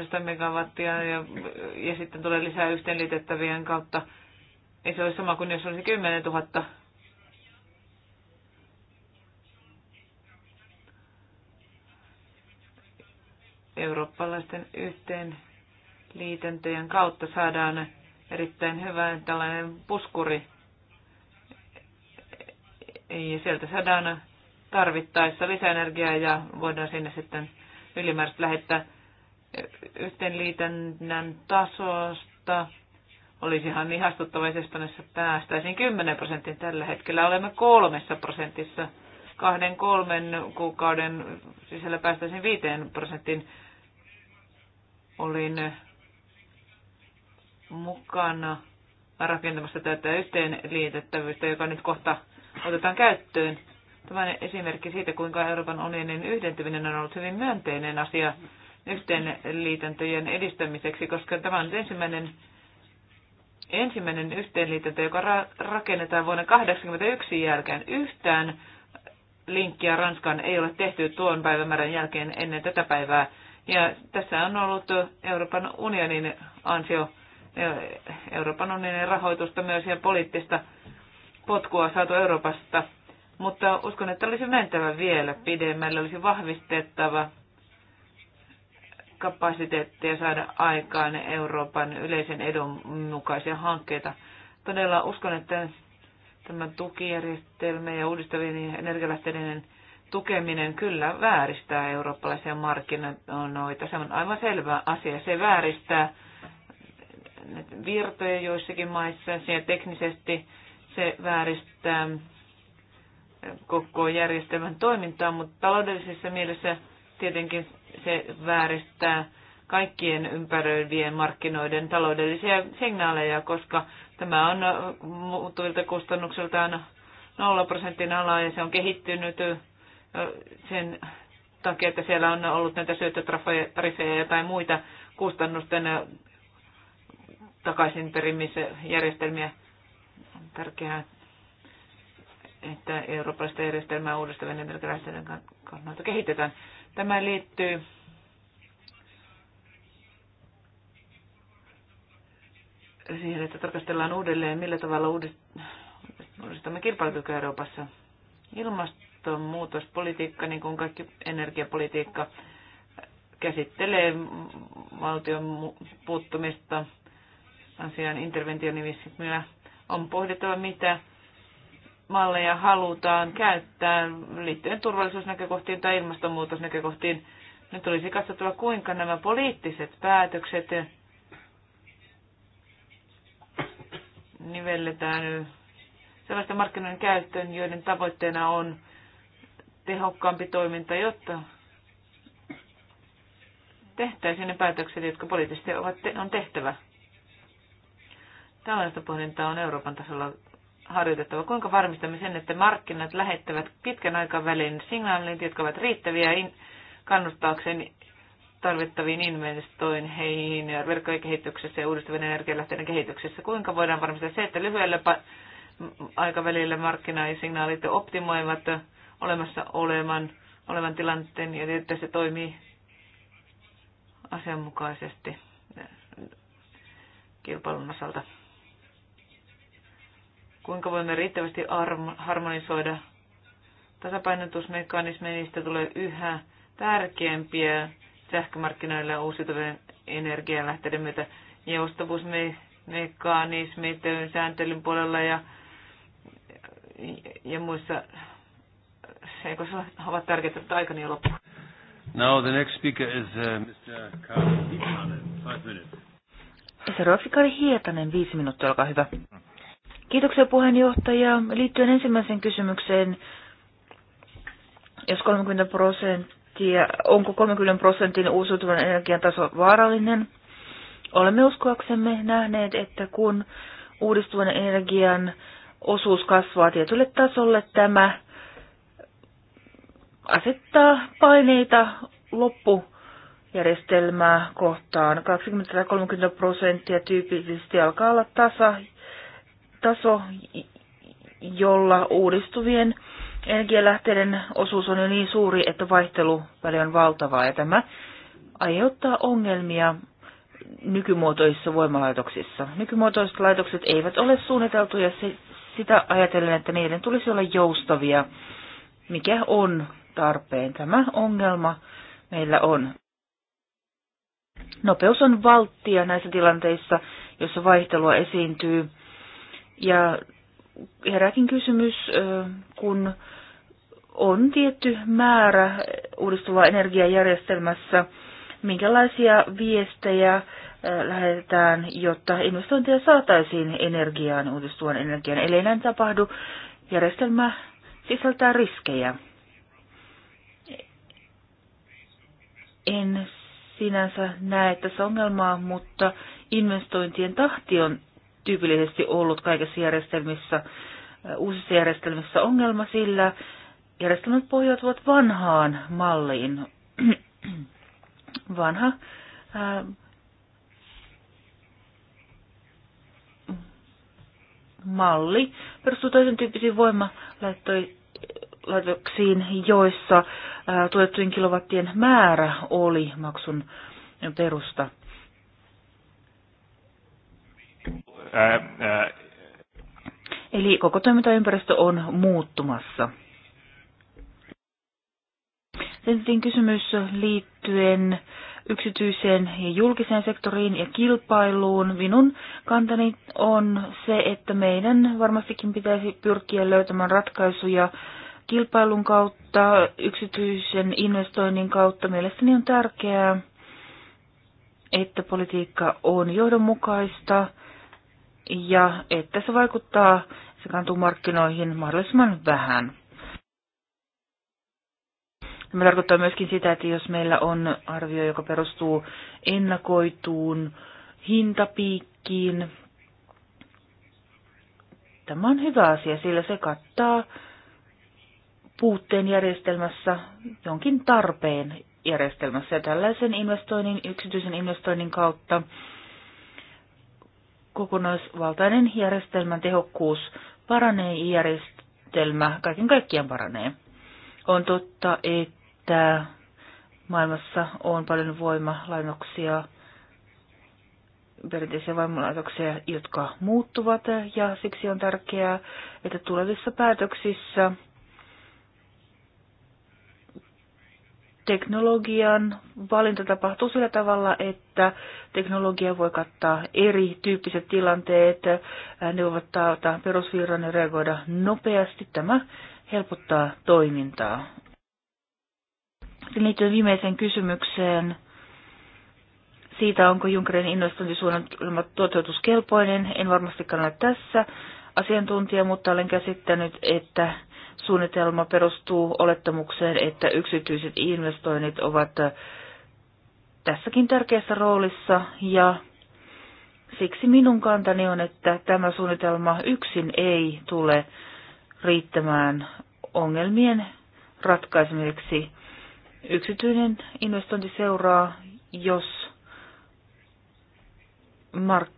100 megawattia ja, ja sitten tulee lisää yhteenliitettävien kautta. Ei se ole sama kuin jos olisi 10 000. Eurooppalaisten yhteenliitäntöjen kautta saadaan erittäin hyvä tällainen puskuri. Ja sieltä saadaan tarvittaessa lisäenergiaa ja voidaan sinne sitten ylimääräistä lähettää yhteenliitännän tasosta. Olisihan ihastuttava, niin jos Espanjassa päästäisiin 10 prosentin tällä hetkellä. Olemme kolmessa prosentissa. Kahden, kolmen kuukauden sisällä päästäisiin 5 prosentin Olin mukana rakentamassa tätä yhteenliitettävyyttä, joka nyt kohta otetaan käyttöön. Tämä esimerkki siitä, kuinka Euroopan unionin yhdentyminen on ollut hyvin myönteinen asia yhteenliitäntöjen edistämiseksi, koska tämä on ensimmäinen, ensimmäinen yhteenliitäntö, joka ra- rakennetaan vuonna 1981 jälkeen. Yhtään linkkiä Ranskaan ei ole tehty tuon päivämäärän jälkeen ennen tätä päivää. Ja tässä on ollut Euroopan unionin ansio, Euroopan unionin rahoitusta myös ja poliittista potkua saatu Euroopasta – mutta uskon, että olisi mentävä vielä pidemmälle, olisi vahvistettava kapasiteettia saada aikaan Euroopan yleisen edun mukaisia hankkeita. Todella uskon, että tämä tukijärjestelmä ja uudistavien energialähteiden tukeminen kyllä vääristää eurooppalaisia markkinoita. Se on aivan selvä asia. Se vääristää virtoja joissakin maissa ja teknisesti se vääristää koko järjestelmän toimintaa, mutta taloudellisessa mielessä tietenkin se vääristää kaikkien ympäröivien markkinoiden taloudellisia signaaleja, koska tämä on muuttuvilta kustannuksiltaan 0 prosentin ala ja se on kehittynyt sen takia, että siellä on ollut näitä syöttötariffeja tai muita kustannusten takaisinperimisjärjestelmiä. tärkeää että eurooppalaista järjestelmää uudistavien energialähteiden kannalta kehitetään. Tämä liittyy siihen, että tarkastellaan uudelleen, millä tavalla uudistamme kilpailukykyä Euroopassa. Ilmastonmuutospolitiikka, niin kuin kaikki energiapolitiikka, käsittelee valtion puuttumista asian interventionimissa. On pohdittava, mitä malleja halutaan käyttää liittyen turvallisuusnäkökohtiin tai ilmastonmuutosnäkökohtiin. Nyt olisi katsottava, kuinka nämä poliittiset päätökset nivelletään sellaisten markkinoiden käyttöön, joiden tavoitteena on tehokkaampi toiminta, jotta tehtäisiin ne päätökset, jotka poliittisesti ovat te- on tehtävä. Tällaista pohdintaa on Euroopan tasolla harjoitettava. Kuinka varmistamme sen, että markkinat lähettävät pitkän aikavälin signaalit, jotka ovat riittäviä kannustaakseen tarvittaviin investointeihin verkkojen kehityksessä ja uudistuvien energialähteiden kehityksessä? Kuinka voidaan varmistaa se, että lyhyellä aikavälillä markkinaisignaalit optimoivat olemassa olevan, olevan tilanteen ja että se toimii asianmukaisesti kilpailun osalta? kuinka voimme riittävästi harmonisoida niistä tulee yhä tärkeämpiä sähkömarkkinoilla uusiutuvien energialähteiden myötä joustavuusmekanismit sääntelyn puolella ja, ja muissa, eikö se ole tärkeää, että aikani on loppu. Now the next speaker is uh, Mr. Karl Hietanen, five minutes. Seuraavaksi Karl Hietanen, viisi minuuttia, olkaa hyvä. Mm. Kiitoksia puheenjohtaja. Liittyen ensimmäiseen kysymykseen, jos 30 prosenttia, onko 30 prosentin uusiutuvan energian taso vaarallinen? Olemme uskoaksemme nähneet, että kun uudistuvan energian osuus kasvaa tietylle tasolle, tämä asettaa paineita loppujärjestelmää kohtaan. 20-30 prosenttia tyypillisesti alkaa olla tasa taso, jolla uudistuvien energialähteiden osuus on jo niin suuri, että vaihteluväli on valtavaa ja tämä aiheuttaa ongelmia nykymuotoisissa voimalaitoksissa. Nykymuotoiset laitokset eivät ole suunniteltuja sitä ajatellen, että niiden tulisi olla joustavia, mikä on tarpeen. Tämä ongelma meillä on. Nopeus on valttia näissä tilanteissa, joissa vaihtelua esiintyy ja herääkin kysymys, kun on tietty määrä uudistuvaa energiajärjestelmässä, minkälaisia viestejä lähetetään, jotta investointeja saataisiin energiaan, uudistuvan energian. Eli näin tapahdu, järjestelmä sisältää riskejä. En sinänsä näe tässä ongelmaa, mutta investointien tahti on tyypillisesti ollut kaikissa järjestelmissä, uusissa järjestelmissä ongelma, sillä järjestelmät pohjautuvat vanhaan malliin. Vanha ää, malli perustuu toisen tyyppisiin voimalaitoksiin, joissa ää, tuettujen kilowattien määrä oli maksun perusta. ää, Eli koko toimintaympäristö on muuttumassa. Sitten kysymys liittyen yksityiseen ja julkiseen sektoriin ja kilpailuun. Minun kantani on se, että meidän varmastikin pitäisi pyrkiä löytämään ratkaisuja kilpailun kautta, yksityisen investoinnin kautta. Mielestäni on tärkeää, että politiikka on johdonmukaista ja että se vaikuttaa sekaantuu markkinoihin mahdollisimman vähän. Tämä tarkoittaa myöskin sitä, että jos meillä on arvio, joka perustuu ennakoituun hintapiikkiin, tämä on hyvä asia, sillä se kattaa puutteen järjestelmässä jonkin tarpeen järjestelmässä. Ja tällaisen investoinnin, yksityisen investoinnin kautta kokonaisvaltainen järjestelmän tehokkuus paranee ja järjestelmä kaiken kaikkiaan paranee. On totta, että maailmassa on paljon voimalainoksia, perinteisiä voimalaitoksia, jotka muuttuvat ja siksi on tärkeää, että tulevissa päätöksissä – teknologian valinta tapahtuu sillä tavalla, että teknologia voi kattaa eri tyyppiset tilanteet, ne voivat taata perusvirran ja reagoida nopeasti. Tämä helpottaa toimintaa. Liittyen viimeiseen kysymykseen siitä, onko Junckerin investointisuunnitelma toteutuskelpoinen, en varmastikaan ole tässä asiantuntija, mutta olen käsittänyt, että suunnitelma perustuu olettamukseen, että yksityiset investoinnit ovat äh, tässäkin tärkeässä roolissa ja siksi minun kantani on, että tämä suunnitelma yksin ei tule riittämään ongelmien ratkaisemiseksi. Yksityinen investointi seuraa, jos mark-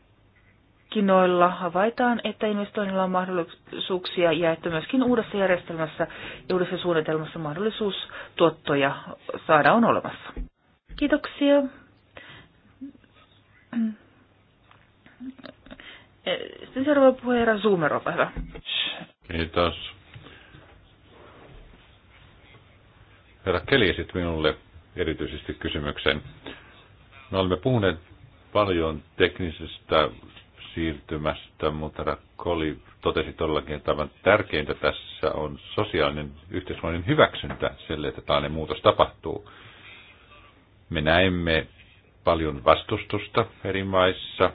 markkinoilla havaitaan, että investoinnilla on mahdollisuuksia ja että myöskin uudessa järjestelmässä ja uudessa suunnitelmassa mahdollisuus tuottoja saada on olemassa. Kiitoksia. Sitten seuraava puheenjohtaja Zoomer, olkaa hyvä. Kiitos. Herra Keli esitti minulle erityisesti kysymyksen. Me olemme puhuneet paljon teknisestä siirtymästä, mutta Rakoli totesi todellakin, että aivan tärkeintä tässä on sosiaalinen yhteiskunnallinen hyväksyntä sille, että tällainen muutos tapahtuu. Me näemme paljon vastustusta eri maissa.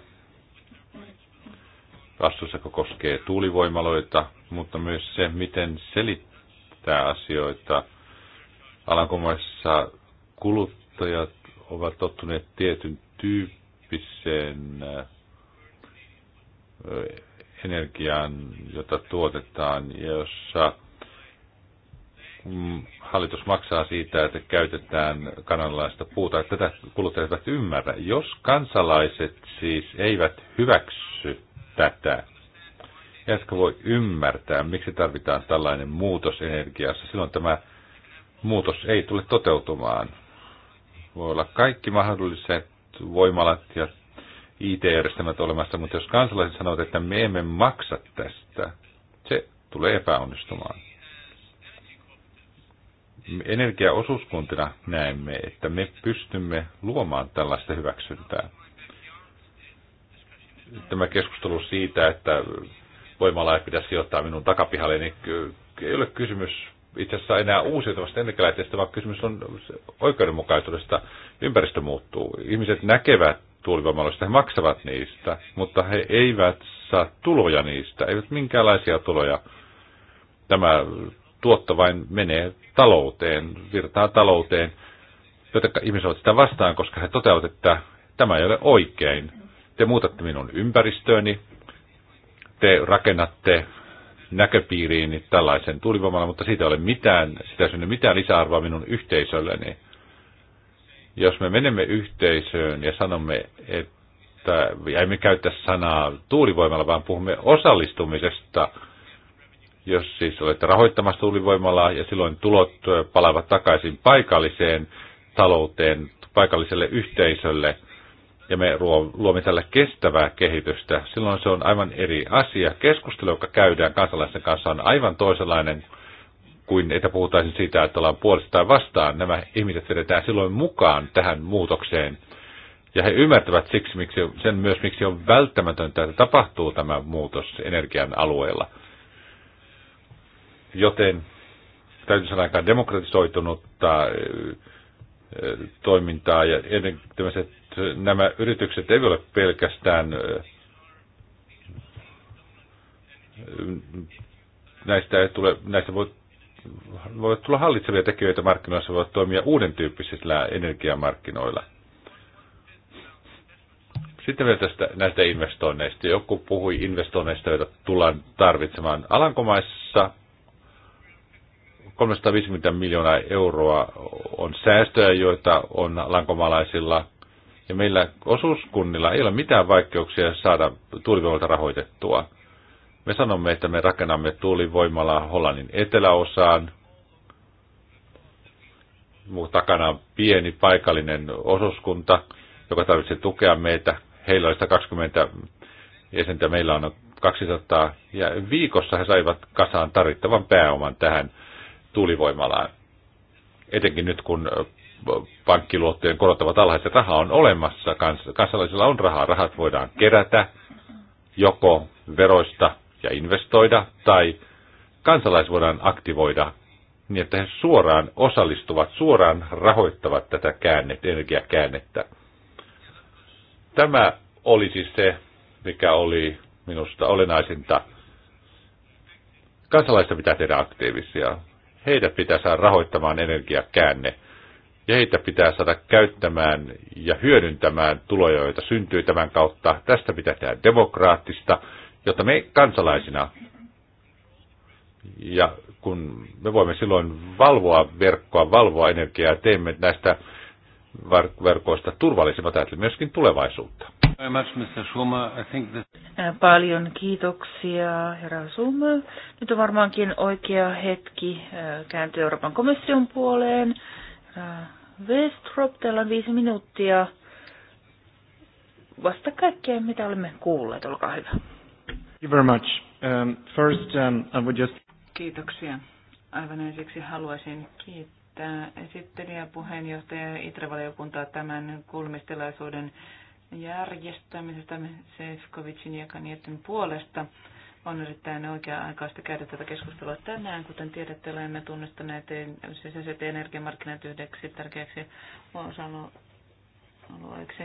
Vastus, joka koskee tuulivoimaloita, mutta myös se, miten selittää asioita. Alankomaissa kuluttajat ovat tottuneet tietyn tyyppiseen energiaan, jota tuotetaan, ja jossa mm, hallitus maksaa siitä, että käytetään kanalaista puuta. Tätä kuluttajat eivät ymmärrä. Jos kansalaiset siis eivät hyväksy tätä, eivätkä voi ymmärtää, miksi tarvitaan tällainen muutos energiassa, silloin tämä muutos ei tule toteutumaan. Voi olla kaikki mahdolliset voimalat ja IT-järjestelmät olemassa, mutta jos kansalaiset sanovat, että me emme maksa tästä, se tulee epäonnistumaan. Energiaosuuskuntina näemme, että me pystymme luomaan tällaista hyväksyntää. Tämä keskustelu siitä, että voimala ei pidä sijoittaa minun takapihalle, niin ei ole kysymys itse asiassa enää uusiutuvasta energialähteestä, vaan kysymys on oikeudenmukaisuudesta. Ympäristö muuttuu. Ihmiset näkevät tuulivoimaloista. He maksavat niistä, mutta he eivät saa tuloja niistä, eivät minkäänlaisia tuloja. Tämä tuotto vain menee talouteen, virtaa talouteen, joten ihmiset ovat sitä vastaan, koska he toteavat, että tämä ei ole oikein. Te muutatte minun ympäristööni, te rakennatte näköpiiriini tällaisen tuulivoimalla, mutta siitä ei ole mitään, sitä ei ole mitään lisäarvoa minun yhteisölleni. Jos me menemme yhteisöön ja sanomme, että emme käytä sanaa tuulivoimalla, vaan puhumme osallistumisesta, jos siis olette rahoittamassa tuulivoimalaa ja silloin tulot palaavat takaisin paikalliseen talouteen, paikalliselle yhteisölle, ja me luomme tällä kestävää kehitystä, silloin se on aivan eri asia. Keskustelu, joka käydään kansalaisten kanssa, on aivan toisenlainen kuin että puhutaan siitä, että ollaan puolesta tai vastaan. Nämä ihmiset vedetään silloin mukaan tähän muutokseen. Ja he ymmärtävät siksi, miksi, sen myös, miksi on välttämätöntä, että tapahtuu tämä muutos energian alueella. Joten täytyy sanoa aika demokratisoitunutta äh, toimintaa ja ennen nämä yritykset eivät ole pelkästään äh, näistä ei tule, näistä voi voi tulla hallitsevia tekijöitä markkinoissa, voi toimia uuden tyyppisillä energiamarkkinoilla. Sitten vielä tästä, näistä investoinneista. Joku puhui investoinneista, joita tullaan tarvitsemaan. Alankomaissa 350 miljoonaa euroa on säästöjä, joita on lankomalaisilla, Ja meillä osuuskunnilla ei ole mitään vaikeuksia saada tuulivoimalta rahoitettua. Me sanomme, että me rakennamme tuulivoimalaa Hollannin eteläosaan, takana on pieni paikallinen osuuskunta, joka tarvitsee tukea meitä. Heillä oli 120 jäsentä, meillä on 200, ja viikossa he saivat kasaan tarvittavan pääoman tähän tuulivoimalaan. Etenkin nyt, kun pankkiluottojen korot ovat alhaiset, raha on olemassa, kansalaisilla on rahaa, rahat voidaan kerätä joko veroista ja investoida, tai kansalais voidaan aktivoida niin, että he suoraan osallistuvat, suoraan rahoittavat tätä käännet, energiakäännettä. Tämä oli siis se, mikä oli minusta olennaisinta. Kansalaista pitää tehdä aktiivisia. Heitä pitää saada rahoittamaan energiakäänne. Ja heitä pitää saada käyttämään ja hyödyntämään tuloja, joita syntyy tämän kautta. Tästä pitää tehdä demokraattista jotta me kansalaisina ja kun me voimme silloin valvoa verkkoa, valvoa energiaa, teemme näistä verkoista turvallisemmat ajatellen myöskin tulevaisuutta. Paljon kiitoksia, herra Summa. Nyt on varmaankin oikea hetki kääntyä Euroopan komission puoleen. Westrop, teillä on viisi minuuttia. Vasta kaikkea, mitä olemme kuulleet, olkaa hyvä. Thank you very much. Um, first, um, I would just... Kiitoksia. Aivan ensiksi haluaisin kiittää esittelijä puheenjohtaja Itravaliokuntaa tämän kulmistilaisuuden järjestämisestä Sefkovicin ja Kanietin puolesta. On erittäin oikea-aikaista käydä tätä keskustelua tänään. Kuten tiedätte, olemme tunnistaneet sisäiset energiamarkkinat yhdeksi tärkeäksi osa-alueeksi.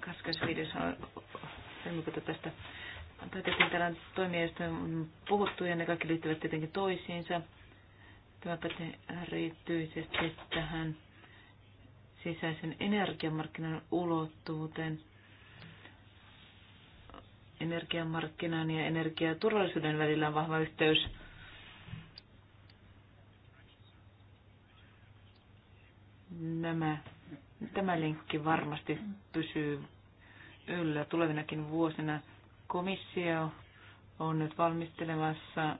25. helmikuuta tästä päätettiin täällä toimijoistoon puhuttu ja ne kaikki liittyvät tietenkin toisiinsa. Tämä pätee erityisesti tähän sisäisen energiamarkkinan ulottuvuuteen energiamarkkinan ja energiaturvallisuuden välillä on vahva yhteys. Nämä, tämä linkki varmasti pysyy yllä tulevinakin vuosina. Komissio on nyt valmistelemassa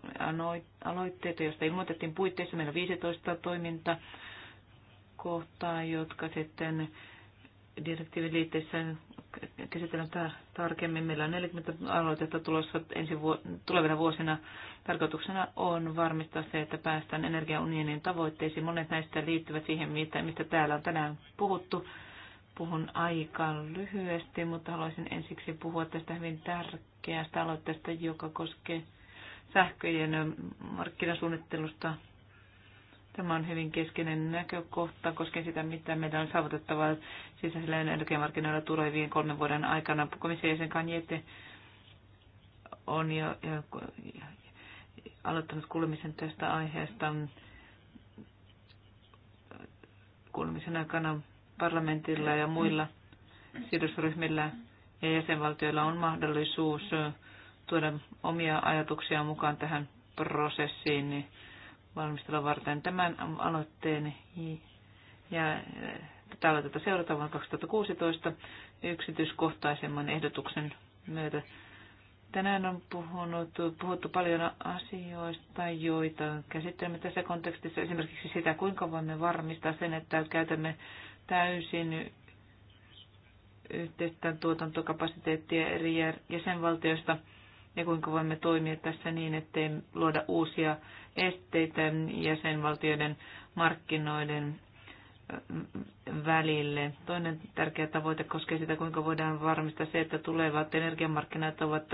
aloitteita, joista ilmoitettiin puitteissa. Meillä on 15 toimintakohtaa, jotka sitten direktiivin liitteissä käsitellään tarkemmin. Meillä on 40 aloitetta tulossa ensi vu- tulevina vuosina. Tarkoituksena on varmistaa se, että päästään energiaunionin tavoitteisiin. Monet näistä liittyvät siihen, mistä täällä on tänään puhuttu puhun aika lyhyesti, mutta haluaisin ensiksi puhua tästä hyvin tärkeästä aloitteesta, joka koskee sähköjen markkinasuunnittelusta. Tämä on hyvin keskeinen näkökohta koskien sitä, mitä meidän on saavutettava sisäisillä energiamarkkinoilla tulevien kolmen vuoden aikana. Komission jäsen Kanjete on jo, jo, jo aloittanut kuulemisen tästä aiheesta. Kuulemisen aikana parlamentilla ja muilla sidosryhmillä ja jäsenvaltioilla on mahdollisuus tuoda omia ajatuksia mukaan tähän prosessiin niin valmistella varten tämän aloitteen. Ja äh, tätä aloitetta seurataan vuonna 2016 yksityiskohtaisemman ehdotuksen myötä. Tänään on puhunut, puhuttu paljon asioista, joita käsittelemme tässä kontekstissa. Esimerkiksi sitä, kuinka voimme varmistaa sen, että käytämme täysin yhteistä tuotantokapasiteettia eri jäsenvaltioista ja kuinka voimme toimia tässä niin, ettei luoda uusia esteitä jäsenvaltioiden markkinoiden mm, välille. Toinen tärkeä tavoite koskee sitä, kuinka voidaan varmistaa se, että tulevat energiamarkkinat ovat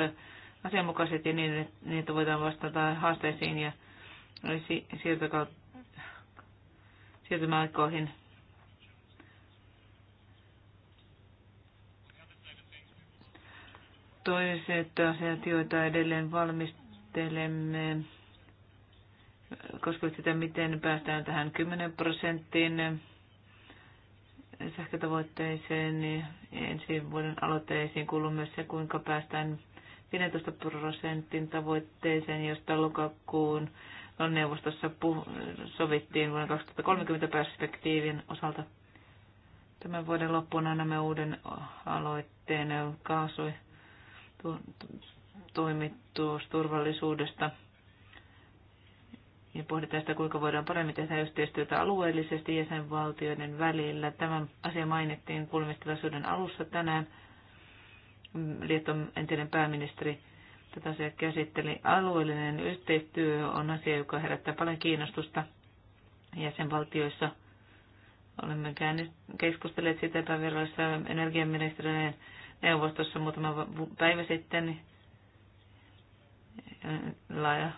asianmukaiset ja niin, että voidaan vastata haasteisiin ja siirtymäaikoihin toiset asiat, joita edelleen valmistelemme, koskevat sitä, miten päästään tähän 10 prosenttiin sähkötavoitteeseen, niin ensi vuoden aloitteisiin kuuluu myös se, kuinka päästään 15 prosentin tavoitteeseen, josta lokakuun on neuvostossa sovittiin vuoden 2030 perspektiivin osalta. Tämän vuoden loppuun annamme uuden aloitteen kaasu- turvallisuudesta ja pohditaan sitä, kuinka voidaan paremmin tehdä yhteistyötä alueellisesti jäsenvaltioiden välillä. Tämä asia mainittiin kuulemistilaisuuden alussa tänään. Liiton entinen pääministeri tätä asiaa käsitteli. Alueellinen yhteistyö on asia, joka herättää paljon kiinnostusta jäsenvaltioissa. Olemme keskustelleet siitä epävirallisessa energiaministeriön neuvostossa muutama päivä sitten laaja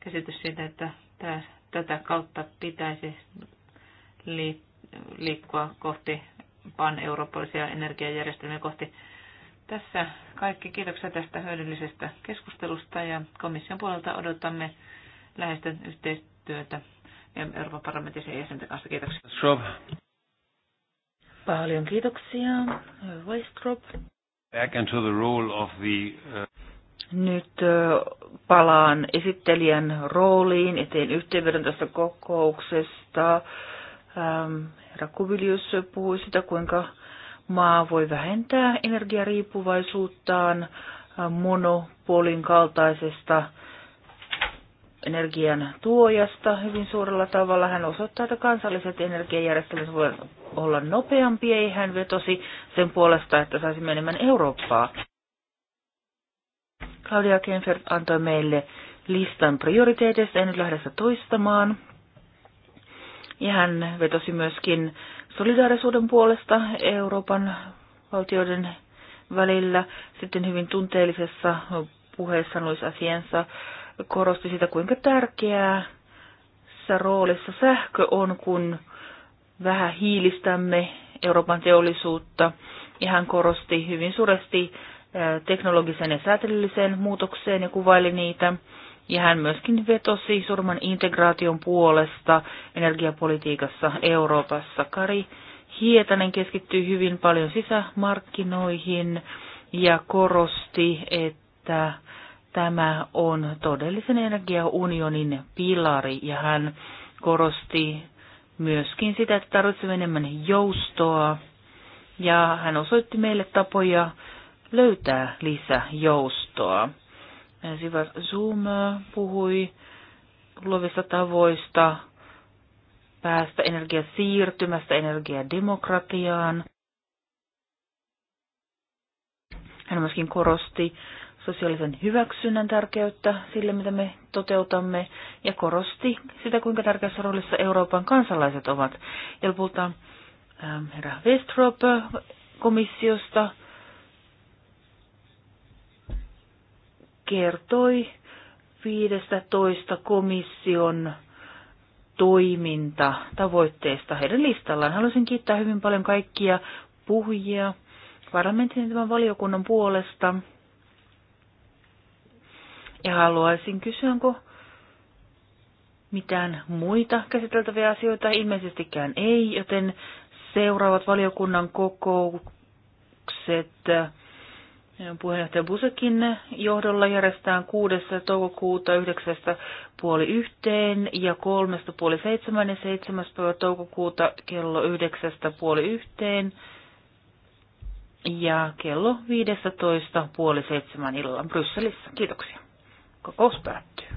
käsitys siitä, että tämä, tätä kautta pitäisi liikkua kohti pan-eurooppalaisia energiajärjestelmiä kohti. Tässä kaikki. Kiitoksia tästä hyödyllisestä keskustelusta ja komission puolelta odotamme läheistä yhteistyötä Euroopan parlamentin jäsenten kanssa. Kiitoksia. Paljon kiitoksia. Weistrop. Back into the role of the, uh... Nyt palaan esittelijän rooliin eteen yhteenvedon tästä kokouksesta. Ähm, herra Kuvilius puhui sitä, kuinka maa voi vähentää energiariippuvaisuuttaan äh, monopolin kaltaisesta energian tuojasta hyvin suurella tavalla. Hän osoittaa, että kansalliset energiajärjestelmät voivat olla nopeampia Ei hän vetosi sen puolesta, että saisimme enemmän Eurooppaa. Claudia Kenfert antoi meille listan prioriteeteista, en nyt lähde sitä toistamaan. Ja hän vetosi myöskin solidaarisuuden puolesta Euroopan valtioiden välillä. Sitten hyvin tunteellisessa puheessa noissa asiansa korosti sitä, kuinka tärkeää roolissa sähkö on, kun vähän hiilistämme Euroopan teollisuutta. Ja hän korosti hyvin suuresti teknologisen ja säätelylliseen muutokseen ja kuvaili niitä. Ja hän myöskin vetosi surman integraation puolesta energiapolitiikassa Euroopassa. Kari Hietanen keskittyy hyvin paljon sisämarkkinoihin ja korosti, että Tämä on todellisen energiaunionin pilari ja hän korosti myöskin sitä, että tarvitsemme enemmän joustoa ja hän osoitti meille tapoja löytää lisäjoustoa. Sivar Zoom puhui luovista tavoista päästä energiasiirtymästä energiademokratiaan. Hän myöskin korosti sosiaalisen hyväksynnän tärkeyttä sille, mitä me toteutamme, ja korosti sitä, kuinka tärkeässä roolissa Euroopan kansalaiset ovat. Ja lopulta ähm, herra Westrop komissiosta kertoi 15 komission toiminta tavoitteista heidän listallaan. Haluaisin kiittää hyvin paljon kaikkia puhujia parlamentin tämän valiokunnan puolesta. Ja haluaisin kysyä, onko mitään muita käsiteltäviä asioita? Ilmeisestikään ei, joten seuraavat valiokunnan kokoukset eh, puheenjohtaja Busekin johdolla järjestetään 6. toukokuuta 9. puoli yhteen ja 3. puoli 7. ja 7. päivä toukokuuta kello 9. puoli yhteen ja kello 15 puoli 7 illalla Brysselissä. Kiitoksia. Kokous päättyy.